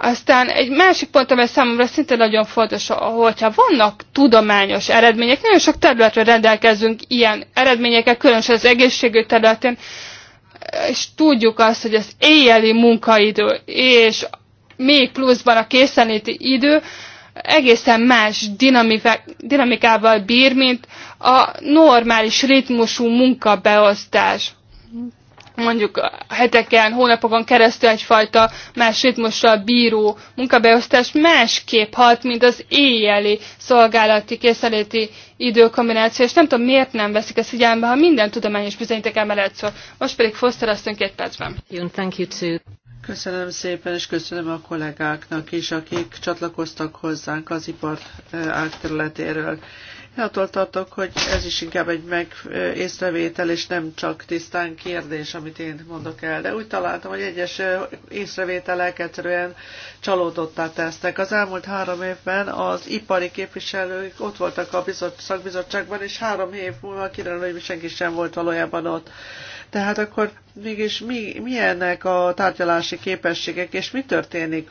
Aztán egy másik pont, amely számomra szinte nagyon fontos, hogyha vannak tudományos eredmények, nagyon sok területre rendelkezünk ilyen eredményekkel, különösen az egészségügy területén, és tudjuk azt, hogy az éjjeli munkaidő és még pluszban a készenléti idő egészen más dinamikával bír, mint a normális ritmusú munkabeosztás. Mondjuk a heteken, hónapokon keresztül egyfajta más ritmussal bíró munkabeosztás másképp hat, mint az éjjeli szolgálati készeléti időkombináció, és nem tudom, miért nem veszik ezt figyelembe, ha minden tudományos bizonyíték emelet szó. Most pedig Foster azt két percben. Köszönöm szépen, és köszönöm a kollégáknak is, akik csatlakoztak hozzánk az ipart átterületéről. Én attól tartok, hogy ez is inkább egy meg észrevétel, és nem csak tisztán kérdés, amit én mondok el. De úgy találtam, hogy egyes észrevételek egyszerűen csalódottá tesznek. Az elmúlt három évben az ipari képviselők ott voltak a bizot, szakbizottságban, és három év múlva kiderül, hogy senki sem volt valójában ott. Tehát akkor mégis mi, milyenek a tárgyalási képességek, és mi történik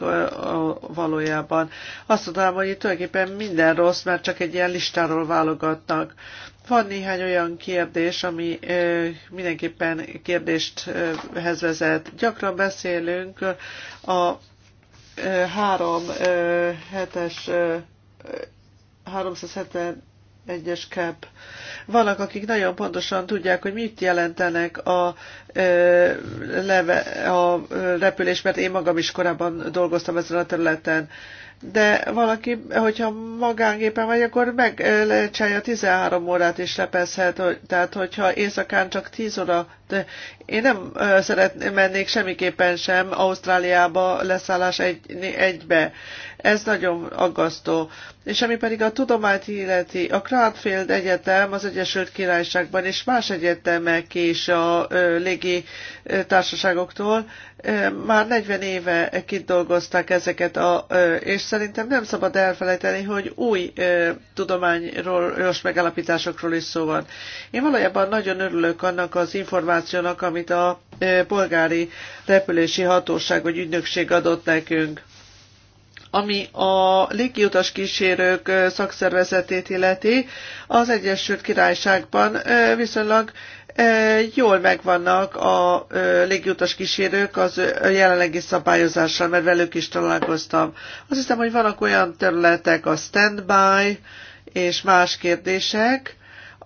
valójában? Azt mondanám, hogy itt tulajdonképpen minden rossz, mert csak egy ilyen listáról válogatnak. Van néhány olyan kérdés, ami ö, mindenképpen kérdésthez vezet. Gyakran beszélünk a ö, három ö, hetes ö, 370 egyes kép. Vannak, akik nagyon pontosan tudják, hogy mit jelentenek a, ö, leve, a repülés, mert én magam is korábban dolgoztam ezen a területen. De valaki, hogyha magángépen vagy, akkor meglecsálja 13 órát is lepezhet, tehát hogyha éjszakán csak 10 óra én nem szeretném mennék semmiképpen sem Ausztráliába leszállás egy, egybe. Ez nagyon aggasztó. És ami pedig a tudományt illeti, a Cranfield Egyetem az Egyesült Királyságban és más egyetemek és a ö, légi társaságoktól ö, már 40 éve kidolgozták ezeket, a, ö, és szerintem nem szabad elfelejteni, hogy új ö, tudományról, megállapításokról is szó van. Én valójában nagyon örülök annak az információ információnak, amit a e, polgári repülési hatóság vagy ügynökség adott nekünk. Ami a légiutas kísérők e, szakszervezetét illeti, az Egyesült Királyságban e, viszonylag jól megvannak a légiutas kísérők az jelenlegi szabályozással, mert velük is találkoztam. Azt hiszem, hogy vannak olyan területek, a standby és más kérdések,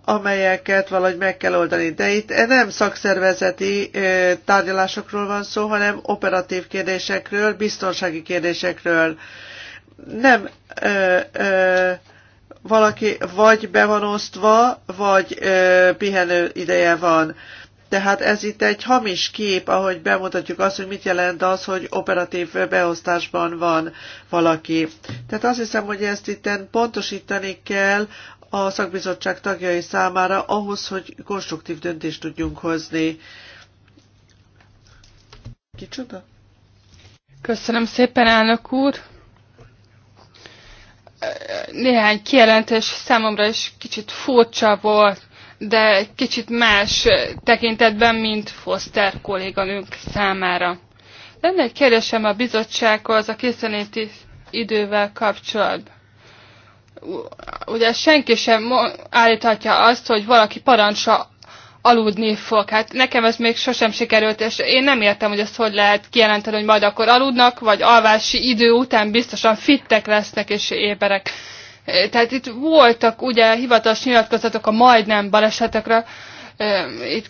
amelyeket valahogy meg kell oldani. De itt nem szakszervezeti tárgyalásokról van szó, hanem operatív kérdésekről, biztonsági kérdésekről. Nem ö, ö, valaki vagy be van osztva, vagy ö, pihenő ideje van. Tehát ez itt egy hamis kép, ahogy bemutatjuk azt, hogy mit jelent az, hogy operatív beosztásban van valaki. Tehát azt hiszem, hogy ezt itt pontosítani kell a szakbizottság tagjai számára ahhoz, hogy konstruktív döntést tudjunk hozni. Kicsoda? Köszönöm szépen, elnök úr! Néhány kijelentés számomra is kicsit furcsa volt, de kicsit más tekintetben, mint Foster kolléganünk számára. Lenne egy kérdésem a bizottsághoz a készenéti idővel kapcsolatban ugye senki sem állíthatja azt, hogy valaki parancsa aludni fog. Hát nekem ez még sosem sikerült, és én nem értem, hogy ezt hogy lehet kijelenteni, hogy majd akkor aludnak, vagy alvási idő után biztosan fittek lesznek és éberek. Tehát itt voltak ugye hivatalos nyilatkozatok a majdnem balesetekre, itt,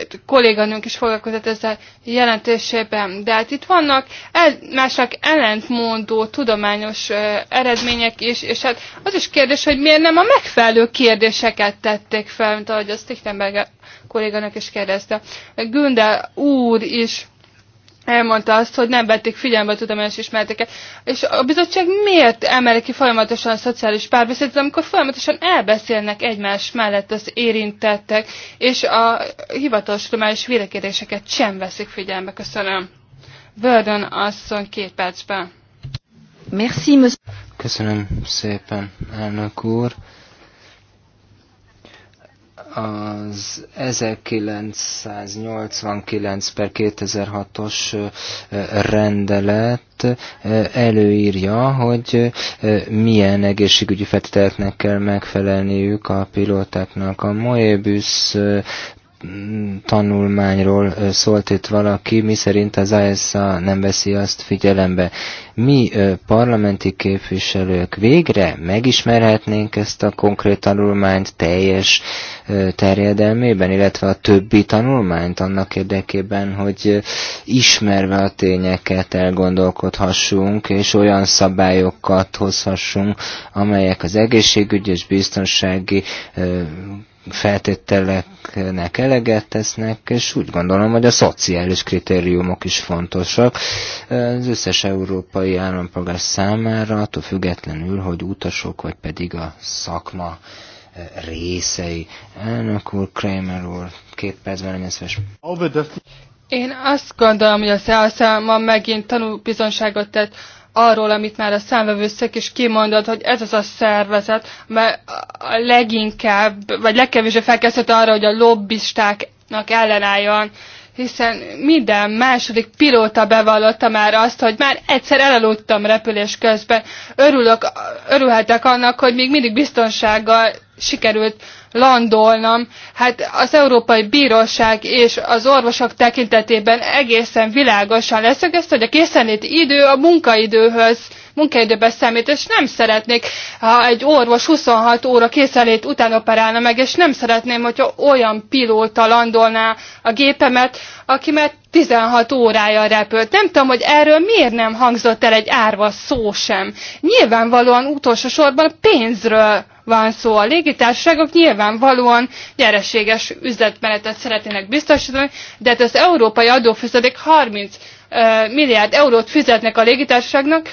itt kolléganőnk is foglalkozott ezzel jelentésében, de hát itt vannak el, másnak ellentmondó tudományos eredmények is, és hát az is kérdés, hogy miért nem a megfelelő kérdéseket tették fel, mint ahogy a Stichtenberg kolléganők is kérdezte. Günde úr is elmondta azt, hogy nem vették figyelembe a tudományos ismereteket. És a bizottság miért emeli ki folyamatosan a szociális párbeszédet, amikor folyamatosan elbeszélnek egymás mellett az érintettek, és a hivatalos tudományos vélekedéseket sem veszik figyelembe. Köszönöm. Vördön asszony két percben. Köszönöm szépen, elnök úr az 1989 per 2006-os rendelet előírja, hogy milyen egészségügyi feltételeknek kell megfelelniük a pilótáknak. A Moebius tanulmányról szólt itt valaki, mi szerint az ASA nem veszi azt figyelembe. Mi parlamenti képviselők végre megismerhetnénk ezt a konkrét tanulmányt teljes terjedelmében, illetve a többi tanulmányt annak érdekében, hogy ismerve a tényeket elgondolkodhassunk, és olyan szabályokat hozhassunk, amelyek az egészségügyi és biztonsági feltételeknek eleget tesznek, és úgy gondolom, hogy a szociális kritériumok is fontosak az összes európai állampolgár számára, attól függetlenül, hogy utasok vagy pedig a szakma eh, részei. Elnök úr, Kramer úr, két perc velem, Én azt gondolom, hogy a SEASA megint tanúbizonságot tett arról, amit már a számvevőszék is kimondott, hogy ez az a szervezet, mert a leginkább, vagy legkevésbé felkészült arra, hogy a lobbistáknak ellenálljon, hiszen minden második pilóta bevallotta már azt, hogy már egyszer elaludtam repülés közben. Örülök, örülhetek annak, hogy még mindig biztonsággal sikerült uh, landolnom. Hát az Európai Bíróság és az orvosok tekintetében egészen világosan leszek ezt, hogy a készenléti idő a munkaidőhöz munkaidőbe számít, és nem szeretnék, ha egy orvos 26 óra készenlét után operálna meg, és nem szeretném, hogyha olyan pilóta landolná a gépemet, aki már 16 órája repült. Nem tudom, hogy erről miért nem hangzott el egy árva szó sem. Nyilvánvalóan utolsó sorban pénzről van szó. A légitársaságok nyilvánvalóan nyereséges üzletmenetet szeretnének biztosítani, de hát az európai adófizeték 30 milliárd eurót fizetnek a légitársaságnak,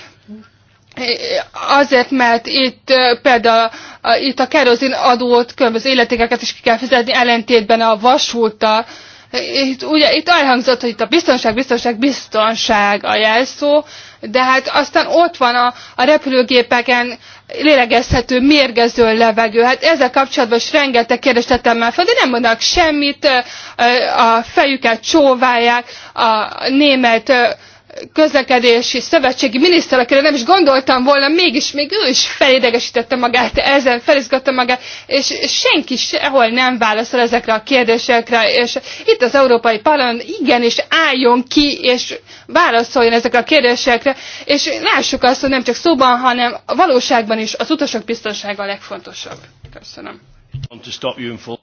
azért, mert itt például itt a kerozin adót, különböző életékeket is ki kell fizetni, ellentétben a vasúta. Itt, ugye, itt elhangzott, hogy itt a biztonság, biztonság, biztonság a jelszó, de hát aztán ott van a, a repülőgépeken lélegezhető, mérgező levegő. Hát ezzel kapcsolatban is rengeteg kérdést tettem már fel, de nem mondanak semmit, a fejüket csóválják, a német közlekedési szövetségi miniszter, akire nem is gondoltam volna, mégis még ő is felidegesítette magát ezen, felizgatta magát, és senki sehol nem válaszol ezekre a kérdésekre, és itt az Európai Parlament igenis álljon ki, és válaszoljon ezekre a kérdésekre, és lássuk azt, hogy nem csak szóban, hanem a valóságban is az utasok biztonsága a legfontosabb. Köszönöm.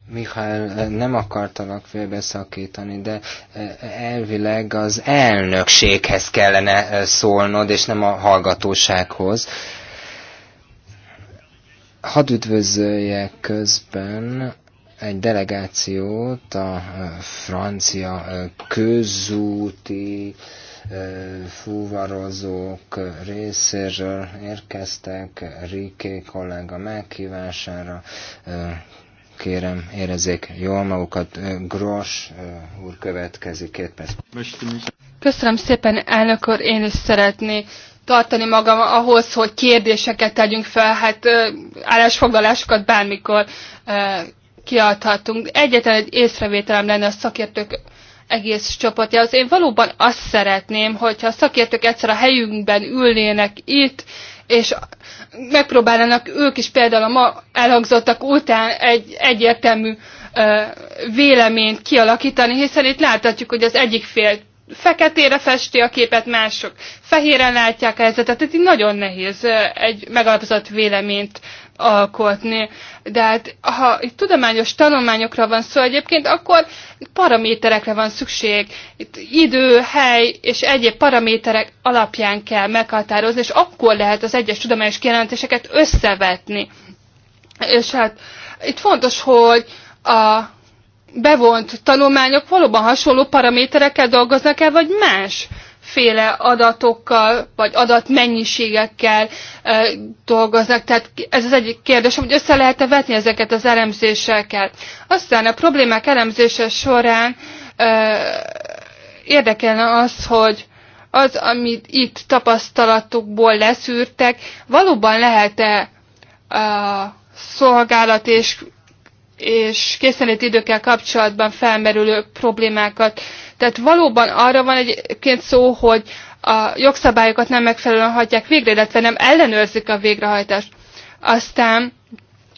Mihály, nem akartalak félbeszakítani, de e, elvileg az elnökséghez kellene e, szólnod, és nem a hallgatósághoz. Hadd üdvözöljek közben egy delegációt a e, francia közúti fuvarozók részéről érkeztek Riké kollega meghívására. Kérem, érezzék jól magukat. Gros úr következik két perc. Köszönöm szépen, elnök úr. Én is szeretnék tartani magam ahhoz, hogy kérdéseket tegyünk fel, hát állásfoglalásokat bármikor kiadhatunk. Egyetlen egy észrevételem lenne a szakértők egész csapatja, az Én valóban azt szeretném, hogyha a szakértők egyszer a helyünkben ülnének itt, és megpróbálnának ők is például a ma elhangzottak után egy egyértelmű ö, véleményt kialakítani, hiszen itt láthatjuk, hogy az egyik fél feketére festi a képet, mások fehéren látják a helyzetet, tehát itt nagyon nehéz egy megalapozott véleményt alkotni. De hát, ha itt tudományos tanulmányokra van szó egyébként, akkor paraméterekre van szükség. Itt idő, hely és egyéb paraméterek alapján kell meghatározni, és akkor lehet az egyes tudományos kijelentéseket összevetni. És hát itt fontos, hogy a bevont tanulmányok valóban hasonló paraméterekkel dolgoznak el, vagy más többféle adatokkal, vagy adatmennyiségekkel e, dolgoznak. Tehát ez az egyik kérdés, hogy össze lehet-e vetni ezeket az elemzéseket. Aztán a problémák elemzése során e, érdekelne az, hogy az, amit itt tapasztalatokból leszűrtek, valóban lehet-e a szolgálat és és készenlét időkkel kapcsolatban felmerülő problémákat tehát valóban arra van egyébként szó, hogy a jogszabályokat nem megfelelően hagyják végre, illetve nem ellenőrzik a végrehajtást. Aztán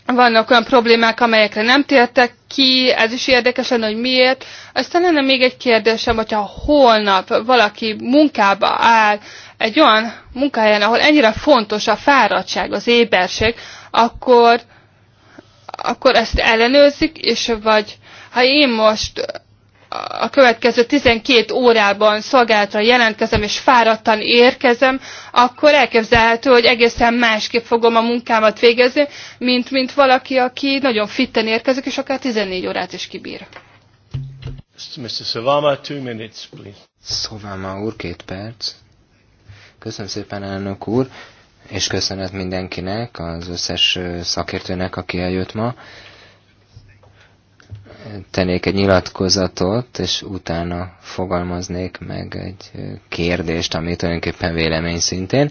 vannak olyan problémák, amelyekre nem tértek ki, ez is érdekes lenne, hogy miért. Aztán lenne még egy kérdésem, hogyha holnap valaki munkába áll, egy olyan munkahelyen, ahol ennyire fontos a fáradtság, az éberség, akkor, akkor ezt ellenőrzik, és vagy ha én most a következő 12 órában szolgálatra jelentkezem és fáradtan érkezem, akkor elképzelhető, hogy egészen másképp fogom a munkámat végezni, mint, mint valaki, aki nagyon fitten érkezik, és akár 14 órát is kibír. Mr. Savama, two minutes, please. Savama úr, két perc. Köszönöm szépen, elnök úr, és köszönet mindenkinek, az összes szakértőnek, aki eljött ma tennék egy nyilatkozatot, és utána fogalmaznék meg egy kérdést, ami tulajdonképpen vélemény szintén.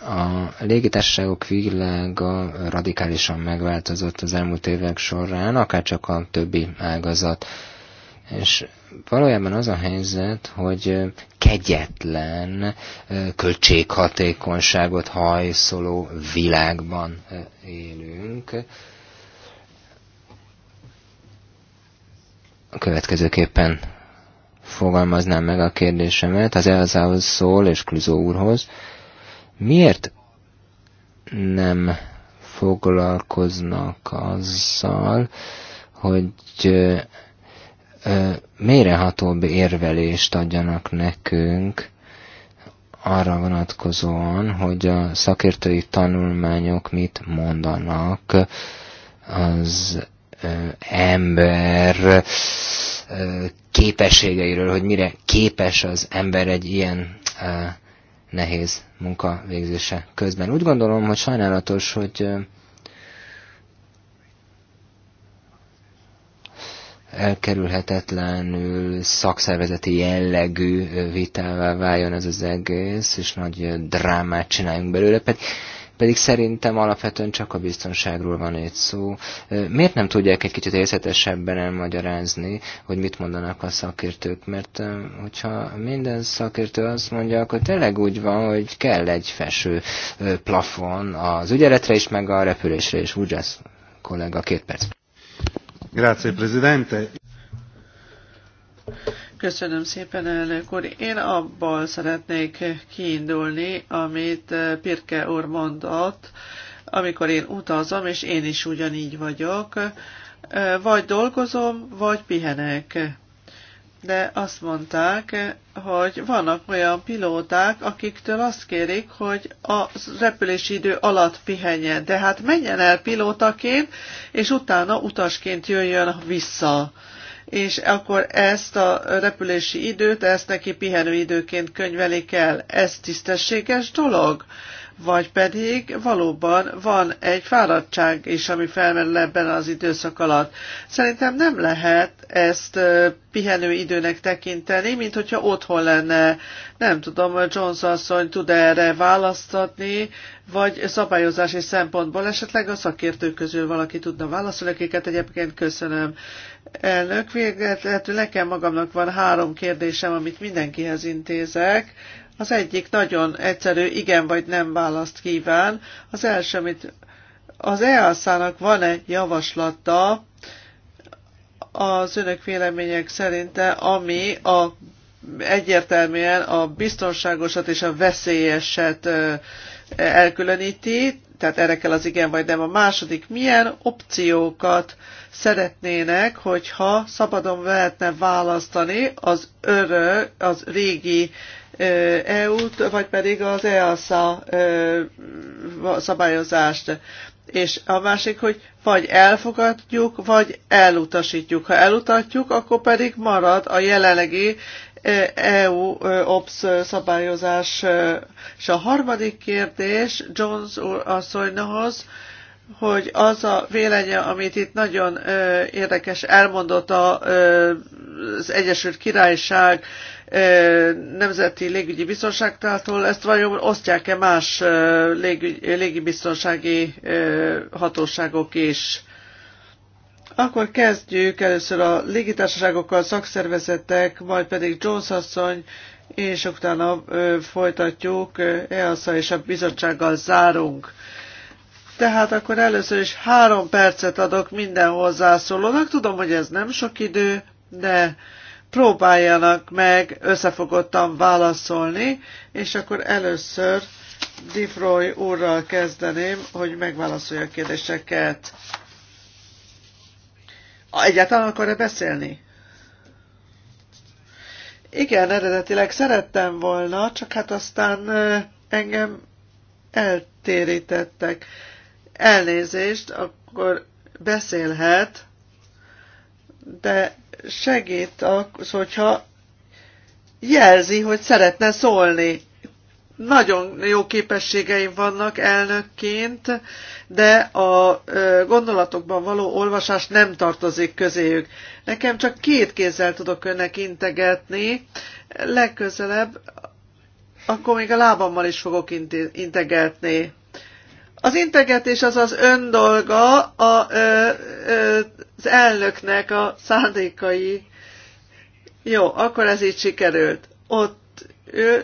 A légitársaságok világa radikálisan megváltozott az elmúlt évek során, akárcsak a többi ágazat. És valójában az a helyzet, hogy kegyetlen költséghatékonyságot hajszoló világban élünk, következőképpen fogalmaznám meg a kérdésemet az Elzához szól és Klüzó úrhoz. Miért nem foglalkoznak azzal, hogy mélyrehatóbb érvelést adjanak nekünk arra vonatkozóan, hogy a szakértői tanulmányok mit mondanak az ember képességeiről, hogy mire képes az ember egy ilyen nehéz munka végzése közben. Úgy gondolom, hogy sajnálatos, hogy elkerülhetetlenül szakszervezeti jellegű vitává váljon ez az egész, és nagy drámát csináljunk belőle, pedig pedig szerintem alapvetően csak a biztonságról van itt szó. Miért nem tudják egy kicsit érzetesebben elmagyarázni, hogy mit mondanak a szakértők? Mert hogyha minden szakértő azt mondja, akkor tényleg úgy van, hogy kell egy feső plafon az ügyeletre is, meg a repülésre is. lesz, kollega, két perc. Grazie, Presidente. Köszönöm szépen, elnök úr. Én abból szeretnék kiindulni, amit eh, Pirke úr mondott, amikor én utazom, és én is ugyanígy vagyok. Eh, vagy dolgozom, vagy pihenek. De azt mondták, hogy vannak olyan pilóták, akiktől azt kérik, hogy a repülési idő alatt pihenjen. De hát menjen el pilótaként, és utána utasként jöjjön vissza és akkor ezt a repülési időt, ezt neki pihenőidőként könyvelik el. Ez tisztességes dolog? Vagy pedig valóban van egy fáradtság is, ami felmerül ebben az időszak alatt. Szerintem nem lehet ezt pihenő időnek tekinteni, mint hogyha otthon lenne. Nem tudom, Jones asszony tud -e erre választatni, vagy szabályozási szempontból esetleg a szakértők közül valaki tudna válaszolni, akiket egyébként köszönöm. Elnök, végezetül nekem magamnak van három kérdésem, amit mindenkihez intézek. Az egyik nagyon egyszerű, igen vagy nem választ kíván. Az első, amit az EASZ-nak van-e javaslata az önök vélemények szerinte, ami a, egyértelműen a biztonságosat és a veszélyeset elkülöníti, tehát erre kell az igen vagy nem. A második, milyen opciókat szeretnének, hogyha szabadon lehetne választani az örö, az régi EU-t, vagy pedig az EASA szabályozást. És a másik, hogy vagy elfogadjuk, vagy elutasítjuk. Ha elutatjuk, akkor pedig marad a jelenlegi EU e, e, e, OPS szabályozás. És a harmadik kérdés Jones úr asszonyhoz, hogy az a véleménye, amit itt nagyon érdekes elmondott a, az Egyesült Királyság Nemzeti Légügyi Biztonságtától, ezt vajon osztják-e más ö, légibiztonsági hatóságok is? Akkor kezdjük először a légitársaságokkal, szakszervezetek, majd pedig Jones asszony, és utána ö, folytatjuk, EASA és a bizottsággal zárunk. Tehát akkor először is három percet adok minden hozzászólónak. Tudom, hogy ez nem sok idő, de próbáljanak meg összefogottan válaszolni, és akkor először Difroy úrral kezdeném, hogy megválaszolja a kérdéseket. Egyáltalán akar-e beszélni? Igen, eredetileg szerettem volna, csak hát aztán engem eltérítettek. Elnézést, akkor beszélhet, de segít az, hogyha jelzi, hogy szeretne szólni. Nagyon jó képességeim vannak elnökként, de a gondolatokban való olvasás nem tartozik közéjük. Nekem csak két kézzel tudok önnek integetni, legközelebb akkor még a lábammal is fogok integetni. Az integetés az az ön dolga, a, ö, ö, az elnöknek a szándékai. Jó, akkor ez így sikerült. Ott ő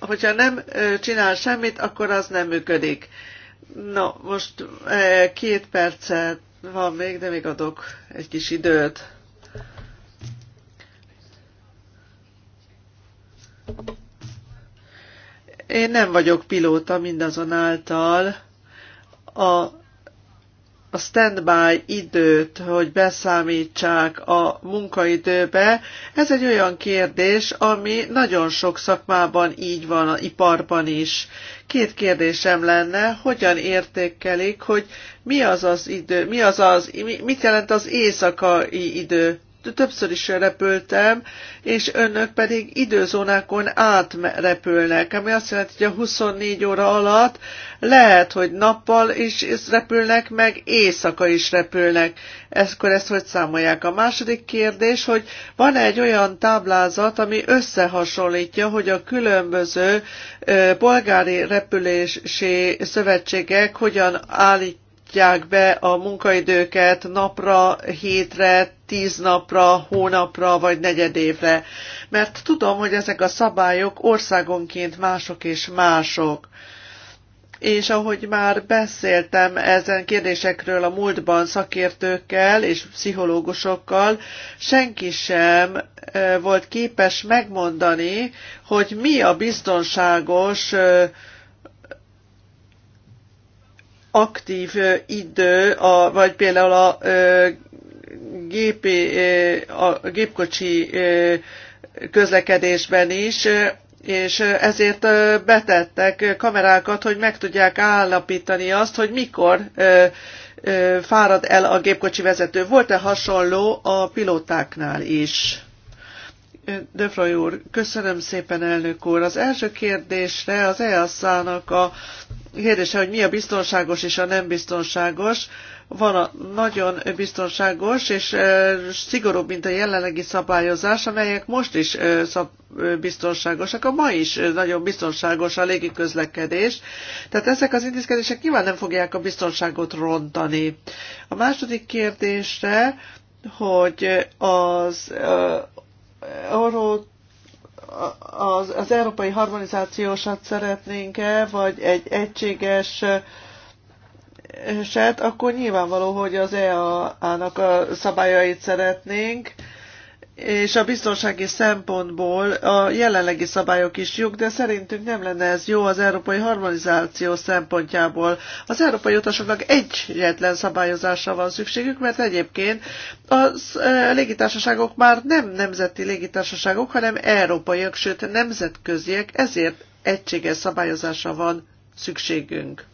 hogyha nem csinál semmit, akkor az nem működik. Na, most két percet van még, de még adok egy kis időt. Én nem vagyok pilóta mindazonáltal. A a standby időt, hogy beszámítsák a munkaidőbe, ez egy olyan kérdés, ami nagyon sok szakmában így van, a iparban is. Két kérdésem lenne, hogyan értékelik, hogy mi az az idő, mi az az, mit jelent az éjszakai idő többször is repültem, és önök pedig időzónákon átrepülnek, ami azt jelenti, hogy a 24 óra alatt lehet, hogy nappal is repülnek, meg éjszaka is repülnek. Ezkor ezt hogy számolják? A második kérdés, hogy van -e egy olyan táblázat, ami összehasonlítja, hogy a különböző polgári repülési szövetségek hogyan állítják osztják be a munkaidőket napra, hétre, tíz napra, hónapra vagy negyedévre. Mert tudom, hogy ezek a szabályok országonként mások és mások és ahogy már beszéltem ezen kérdésekről a múltban szakértőkkel és pszichológusokkal, senki sem volt képes megmondani, hogy mi a biztonságos aktív idő, a, vagy például a, gépi, a gépkocsi közlekedésben is, és ezért betettek kamerákat, hogy meg tudják állapítani azt, hogy mikor fárad el a gépkocsi vezető. Volt-e hasonló a pilótáknál is? Döfroy úr, köszönöm szépen, elnök úr. Az első kérdésre az EASZ-nak a kérdése, hogy mi a biztonságos és a nem biztonságos. Van a nagyon biztonságos és szigorúbb, mint a jelenlegi szabályozás, amelyek most is biztonságosak. A ma is nagyon biztonságos a légiközlekedés. Tehát ezek az intézkedések nyilván nem fogják a biztonságot rontani. A második kérdésre hogy az arról az, az európai harmonizációsat szeretnénk-e, vagy egy egységes eset, akkor nyilvánvaló, hogy az EA-nak a szabályait szeretnénk, és a biztonsági szempontból a jelenlegi szabályok is jók, de szerintünk nem lenne ez jó az európai harmonizáció szempontjából. Az európai utasoknak egyetlen szabályozásra van szükségük, mert egyébként a légitársaságok már nem nemzeti légitársaságok, hanem európaiak, sőt nemzetköziek, ezért egységes szabályozásra van szükségünk.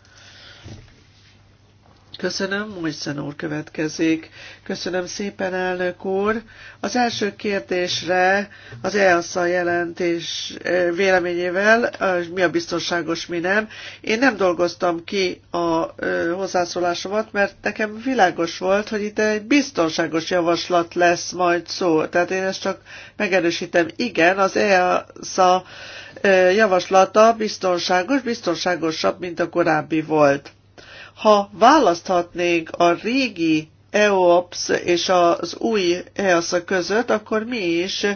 Köszönöm, Mojszen úr következik. Köszönöm szépen, elnök úr. Az első kérdésre az EASA jelentés eh, véleményével, eh, mi a biztonságos, mi nem. Én nem dolgoztam ki a eh, hozzászólásomat, mert nekem világos volt, hogy itt egy biztonságos javaslat lesz majd szó. Tehát én ezt csak megerősítem. Igen, az EASA javaslata biztonságos, biztonságosabb, mint a korábbi volt ha választhatnénk a régi EOPS és az új EASA között, akkor mi is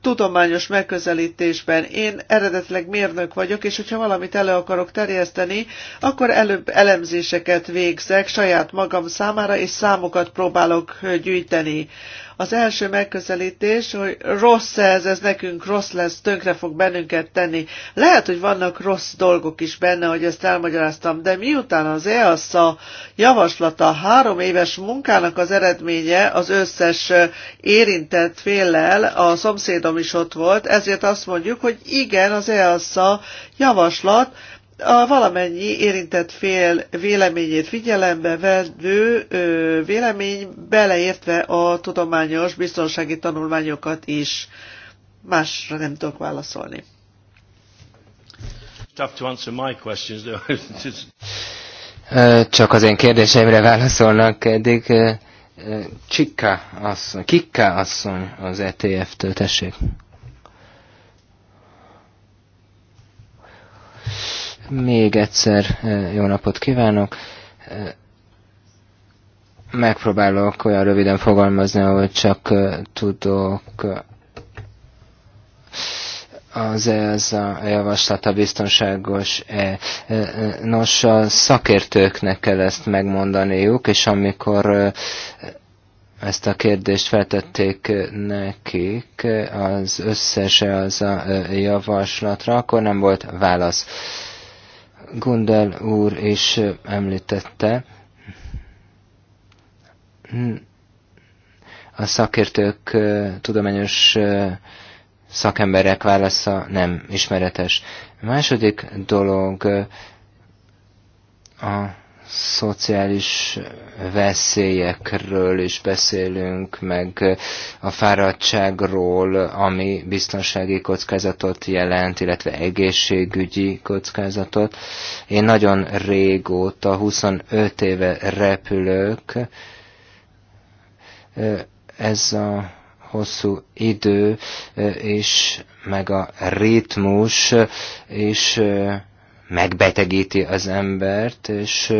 tudományos megközelítésben. Én eredetileg mérnök vagyok, és hogyha valamit elő akarok terjeszteni, akkor előbb elemzéseket végzek saját magam számára, és számokat próbálok gyűjteni. Az első megközelítés, hogy rossz ez, ez nekünk rossz lesz, tönkre fog bennünket tenni. Lehet, hogy vannak rossz dolgok is benne, hogy ezt elmagyaráztam, de miután az EASZA javaslata három éves munkának az eredménye az összes érintett féllel, a szomszédom is ott volt, ezért azt mondjuk, hogy igen, az EASZA javaslat, a valamennyi érintett fél véleményét figyelembe vevő vélemény, beleértve a tudományos biztonsági tanulmányokat is. Másra nem tudok válaszolni. Csak az én kérdéseimre válaszolnak eddig. Csikka asszony, Kikka asszony az ETF-től, tessék. Még egyszer eh, jó napot kívánok! Eh, megpróbálok olyan röviden fogalmazni, ahogy csak eh, tudok. Az -e ez a javaslat a biztonságos -e. Nos, a szakértőknek kell ezt megmondaniuk, és amikor ezt a kérdést feltették nekik az -e az a javaslatra, akkor nem volt válasz Gundel úr is említette, a szakértők, tudományos szakemberek válasza nem ismeretes. A második dolog a szociális veszélyekről is beszélünk, meg a fáradtságról, ami biztonsági kockázatot jelent, illetve egészségügyi kockázatot. Én nagyon régóta, 25 éve repülök. Ez a hosszú idő, és meg a ritmus, és megbetegíti az embert, és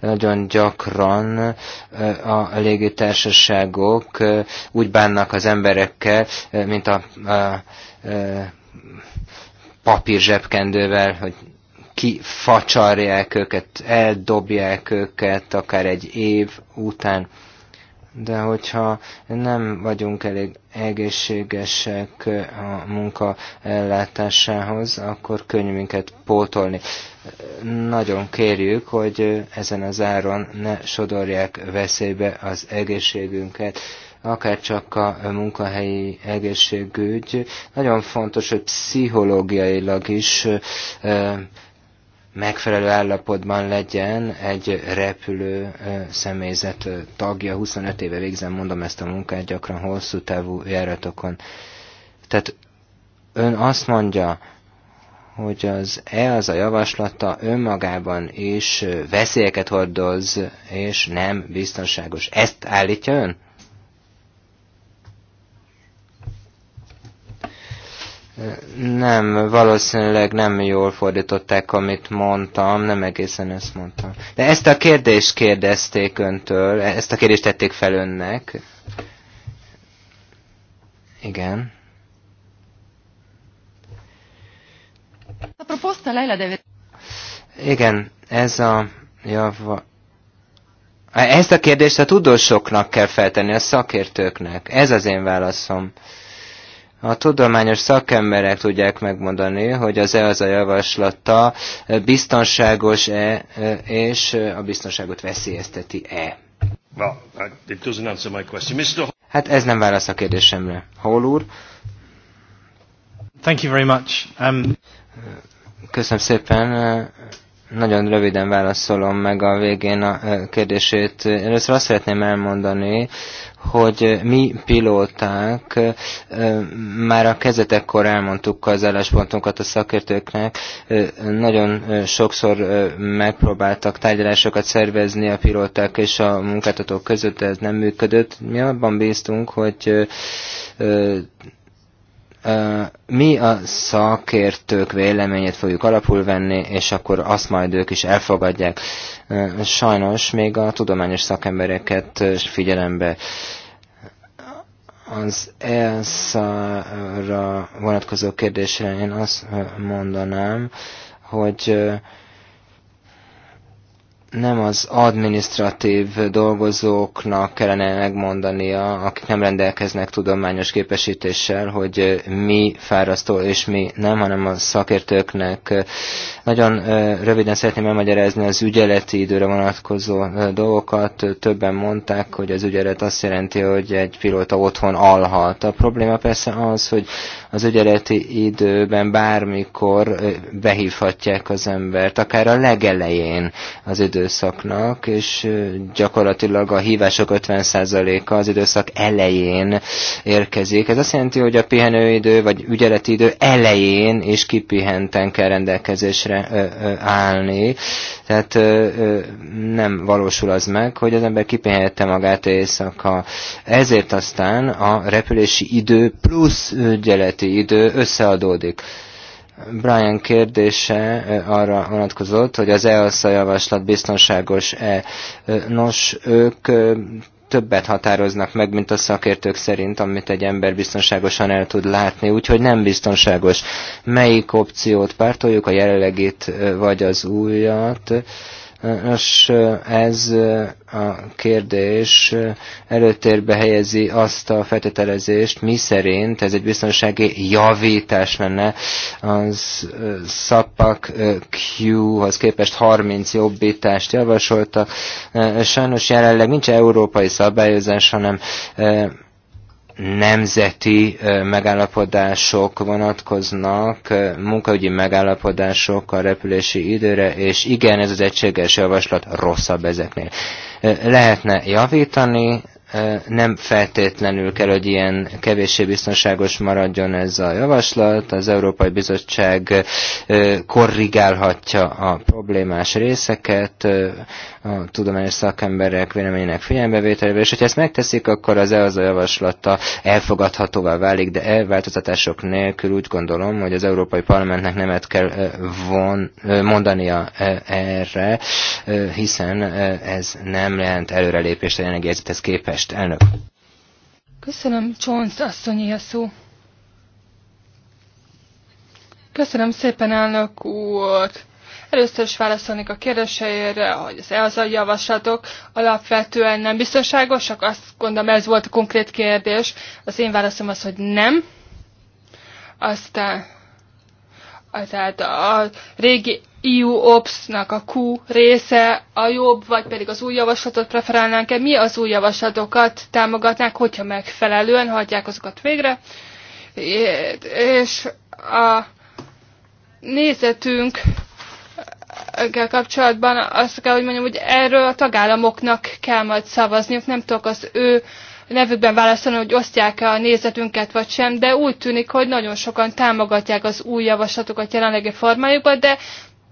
nagyon gyakran a légitársaságok úgy bánnak az emberekkel, mint a, a, a papír zsebkendővel, hogy kifacsarják őket, eldobják őket akár egy év után de hogyha nem vagyunk elég egészségesek a munka ellátásához, akkor könnyű minket pótolni. Nagyon kérjük, hogy ezen az áron ne sodorják veszélybe az egészségünket, akár csak a munkahelyi egészségügy. Nagyon fontos, hogy pszichológiailag is megfelelő állapotban legyen egy repülő személyzet tagja. 25 éve végzem, mondom ezt a munkát, gyakran hosszú távú járatokon. Tehát ön azt mondja, hogy az E az a javaslata önmagában is veszélyeket hordoz, és nem biztonságos. Ezt állítja ön? Nem, valószínűleg nem jól fordították, amit mondtam, nem egészen ezt mondtam. De ezt a kérdést kérdezték öntől, ezt a kérdést tették fel önnek. Igen. A proposta Leila deve... Igen, ez a java... Ezt a kérdést a tudósoknak kell feltenni, a szakértőknek. Ez az én válaszom. A tudományos szakemberek tudják megmondani, hogy az e az a javaslata eh, biztonságos-e eh, és eh, a biztonságot veszélyezteti-e. Hát ez nem válasz a kérdésemre. Hol úr? Thank you very much. Um... Köszönöm szépen. Nagyon röviden válaszolom meg a végén a kérdését. Először azt szeretném elmondani, hogy mi pilóták már a kezetekkor elmondtuk az álláspontunkat a szakértőknek, nagyon sokszor megpróbáltak tárgyalásokat szervezni a pilóták és a munkáltatók között, de ez nem működött. Mi abban bíztunk, hogy mi a szakértők véleményét fogjuk alapul venni, és akkor azt majd ők is elfogadják sajnos még a tudományos szakembereket figyelembe az ELSZ-ra vonatkozó kérdésre én azt mondanám, hogy nem az administratív dolgozóknak kellene megmondania, akik nem rendelkeznek tudományos képesítéssel, hogy mi fárasztó és mi nem, hanem a szakértőknek. Nagyon röviden szeretném elmagyarázni az ügyeleti időre vonatkozó dolgokat. Többen mondták, hogy az ügyelet azt jelenti, hogy egy pilóta otthon alhat. A probléma persze az, hogy az ügyeleti időben bármikor behívhatják az embert, akár a legelején az időszaknak, és gyakorlatilag a hívások 50%-a az időszak elején érkezik. Ez azt jelenti, hogy a pihenőidő vagy ügyeleti idő elején és kipihenten kell rendelkezésre állni, tehát nem valósul az meg, hogy az ember kipihenhette magát éjszaka. Ezért aztán a repülési idő plusz ügyeleti idő összeadódik. Brian kérdése arra vonatkozott, hogy az EASA javaslat biztonságos-e. Nos, ők többet határoznak meg, mint a szakértők szerint, amit egy ember biztonságosan el tud látni, úgyhogy nem biztonságos. Melyik opciót pártoljuk, a jelenlegit vagy az újat? Nos, ez eh, a kérdés eh, előtérbe helyezi azt a feltételezést, mi szerint ez egy biztonsági javítás lenne az eh, szappak Q-hoz képest 30 jobbítást javasolta. Sajnos jelenleg nincs európai szabályozás, hanem nemzeti megállapodások vonatkoznak, munkaügyi megállapodások a repülési időre, és igen, ez az egységes javaslat rosszabb ezeknél. Lehetne javítani, nem feltétlenül kell, hogy ilyen kevéssé biztonságos maradjon ez a javaslat. Az Európai Bizottság korrigálhatja a problémás részeket, a tudományos szakemberek véleményének figyelembevételével, és hogyha ezt megteszik, akkor az EASA javaslata elfogadhatóvá válik, de elváltoztatások nélkül úgy gondolom, hogy az Európai Parlamentnek nemet kell von, mondania erre, hiszen ez nem lehet előrelépést a jelenlegi helyzethez képest. Elnök. Köszönöm, Csonsz asszonyi a szó. Köszönöm szépen, elnök úr! Először is válaszolnék a kérdéseire, hogy az EASA javaslatok alapvetően nem biztonságosak. Azt gondolom, ez volt a konkrét kérdés. Az én válaszom az, hogy nem. Aztán tehát a régi EU Ops-nak a Q része a jobb, vagy pedig az új javaslatot preferálnánk-e? Mi az új javaslatokat támogatnánk, hogyha megfelelően hagyják azokat végre? És a nézetünk kapcsolatban azt kell, hogy mondjam, hogy erről a tagállamoknak kell majd szavazniuk, nem tudok az ő nevükben válaszolni, hogy osztják-e a nézetünket vagy sem, de úgy tűnik, hogy nagyon sokan támogatják az új javaslatokat jelenlegi formájukban, de,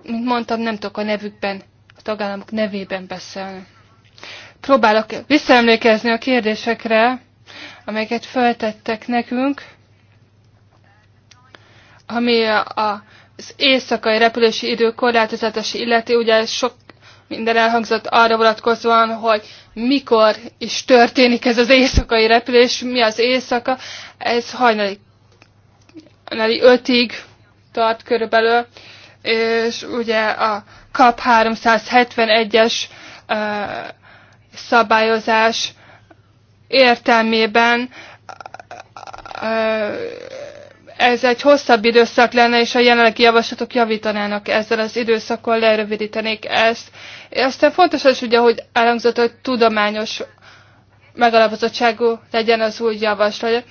mint mondtam, nem tudok a nevükben, a tagállamok nevében beszélni. Próbálok visszaemlékezni a kérdésekre, amelyeket feltettek nekünk, ami a, a az éjszakai repülési idő korlátozatos illeti, ugye sok minden elhangzott arra vonatkozóan, hogy mikor is történik ez az éjszakai repülés, mi az éjszaka, ez hajnali, hajnali ötig tart körülbelül, és ugye a KAP 371-es uh, szabályozás értelmében uh, ez egy hosszabb időszak lenne, és a jelenlegi javaslatok javítanának ezzel az időszakon, lerövidítenék ezt. Aztán fontos az, ugye, hogy elhangzott, hogy tudományos megalapozottságú legyen az új javaslat.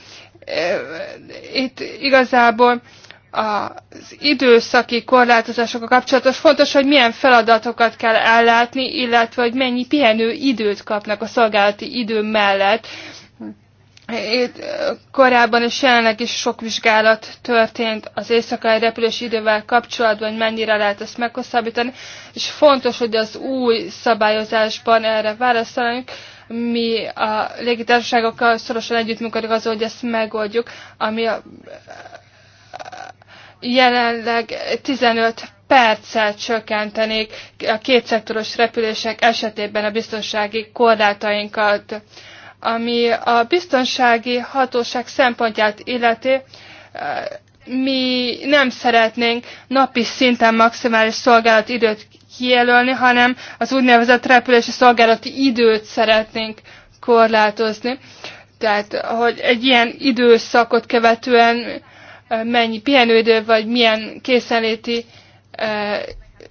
Itt igazából az időszaki korlátozásokkal kapcsolatos fontos, hogy milyen feladatokat kell ellátni, illetve hogy mennyi pihenő időt kapnak a szolgálati idő mellett itt korábban és jelenleg is sok vizsgálat történt az éjszakai repülés idővel kapcsolatban, hogy mennyire lehet ezt meghosszabbítani, és fontos, hogy az új szabályozásban erre válaszoljunk. Mi a légitársaságokkal szorosan együttműködünk az, hogy ezt megoldjuk, ami a, jelenleg 15 perccel csökkentenék a kétszektoros repülések esetében a biztonsági korlátainkat ami a biztonsági hatóság szempontját illeti, mi nem szeretnénk napi szinten maximális szolgálati időt kijelölni, hanem az úgynevezett repülési szolgálati időt szeretnénk korlátozni. Tehát, hogy egy ilyen időszakot követően mennyi pihenőidő, vagy milyen készenléti eh,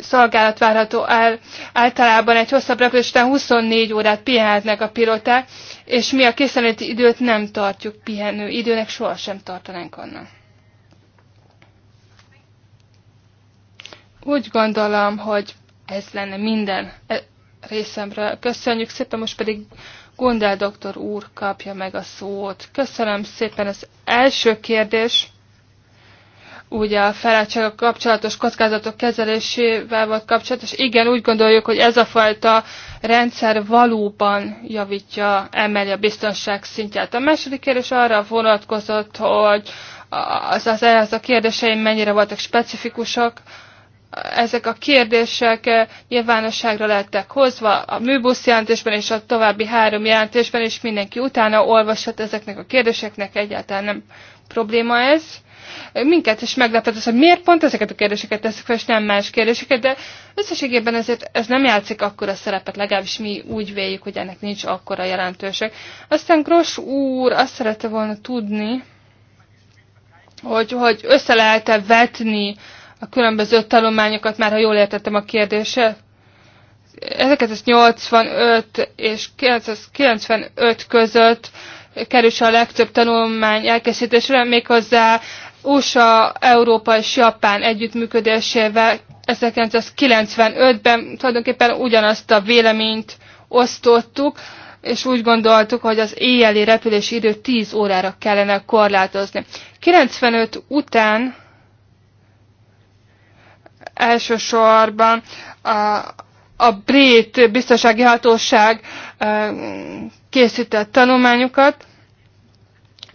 szolgálat várható el. Általában egy hosszabb repülés után 24 órát pihenhetnek a piloták, és mi a készenléti időt nem tartjuk pihenő időnek, sohasem tartanánk annak. Úgy gondolom, hogy ez lenne minden e- részemről. Köszönjük szépen, most pedig Gondel doktor úr kapja meg a szót. Köszönöm szépen az első kérdés úgy a a kapcsolatos kockázatok kezelésével volt kapcsolatos. Igen, úgy gondoljuk, hogy ez a fajta rendszer valóban javítja, emeli a biztonság szintját. A második kérdés arra vonatkozott, hogy az, az, az a kérdéseim mennyire voltak specifikusak. Ezek a kérdések nyilvánosságra lettek hozva a műbusz jelentésben és a további három jelentésben, és mindenki utána olvashat ezeknek a kérdéseknek, egyáltalán nem probléma ez minket is meglepett az, hogy miért pont ezeket a kérdéseket teszik fel, és nem más kérdéseket, de összességében ezért ez nem játszik akkora szerepet, legalábbis mi úgy véljük, hogy ennek nincs akkora jelentőség. Aztán Gross úr azt szerette volna tudni, hogy, hogy össze lehet-e vetni a különböző tanulmányokat, már ha jól értettem a kérdése. ezeket az 85 és 95 között kerül a legtöbb tanulmány elkészítésre, méghozzá USA, Európa és Japán együttműködésével 1995-ben tulajdonképpen ugyanazt a véleményt osztottuk, és úgy gondoltuk, hogy az éjjeli repülési idő 10 órára kellene korlátozni. 95 után elsősorban a, a brit biztonsági hatóság készített tanulmányokat,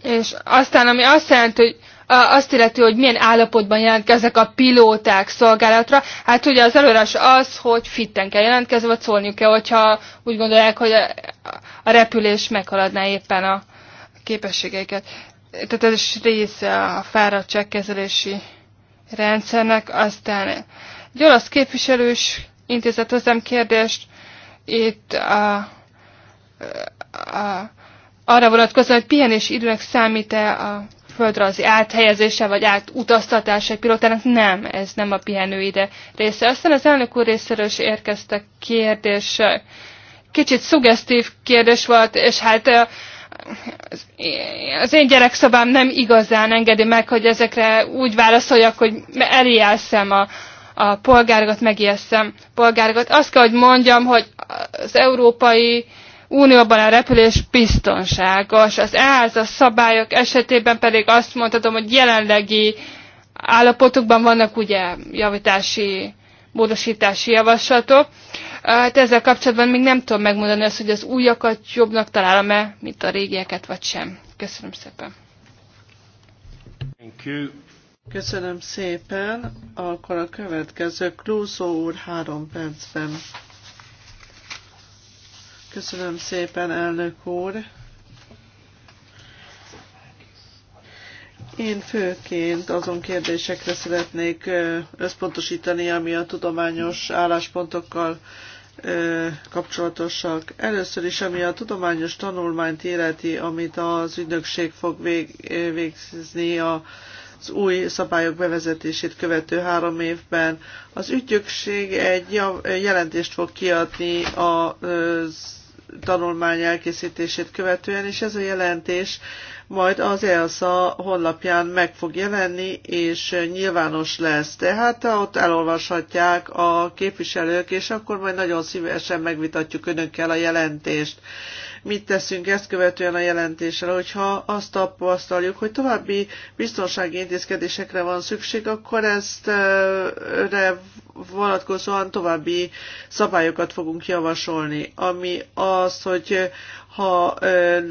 és aztán, ami azt jelenti, hogy azt illeti, hogy milyen állapotban jelentkeznek a pilóták szolgálatra. Hát ugye az előrás az, hogy fitten kell jelentkezni, vagy szólniuk kell, hogyha úgy gondolják, hogy a repülés meghaladná éppen a képességeiket. Tehát ez is része a fáradtságkezelési rendszernek. Aztán egy olasz képviselős is intézett hozzám kérdést, itt a, a, a, arra vonatkozóan, hogy pihenés időnek számít-e a földrajzi áthelyezése vagy átutaztatása egy pilótának nem, ez nem a pihenőide része. Aztán az elnök úr részéről is érkeztek kérdések. Kicsit szugesztív kérdés volt, és hát az én gyerekszobám nem igazán engedi meg, hogy ezekre úgy válaszoljak, hogy elijelszem a, a polgárgat, megijesszem polgárgat. Azt kell, hogy mondjam, hogy az európai uh, Unióban a repülés biztonságos. Az EASA szabályok esetében pedig azt mondhatom, hogy jelenlegi állapotukban vannak ugye javítási, módosítási javaslatok. Hát ezzel kapcsolatban még nem tudom megmondani azt, hogy az újakat jobbnak találom-e, mint a régieket, vagy sem. Köszönöm szépen. Thank you. Köszönöm szépen. Akkor a következő Klúzó úr három percben. Köszönöm szépen, elnök úr. Én főként azon kérdésekre szeretnék összpontosítani, ami a tudományos álláspontokkal kapcsolatosak. Először is, ami a tudományos tanulmányt életi, amit az ügynökség fog vég, végzni a az új szabályok bevezetését követő három évben. Az ügyökség egy jelentést fog kiadni az tanulmány elkészítését követően, és ez a jelentés majd az ELSA honlapján meg fog jelenni, és nyilvános lesz. Tehát ott elolvashatják a képviselők, és akkor majd nagyon szívesen megvitatjuk önökkel a jelentést. Mit teszünk ezt követően a jelentéssel? Hogyha azt tapasztaljuk, hogy további biztonsági intézkedésekre van szükség, akkor ezt vonatkozóan további szabályokat fogunk javasolni, ami az, hogy ha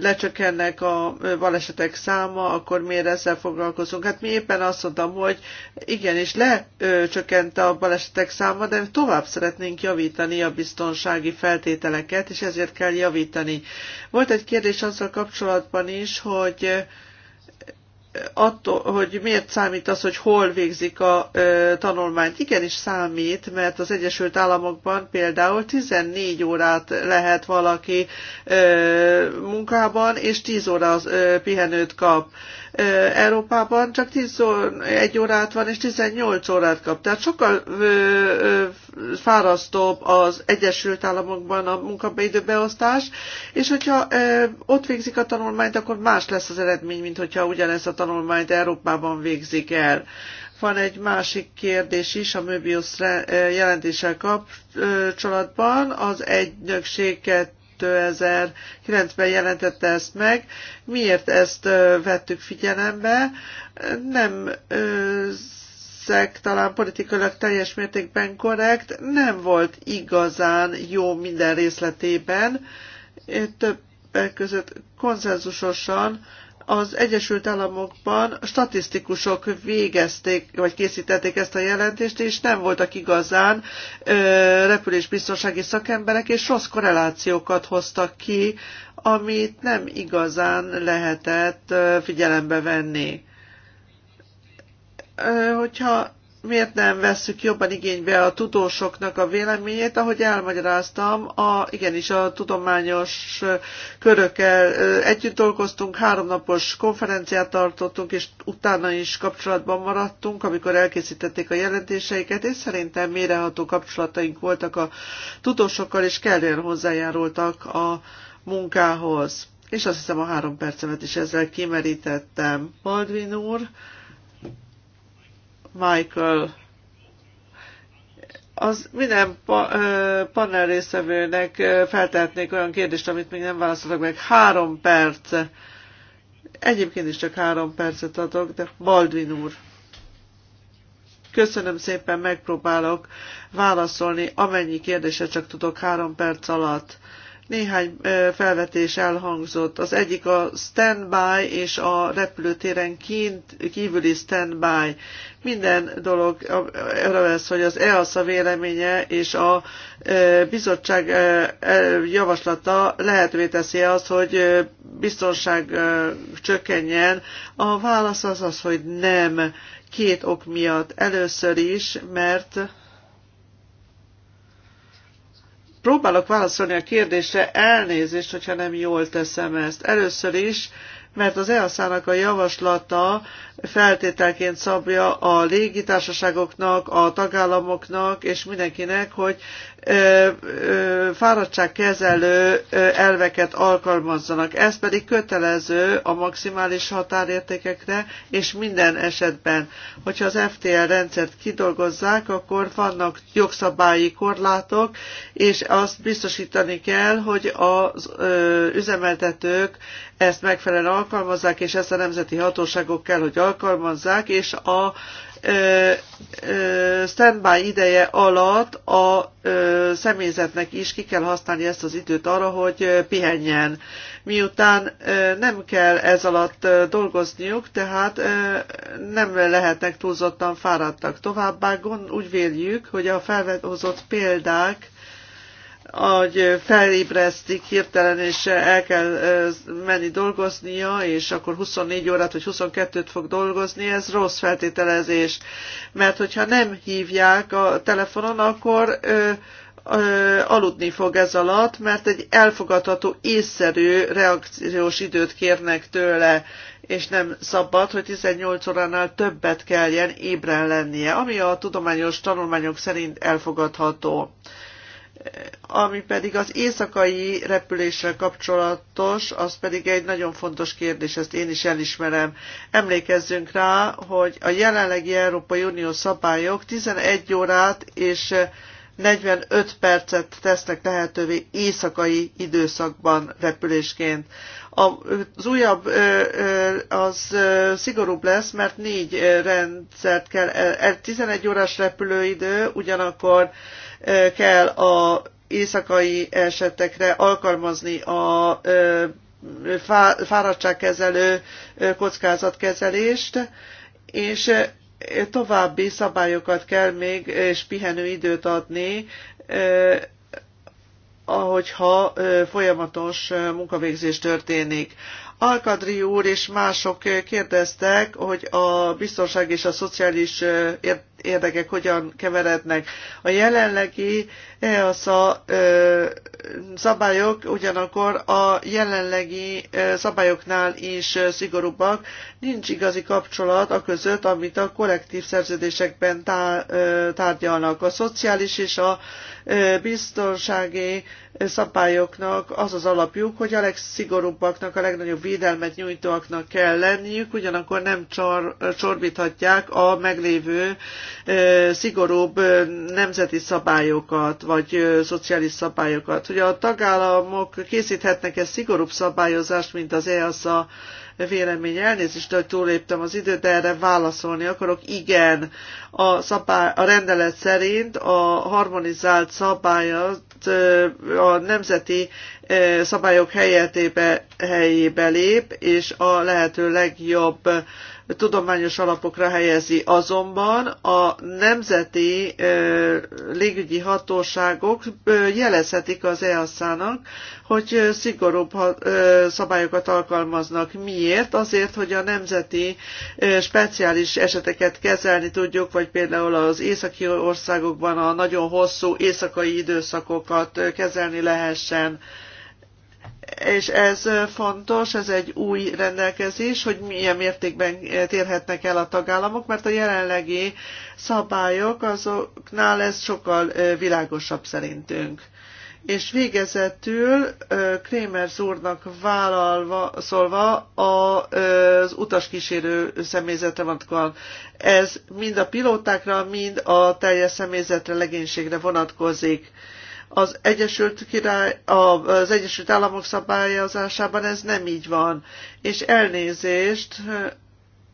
lecsökkennek a balesetek száma, akkor miért ezzel foglalkozunk? Hát mi éppen azt mondtam, hogy igenis lecsökkent a balesetek száma, de tovább szeretnénk javítani a biztonsági feltételeket, és ezért kell javítani. Volt egy kérdés azzal kapcsolatban is, hogy attól, hogy miért számít az, hogy hol végzik a ö, tanulmányt. Igenis számít, mert az Egyesült Államokban például 14 órát lehet valaki ö, munkában, és 10 óra az, ö, pihenőt kap. Ö, Európában csak 11 órát van, és 18 órát kap. Tehát sokkal fárasztóbb az Egyesült Államokban a munkabeidőbeosztás, és hogyha ott végzik a tanulmányt, akkor más lesz az eredmény, mint hogyha ugyanezt a tanulmányt Európában végzik el. Van egy másik kérdés is a Möbius jelentéssel kapcsolatban. Az egynökséget 2009-ben jelentette ezt meg. Miért ezt vettük figyelembe? Nem ezek talán politikailag teljes mértékben korrekt, nem volt igazán jó minden részletében. Többek között konszenzusosan az Egyesült Államokban statisztikusok végezték, vagy készítették ezt a jelentést, és nem voltak igazán ö, repülésbiztonsági szakemberek, és rossz korrelációkat hoztak ki, amit nem igazán lehetett ö, figyelembe venni. Ö, hogyha miért nem vesszük jobban igénybe a tudósoknak a véleményét, ahogy elmagyaráztam, a, igenis a tudományos körökkel együtt dolgoztunk, háromnapos konferenciát tartottunk, és utána is kapcsolatban maradtunk, amikor elkészítették a jelentéseiket, és szerintem méreható kapcsolataink voltak a tudósokkal, és kellően hozzájárultak a munkához. És azt hiszem a három percemet is ezzel kimerítettem. Baldwin úr, Michael az minden pa, ö, panel részvevőnek feltehetnék olyan kérdést, amit még nem válaszolok meg. Három perc. Egyébként is csak három percet adok, de Baldwin úr. Köszönöm szépen, megpróbálok válaszolni amennyi kérdésre csak tudok három perc alatt. Ö, néhány felvetés elhangzott. Az egyik a standby és a repülőtéren kint, kívüli standby. Minden dolog arra lesz, hogy az EASA véleménye és a bizottság javaslata lehetővé teszi azt, hogy biztonság csökkenjen. A válasz az az, hogy nem két ok miatt. Először is, mert próbálok válaszolni a kérdésre, elnézést, hogyha nem jól teszem ezt. Először is, mert az EASZ-nak a javaslata feltételként szabja a légitársaságoknak, a tagállamoknak és mindenkinek, hogy fáradtságkezelő elveket alkalmazzanak. Ez pedig kötelező a maximális határértékekre, és minden esetben. Hogyha az FTL rendszert kidolgozzák, akkor vannak jogszabályi korlátok, és azt biztosítani kell, hogy az üzemeltetők ezt megfelelően alkalmazzák, és ezt a nemzeti hatóságok kell, hogy alkalmazzák, és a standby ideje alatt a személyzetnek is ki kell használni ezt az időt arra, hogy pihenjen. Miután nem kell ez alatt dolgozniuk, tehát nem lehetnek túlzottan fáradtak. Továbbá gond, úgy véljük, hogy a felhozott példák ahogy felébresztik hirtelen, és el kell menni dolgoznia, és akkor 24 órát vagy 22-t fog dolgozni, ez rossz feltételezés. Mert hogyha nem hívják a telefonon, akkor aludni fog ez alatt, mert egy elfogadható, észszerű reakciós időt kérnek tőle, és nem szabad, hogy 18 óránál többet kelljen ébren lennie, ami a tudományos tanulmányok szerint elfogadható ami pedig az éjszakai repüléssel kapcsolatos, az pedig egy nagyon fontos kérdés, ezt én is elismerem. Emlékezzünk rá, hogy a jelenlegi Európai Unió szabályok 11 órát és 45 percet tesznek lehetővé éjszakai időszakban repülésként. Az újabb az szigorúbb lesz, mert négy rendszert kell, 11 órás repülőidő, ugyanakkor kell a éjszakai esetekre alkalmazni a fáradtságkezelő kockázatkezelést, és további szabályokat kell még, és időt adni, ahogyha folyamatos munkavégzés történik. Alkadri úr és mások kérdeztek, hogy a biztonság és a szociális érdekek hogyan keverednek. A jelenlegi EASA szabályok ugyanakkor a jelenlegi szabályoknál is szigorúbbak, nincs igazi kapcsolat a között, amit a kollektív szerződésekben tárgyalnak. A szociális és a biztonsági szabályoknak az az alapjuk, hogy a legszigorúbbaknak, a legnagyobb védelmet nyújtóaknak kell lenniük, ugyanakkor nem csor, csorbíthatják a meglévő szigorúbb nemzeti szabályokat, vagy szociális szabályokat. Hogy a tagállamok készíthetnek-e szigorúbb szabályozást, mint az EASA vélemény. Elnézést, hogy túléptem az időt, de erre válaszolni akarok. Igen, a, szabály, a rendelet szerint a harmonizált szabályat a nemzeti szabályok helyetébe, helyébe lép, és a lehető legjobb tudományos alapokra helyezi. Azonban a nemzeti légügyi hatóságok jelezhetik az EASZ-nak, hogy szigorúbb szabályokat alkalmaznak. Miért? Azért, hogy a nemzeti speciális eseteket kezelni tudjuk, vagy például az északi országokban a nagyon hosszú éjszakai időszakokat kezelni lehessen és ez fontos, ez egy új rendelkezés, hogy milyen mértékben térhetnek el a tagállamok, mert a jelenlegi szabályok azoknál ez sokkal világosabb szerintünk. És végezetül Krémer úrnak vállalva, szólva az utaskísérő személyzetre vonatkozóan. Ez mind a pilótákra, mind a teljes személyzetre, legénységre vonatkozik az Egyesült, Király, az Egyesült Államok szabályozásában ez nem így van. És elnézést,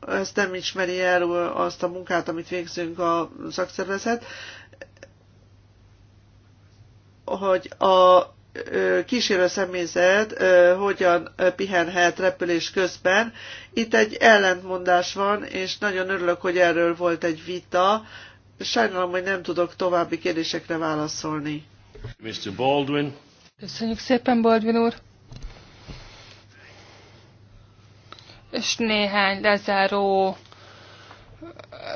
ezt nem ismeri el azt a munkát, amit végzünk a szakszervezet, hogy a kísérő személyzet hogyan pihenhet repülés közben. Itt egy ellentmondás van, és nagyon örülök, hogy erről volt egy vita. Sajnálom, hogy nem tudok további kérdésekre válaszolni. Mr. Baldwin. Köszönjük szépen, Baldwin úr. És néhány lezáró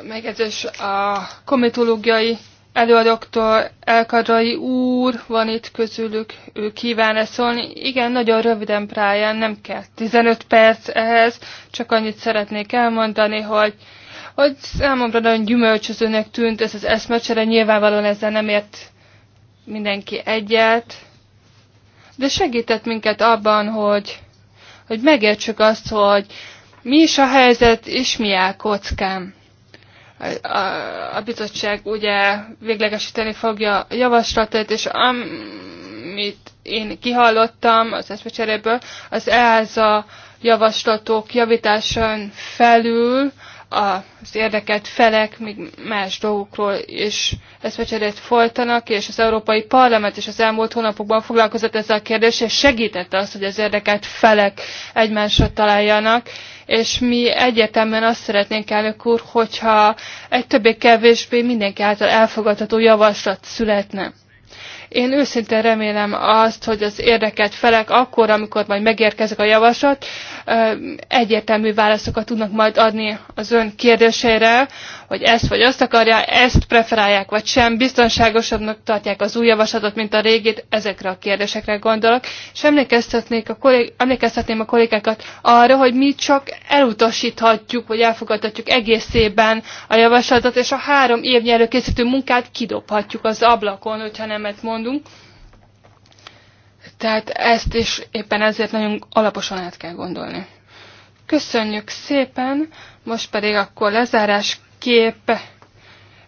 megjegyzés a komitológiai előadóktól Elkadrai úr van itt közülük, ő kíván-e szólni. Igen, nagyon röviden, Brian, nem kell 15 perc ehhez, csak annyit szeretnék elmondani, hogy hogy számomra nagyon gyümölcsözőnek tűnt ez az eszmecsere, nyilvánvalóan ezzel nem ért mindenki egyet, de segített minket abban, hogy, hogy megértsük azt, hogy mi is a helyzet, és mi áll kockán. A, a, a bizottság ugye véglegesíteni fogja a javaslatot, és amit én kihallottam az eszmecseréből, az EASA javaslatok javításon felül az érdekelt felek még más dolgokról is eszmecserét folytanak, és az Európai Parlament is az elmúlt hónapokban foglalkozott ezzel a kérdéssel, és segítette azt, hogy az érdekelt felek egymásra találjanak, és mi egyértelműen azt szeretnénk, elnök úr, hogyha egy többé-kevésbé mindenki által elfogadható javaslat születne. Én őszintén remélem azt, hogy az érdekelt felek akkor, amikor majd megérkezik a javaslat, egyértelmű válaszokat tudnak majd adni az ön kérdésére, hogy ezt vagy azt akarja, ezt preferálják vagy sem, biztonságosabbnak tartják az új javaslatot, mint a régit, ezekre a kérdésekre gondolok, és emlékeztetnék a kollég, emlékeztetném a kollégákat arra, hogy mi csak elutasíthatjuk, vagy elfogadhatjuk egészében a javaslatot, és a három évnyi előkészítő munkát kidobhatjuk az ablakon, hogyha nemet mondunk. Tehát ezt is éppen ezért nagyon alaposan át kell gondolni. Köszönjük szépen, most pedig akkor lezárás kép.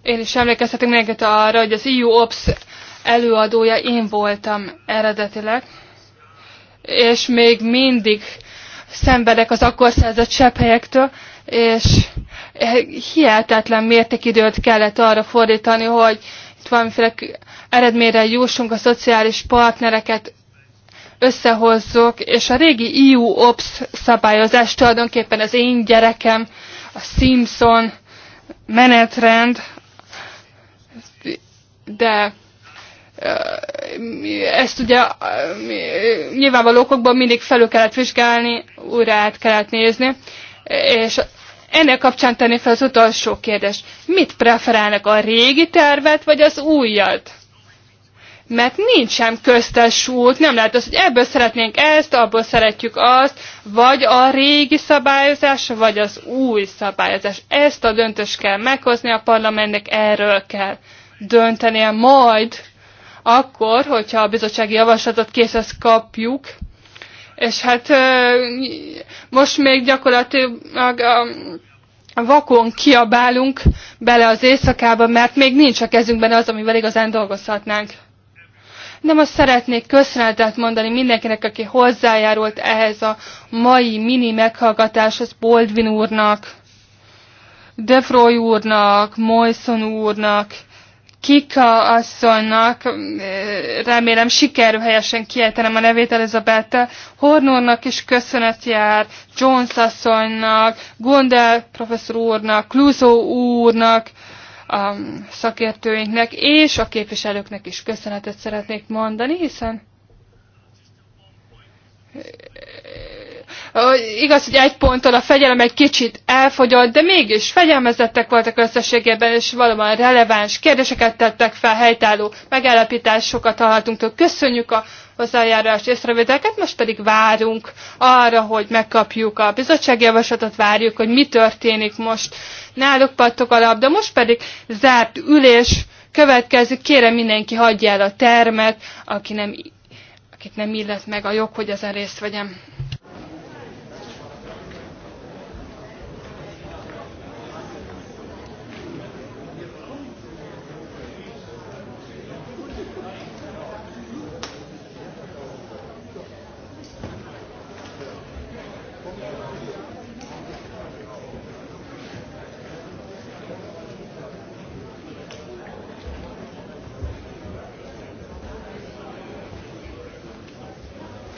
Én is emlékeztetek mindenkit arra, hogy az EU Ops előadója én voltam eredetileg, és még mindig szenvedek az akkor szerzett sepphelyektől, és hihetetlen mértékidőt kellett arra fordítani, hogy itt valamiféle eredményre jussunk, a szociális partnereket összehozzuk, és a régi EU Ops szabályozás tulajdonképpen az én gyerekem, a Simpson, menetrend, de ezt ugye nyilvánvaló okokban mindig felül kellett vizsgálni, újra át kellett nézni, és ennek kapcsán tenni fel az utolsó kérdést. Mit preferálnak a régi tervet, vagy az újat? mert sem köztes út, nem lehet az, hogy ebből szeretnénk ezt, abból szeretjük azt, vagy a régi szabályozás, vagy az új szabályozás. Ezt a döntés kell meghozni a parlamentnek, erről kell döntenie majd, akkor, hogyha a bizottsági javaslatot készhez kapjuk, és hát most még gyakorlatilag vakon kiabálunk bele az éjszakába, mert még nincs a kezünkben az, amivel igazán dolgozhatnánk de most szeretnék köszönetet mondani mindenkinek, aki hozzájárult ehhez a mai mini meghallgatáshoz, Boldvin úrnak, Defroy úrnak, Moison úrnak, Kika asszonynak, remélem sikerül helyesen kiejtenem a nevét Elizabeth, Hornornak is köszönet jár, Jones asszonynak, Gondel professzor úrnak, Kluzó úrnak, a szakértőinknek és a képviselőknek is köszönetet szeretnék mondani, hiszen igaz, hogy egy ponttól a fegyelem egy kicsit elfogyott, de mégis fegyelmezettek voltak összességében, és valóban releváns kérdéseket tettek fel, helytálló megállapításokat hallhatunk. Köszönjük a hozzájárulás észrevételket, most pedig várunk arra, hogy megkapjuk a bizottságjavaslatot, várjuk, hogy mi történik most náluk pattog a labda, most pedig zárt ülés következik, kérem mindenki hagyja el a termet, aki nem, akit nem illet meg a jog, hogy ezen részt vegyem.